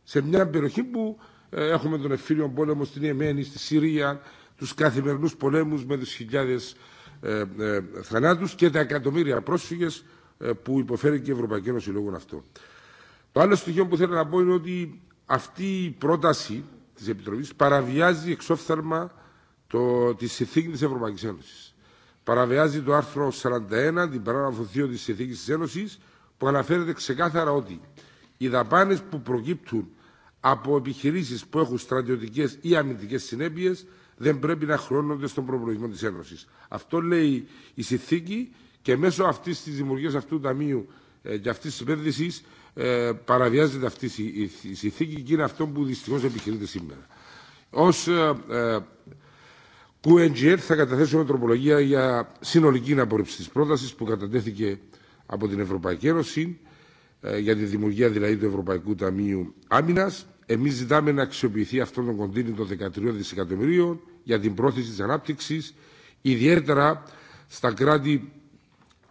Σε μια περιοχή που έχουμε τον εμφύλιο πόλεμο στην Ιεμένη, στη Συρία, τους καθημερινούς πολέμους με τις χιλιάδες ε, ε θανάτους και τα εκατομμύρια πρόσφυγες ε, που υποφέρει και η Ευρωπαϊκή Ένωση λόγω αυτού. Το άλλο στοιχείο που θέλω να πω είναι ότι αυτή η πρόταση της Επιτροπής παραβιάζει εξόφθαλμα το, τη συνθήκη της Ευρωπαϊκής Ένωσης. Παραβιάζει το άρθρο 41, την παράγραφο 2 της συνθήκης της Ένωσης, που αναφέρεται ξεκάθαρα ότι οι δαπάνες που προκύπτουν από επιχειρήσεις που έχουν στρατιωτικές ή αμυντικές συνέπειες δεν πρέπει να χρώνονται στον προπολογισμό τη Ένωση. Αυτό λέει η συνθήκη και μέσω αυτή τη δημιουργία αυτού του ταμείου ε, και αυτή τη επένδυση ε, παραβιάζεται αυτή η συνθήκη και είναι αυτό που δυστυχώ επιχειρείται σήμερα. Ω ε, QNGL θα καταθέσουμε τροπολογία για συνολική απόρριψη τη πρόταση που κατατέθηκε από την Ευρωπαϊκή Ένωση για τη δημιουργία δηλαδή του Ευρωπαϊκού Ταμείου Άμυνας Εμεί ζητάμε να αξιοποιηθεί αυτό το κοντίνι των 13 δισεκατομμυρίων για την πρόθεση τη ανάπτυξη, ιδιαίτερα στα κράτη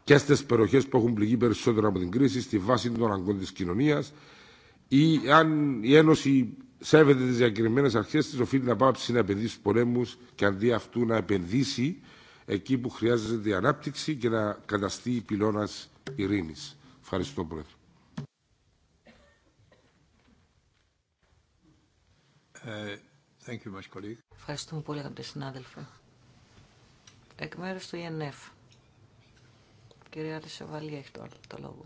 και στι περιοχέ που έχουν πληγεί περισσότερο από την κρίση, στη βάση των αγκών τη κοινωνία. Ή αν η Ένωση σέβεται τι διακριμένε αρχέ τη, οφείλει να πάψει να επενδύσει στου πολέμου και αντί αυτού να επενδύσει εκεί που χρειάζεται η ανάπτυξη και να καταστεί πυλώνα ειρήνη. Ευχαριστώ, Πρόεδρε. Ευχαριστούμε πολύ, αγαπητέ συνάδελφε. Εκ μέρου του e ΙΕΝΕΦ. Κυρία Τεσεβαλή, έχει το, το λόγο.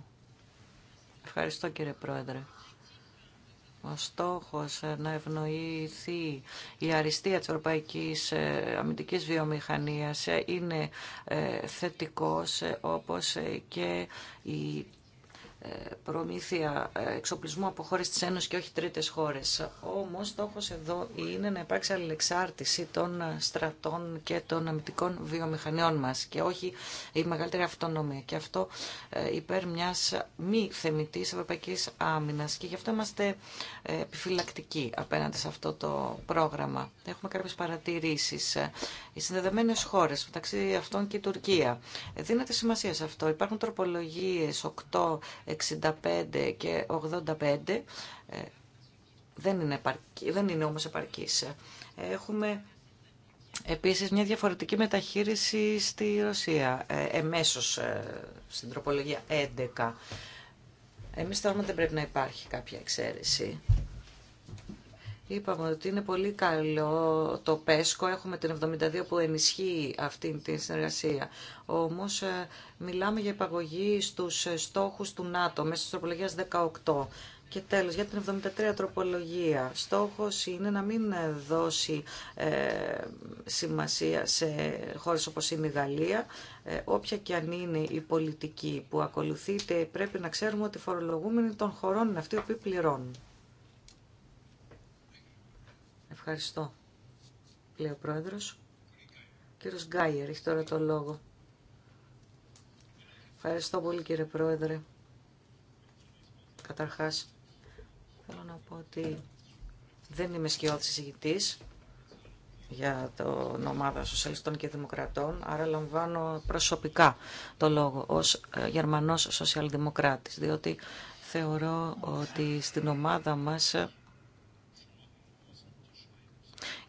Ευχαριστώ, κύριε Πρόεδρε. Ο στόχος ε, να ευνοηθεί η αριστεία της Ευρωπαϊκή ε, αμυντικής βιομηχανίας ε, είναι θετικός όπως και η προμήθεια ε, εξοπλισμού από χώρες της Ένωσης και όχι τρίτες χώρες. Όμως στόχος εδώ είναι να υπάρξει αλληλεξάρτηση των ε, στρατών και των αμυντικών βιομηχανιών μας και όχι η μεγαλύτερη αυτονομία. Και αυτό ε, υπέρ μιας μη θεμητής ευρωπαϊκής άμυνας και γι' αυτό είμαστε επιφυλακτικοί απέναντι σε αυτό το πρόγραμμα. Έχουμε κάποιες παρατηρήσεις οι συνδεδεμένε χώρε, μεταξύ αυτών και η Τουρκία. Ε, δίνεται σημασία σε αυτό. Υπάρχουν τροπολογίε 8, 65 και 85. Ε, δεν είναι, επαρκή, είναι όμως επαρκής. Έχουμε Επίσης, μια διαφορετική μεταχείριση στη Ρωσία, Εμέσω εμέσως ε, στην τροπολογία 11. Εμείς θεωρούμε ότι δεν πρέπει να υπάρχει κάποια εξαίρεση. Είπαμε ότι είναι πολύ καλό το ΠΕΣΚΟ, έχουμε την 72 που ενισχύει αυτή την συνεργασία. Όμως ε, μιλάμε για υπαγωγή στους στόχους του ΝΑΤΟ μέσα στις τροπολογίες 18. Και τέλος, για την 73 τροπολογία, στόχος είναι να μην δώσει ε, σημασία σε χώρες όπως είναι η Γαλλία. Ε, όποια και αν είναι η πολιτική που ακολουθείται, πρέπει να ξέρουμε ότι φορολογούμενοι των χωρών είναι αυτοί που πληρώνουν. Ευχαριστώ, λέει ο πρόεδρος. Κύριο κύριος Γκάιερ έχει τώρα το λόγο. Ευχαριστώ πολύ κύριε πρόεδρε. Καταρχάς, θέλω να πω ότι δεν είμαι σκιώδης εισηγητής για την ομάδα Σοσιαλιστών και Δημοκρατών, άρα λαμβάνω προσωπικά το λόγο ως ε, Γερμανός Σοσιαλδημοκράτης, διότι θεωρώ ότι στην ομάδα μας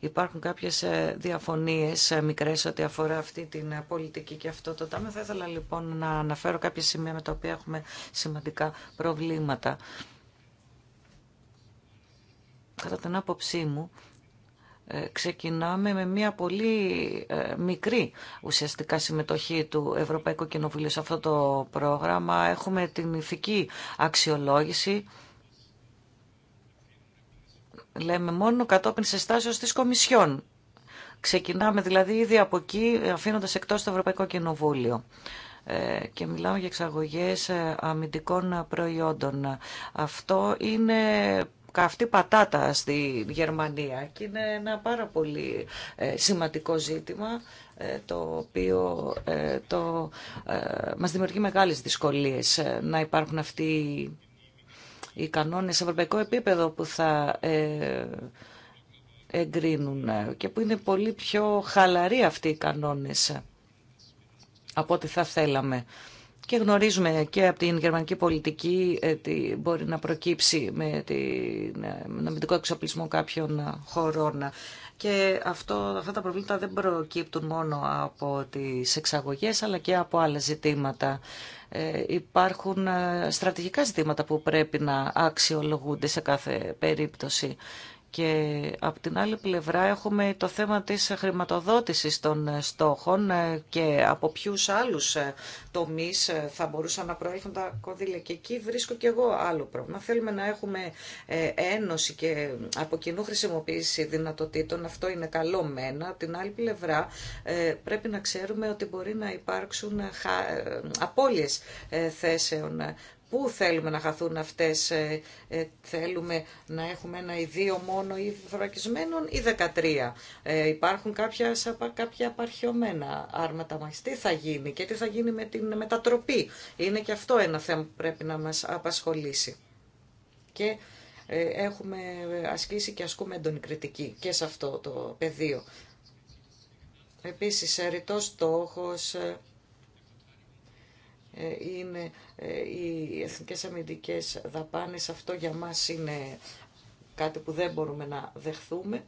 Υπάρχουν κάποιες ε, διαφωνίες ε, μικρές ό,τι αφορά αυτή την ε, πολιτική και αυτό το τάμε Θα ήθελα λοιπόν να αναφέρω κάποια σημεία με τα οποία έχουμε σημαντικά προβλήματα. Κατά την άποψή μου, ξεκινάμε με μια πολύ μικρή ουσιαστικά συμμετοχή του Ευρωπαϊκού Κοινοβουλίου σε αυτό το πρόγραμμα. Έχουμε την ηθική αξιολόγηση λέμε μόνο κατόπιν σε στάσεως της Κομισιόν. Ξεκινάμε δηλαδή ήδη από εκεί αφήνοντας εκτός το Ευρωπαϊκό Κοινοβούλιο ε, και μιλάμε για εξαγωγές ε, αμυντικών προϊόντων. Αυτό είναι καυτή πατάτα στη Γερμανία και είναι ένα πάρα πολύ ε, σημαντικό ζήτημα το οποίο το, μας δημιουργεί μεγάλες δυσκολίες να υπάρχουν αυτοί οι κανόνες σε ευρωπαϊκό επίπεδο που θα ε, εγκρίνουν και που είναι πολύ πιο χαλαροί αυτοί οι κανόνες από ό,τι θα θέλαμε. Και γνωρίζουμε και από την γερμανική πολιτική ότι ε, μπορεί να προκύψει με την ε, νομιτικό εξοπλισμό κάποιων χωρών. Και αυτό, αυτά τα προβλήματα δεν προκύπτουν μόνο από τις εξαγωγές αλλά και από άλλα ζητήματα. Ε, υπάρχουν ε, στρατηγικά ζητήματα που πρέπει να αξιολογούνται σε κάθε περίπτωση. Και από την άλλη πλευρά έχουμε το θέμα της χρηματοδότησης των ε, στόχων ε, και από ποιους άλλους ε, τομείς θα μπορούσαν να προέλθουν τα κονδύλια. Και εκεί βρίσκω και εγώ άλλο πρόβλημα. Θέλουμε να έχουμε ένωση και από κοινού χρησιμοποίηση δυνατοτήτων. Αυτό είναι καλό μένα. Από την άλλη πλευρά πρέπει να ξέρουμε ότι μπορεί να υπάρξουν απώλειες θέσεων πού θέλουμε να χαθούν αυτές, ε, ε, θέλουμε να έχουμε ένα ή δύο μόνο ή θωρακισμένων ή 13. υπάρχουν κάποια, κάποια απαρχιωμένα άρματα μας. Τι θα γίνει και τι θα γίνει με την μετατροπή. Είναι και αυτό ένα θέμα που πρέπει να μας απασχολήσει. Και ε, έχουμε ασκήσει και ασκούμε έντονη κριτική και σε αυτό το πεδίο. Επίσης, ρητός στόχος, ε, είναι ε, οι εθνικές αμυντικές δαπάνες. Αυτό για μας είναι κάτι που δεν μπορούμε να δεχθούμε.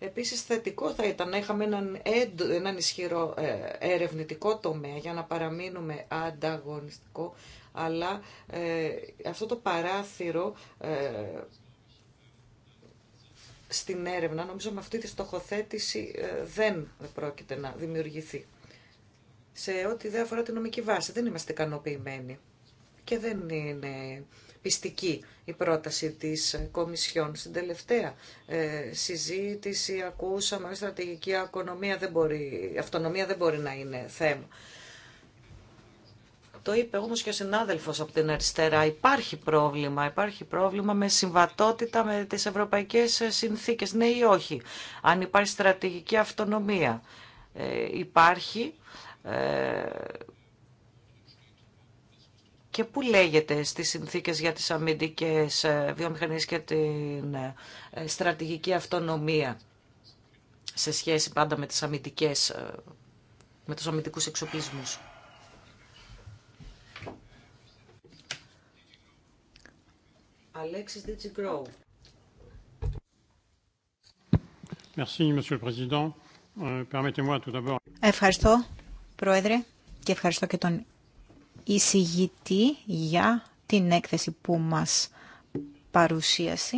Επίσης θετικό θα ήταν να είχαμε έναν, έναν ισχυρό ε, ερευνητικό τομέα για να παραμείνουμε ανταγωνιστικό, αλλά αυτό το παράθυρο στην έρευνα. Νομίζω με αυτή τη στοχοθέτηση ε, δεν πρόκειται να δημιουργηθεί. Σε ό,τι δεν αφορά τη νομική βάση, δεν είμαστε ικανοποιημένοι και δεν είναι πιστική η πρόταση της Κομισιόν. Στην τελευταία ε, συζήτηση ακούσαμε ότι η στρατηγική αυτονομία δεν μπορεί να είναι θέμα. Το είπε όμως και ο συνάδελφος από την αριστερά. Υπάρχει πρόβλημα, υπάρχει πρόβλημα με συμβατότητα με τις ευρωπαϊκές συνθήκες. Ναι ή όχι. Αν υπάρχει στρατηγική αυτονομία. Ε, υπάρχει. Ε, και πού λέγεται στις συνθήκες για τις αμυντικές ε, βιομηχανίες και την ε, στρατηγική αυτονομία σε σχέση πάντα με, τις αμυντικές, με τους αμυντικούς εξοπλισμούς. Ευχαριστώ, Πρόεδρε, και ευχαριστώ και τον εισηγητή για την έκθεση που μας παρουσίασε,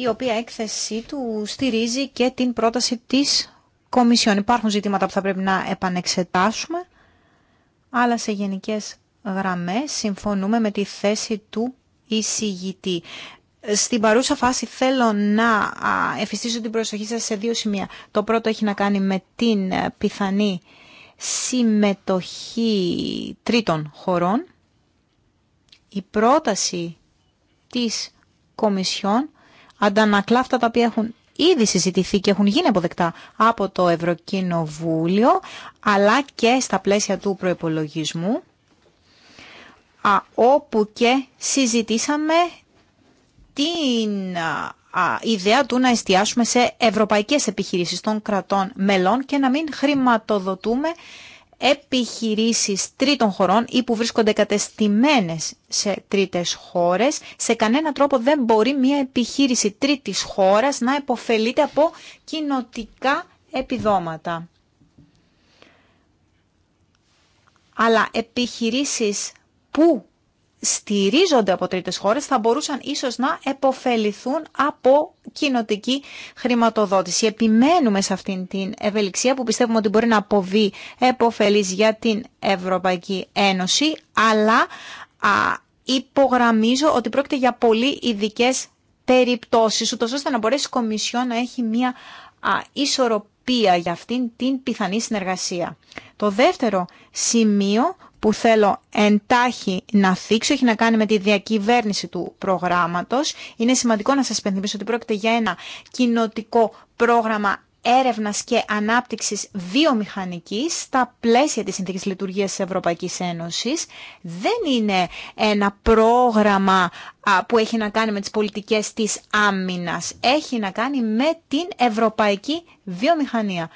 η οποία έκθεσή του στηρίζει και την πρόταση της Κομισιόν. Υπάρχουν ζητήματα που θα πρέπει να επανεξετάσουμε, αλλά σε γενικές γραμμές συμφωνούμε με τη θέση του εισηγητή. Στην παρούσα φάση θέλω να εφιστήσω την προσοχή σας σε δύο σημεία. Το πρώτο έχει να κάνει με την πιθανή συμμετοχή τρίτων χωρών. Η πρόταση της Κομισιόν αντανακλά αυτά τα οποία έχουν ήδη συζητηθεί και έχουν γίνει αποδεκτά από το Ευρωκοινοβούλιο, αλλά και στα πλαίσια του προϋπολογισμού α, όπου και συζητήσαμε την α, ιδέα του να εστιάσουμε σε ευρωπαϊκές επιχειρήσεις των κρατών μελών και να μην χρηματοδοτούμε επιχειρήσεις τρίτων χωρών ή που βρίσκονται κατεστημένες σε τρίτες χώρες. Σε κανένα τρόπο δεν μπορεί μια επιχείρηση τρίτης χώρας να υποφελείται από κοινοτικά επιδόματα. Αλλά επιχειρήσεις που στηρίζονται από τρίτες χώρες θα μπορούσαν ίσως να επωφεληθούν από κοινοτική χρηματοδότηση. Επιμένουμε σε αυτήν την ευελιξία που πιστεύουμε ότι μπορεί να αποβεί επωφελής για την Ευρωπαϊκή Ένωση, αλλά υπογραμμίζω ότι πρόκειται για πολύ ειδικέ περιπτώσεις, ούτως ώστε να μπορέσει η Κομισιό να έχει μια ισορροπία για αυτήν την πιθανή συνεργασία. Το δεύτερο σημείο που θέλω εντάχει να θίξω έχει να κάνει με τη διακυβέρνηση του προγράμματος. Είναι σημαντικό να σας πενθυμίσω ότι πρόκειται για ένα κοινοτικό πρόγραμμα έρευνας και ανάπτυξης βιομηχανικής στα πλαίσια της Συνθήκης Λειτουργίας της Ευρωπαϊκής Ένωσης. Δεν είναι ένα πρόγραμμα που έχει να κάνει με τις πολιτικές της άμυνας. Έχει να κάνει με την ευρωπαϊκή βιομηχανία.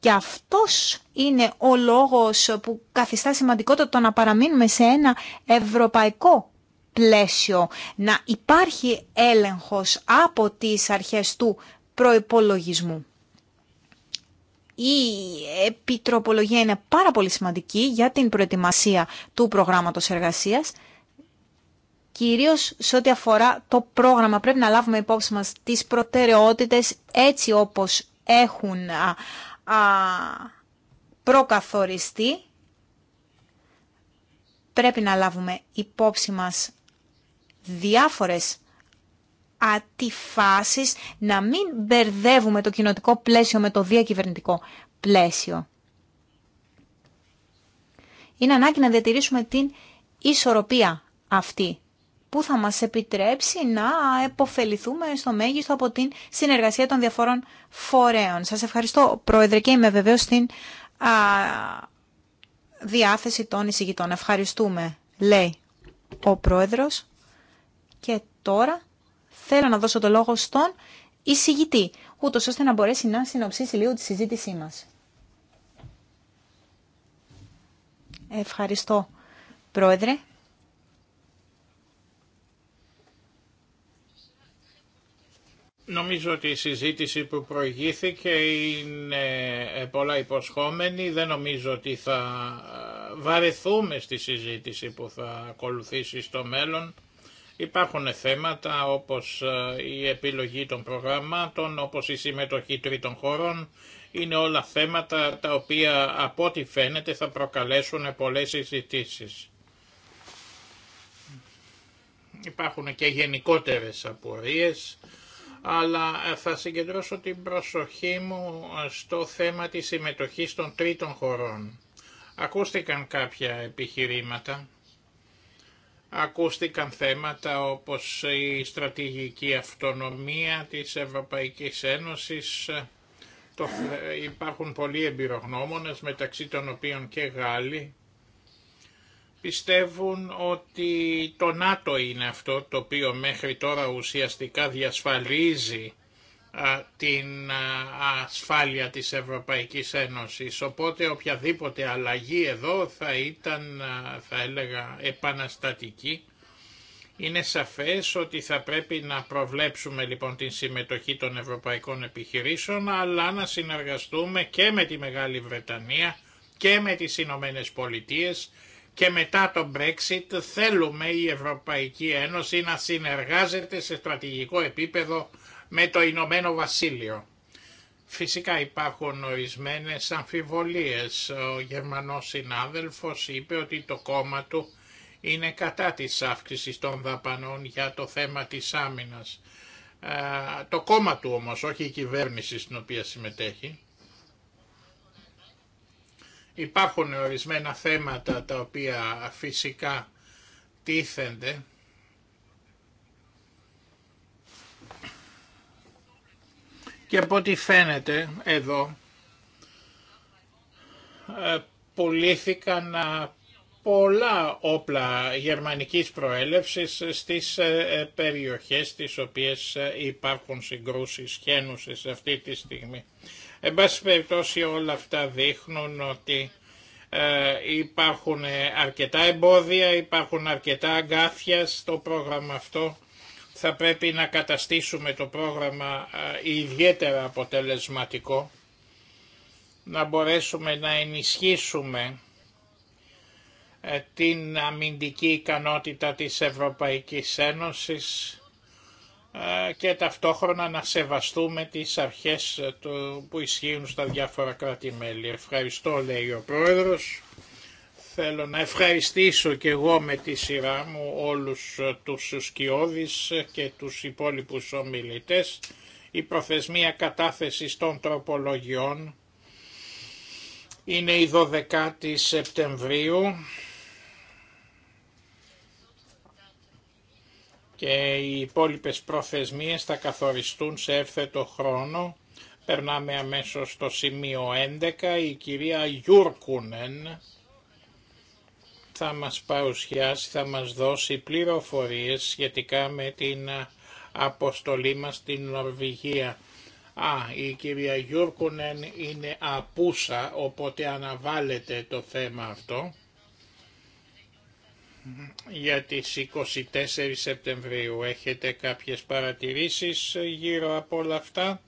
Και αυτός είναι ο λόγος που καθιστά σημαντικότητα το να παραμείνουμε σε ένα ευρωπαϊκό πλαίσιο, να υπάρχει έλεγχος από τις αρχές του προϋπολογισμού. Η επιτροπολογία είναι πάρα πολύ σημαντική για την προετοιμασία του προγράμματος εργασίας, κυρίως σε ό,τι αφορά το πρόγραμμα. Πρέπει να λάβουμε υπόψη μας τις προτεραιότητες έτσι όπως έχουν προκαθοριστεί. Πρέπει να λάβουμε υπόψη μας διάφορες ατιφάσεις, να μην μπερδεύουμε το κοινοτικό πλαίσιο με το διακυβερνητικό πλαίσιο. Είναι ανάγκη να διατηρήσουμε την ισορροπία αυτή που θα μας επιτρέψει να επωφεληθούμε στο μέγιστο από την συνεργασία των διαφορών φορέων. Σας ευχαριστώ Πρόεδρε και είμαι βεβαίως στην α, διάθεση των εισηγητών. Ευχαριστούμε, λέει ο Πρόεδρος. Και τώρα θέλω να δώσω το λόγο στον εισηγητή, ούτως ώστε να μπορέσει να συνοψίσει λίγο τη συζήτησή μας. Ευχαριστώ, Πρόεδρε. Νομίζω ότι η συζήτηση που προηγήθηκε είναι πολλά υποσχόμενη. Δεν νομίζω ότι θα ε, βαρεθούμε στη συζήτηση που θα ακολουθήσει στο μέλλον. Υπάρχουν θέματα όπως ε, η επιλογή των προγραμμάτων, όπως η συμμετοχή τρίτων χωρών. Είναι όλα θέματα τα οποία από ό,τι φαίνεται θα προκαλέσουν πολλές συζητήσει. Υπάρχουν και γενικότερες απορίες αλλά ε, θα συγκεντρώσω την προσοχή μου ε, στο θέμα της συμμετοχής των τρίτων χωρών. Ακούστηκαν κάποια επιχειρήματα, ακούστηκαν θέματα όπως η στρατηγική αυτονομία της Ευρωπαϊκής Ένωσης, το, ε, υπάρχουν πολλοί εμπειρογνώμονες μεταξύ των οποίων και Γάλλοι, πιστεύουν ότι το ΝΑΤΟ είναι αυτό το οποίο μέχρι τώρα ουσιαστικά διασφαλίζει την ασφάλεια της Ευρωπαϊκής Ένωσης. Οπότε οποιαδήποτε αλλαγή εδώ θα ήταν, θα έλεγα, επαναστατική. Είναι σαφές ότι θα πρέπει να προβλέψουμε λοιπόν την συμμετοχή των ευρωπαϊκών επιχειρήσεων, αλλά να συνεργαστούμε και με τη Μεγάλη Βρετανία και με τις Ηνωμένε Πολιτείες και μετά το Brexit θέλουμε η Ευρωπαϊκή Ένωση να συνεργάζεται σε στρατηγικό επίπεδο με το Ηνωμένο Βασίλειο. Φυσικά υπάρχουν ορισμένες αμφιβολίες. Ο Γερμανός συνάδελφος είπε ότι το κόμμα του είναι κατά της αύξησης των δαπανών για το θέμα της άμυνας. Ε, το κόμμα του όμως, όχι η κυβέρνηση στην οποία συμμετέχει. Υπάρχουν ορισμένα θέματα τα οποία φυσικά τίθενται και από ό,τι φαίνεται εδώ ε, πουλήθηκαν ε, πολλά όπλα γερμανικής προέλευσης στις ε, περιοχές τις οποίες υπάρχουν συγκρούσεις χένουσες αυτή τη στιγμή. Εν πάση περιπτώσει όλα αυτά δείχνουν ότι ε, υπάρχουν αρκετά εμπόδια, υπάρχουν αρκετά αγκάθια στο πρόγραμμα αυτό. Θα πρέπει να καταστήσουμε το πρόγραμμα ε, ιδιαίτερα αποτελεσματικό, να μπορέσουμε να ενισχύσουμε ε, την αμυντική ικανότητα της Ευρωπαϊκής Ένωσης, και ταυτόχρονα να σεβαστούμε τις αρχές ε, που ισχύουν στα διάφορα κράτη-μέλη. Ευχαριστώ λέει ο Πρόεδρος. Θέλω να ευχαριστήσω και εγώ με τη σειρά μου όλους ε, τους σκιώδεις ε, και τους υπόλοιπους ομιλητές. Η προθεσμία κατάθεσης των τροπολογιών είναι η 12η Σεπτεμβρίου και οι υπόλοιπες προθεσμίες θα καθοριστούν σε εύθετο χρόνο. Περνάμε αμέσως στο σημείο 11. Η κυρία Γιούρκουνεν θα μας παρουσιάσει, θα μας δώσει πληροφορίες σχετικά με την αποστολή μας στην Νορβηγία. Α, η κυρία Γιούρκουνεν είναι απούσα, οπότε αναβάλλεται το θέμα αυτό για τις 24 Σεπτεμβρίου. Έχετε κάποιες παρατηρήσεις γύρω από όλα αυτά.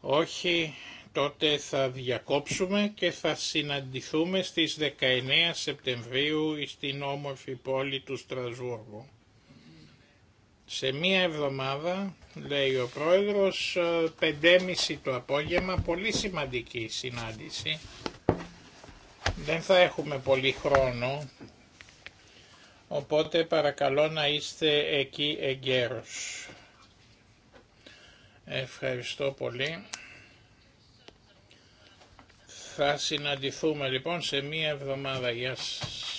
Όχι, τότε θα διακόψουμε και θα συναντηθούμε στις 19 Σεπτεμβρίου στην όμορφη πόλη του Στρασβούργου. Σε μία εβδομάδα, λέει ο πρόεδρος, 5.30 το απόγευμα, πολύ σημαντική συνάντηση. Δεν θα έχουμε πολύ χρόνο Οπότε παρακαλώ να είστε εκεί εγκαίρως. Ευχαριστώ πολύ. Θα συναντηθούμε λοιπόν σε μία εβδομάδα. Γεια σας.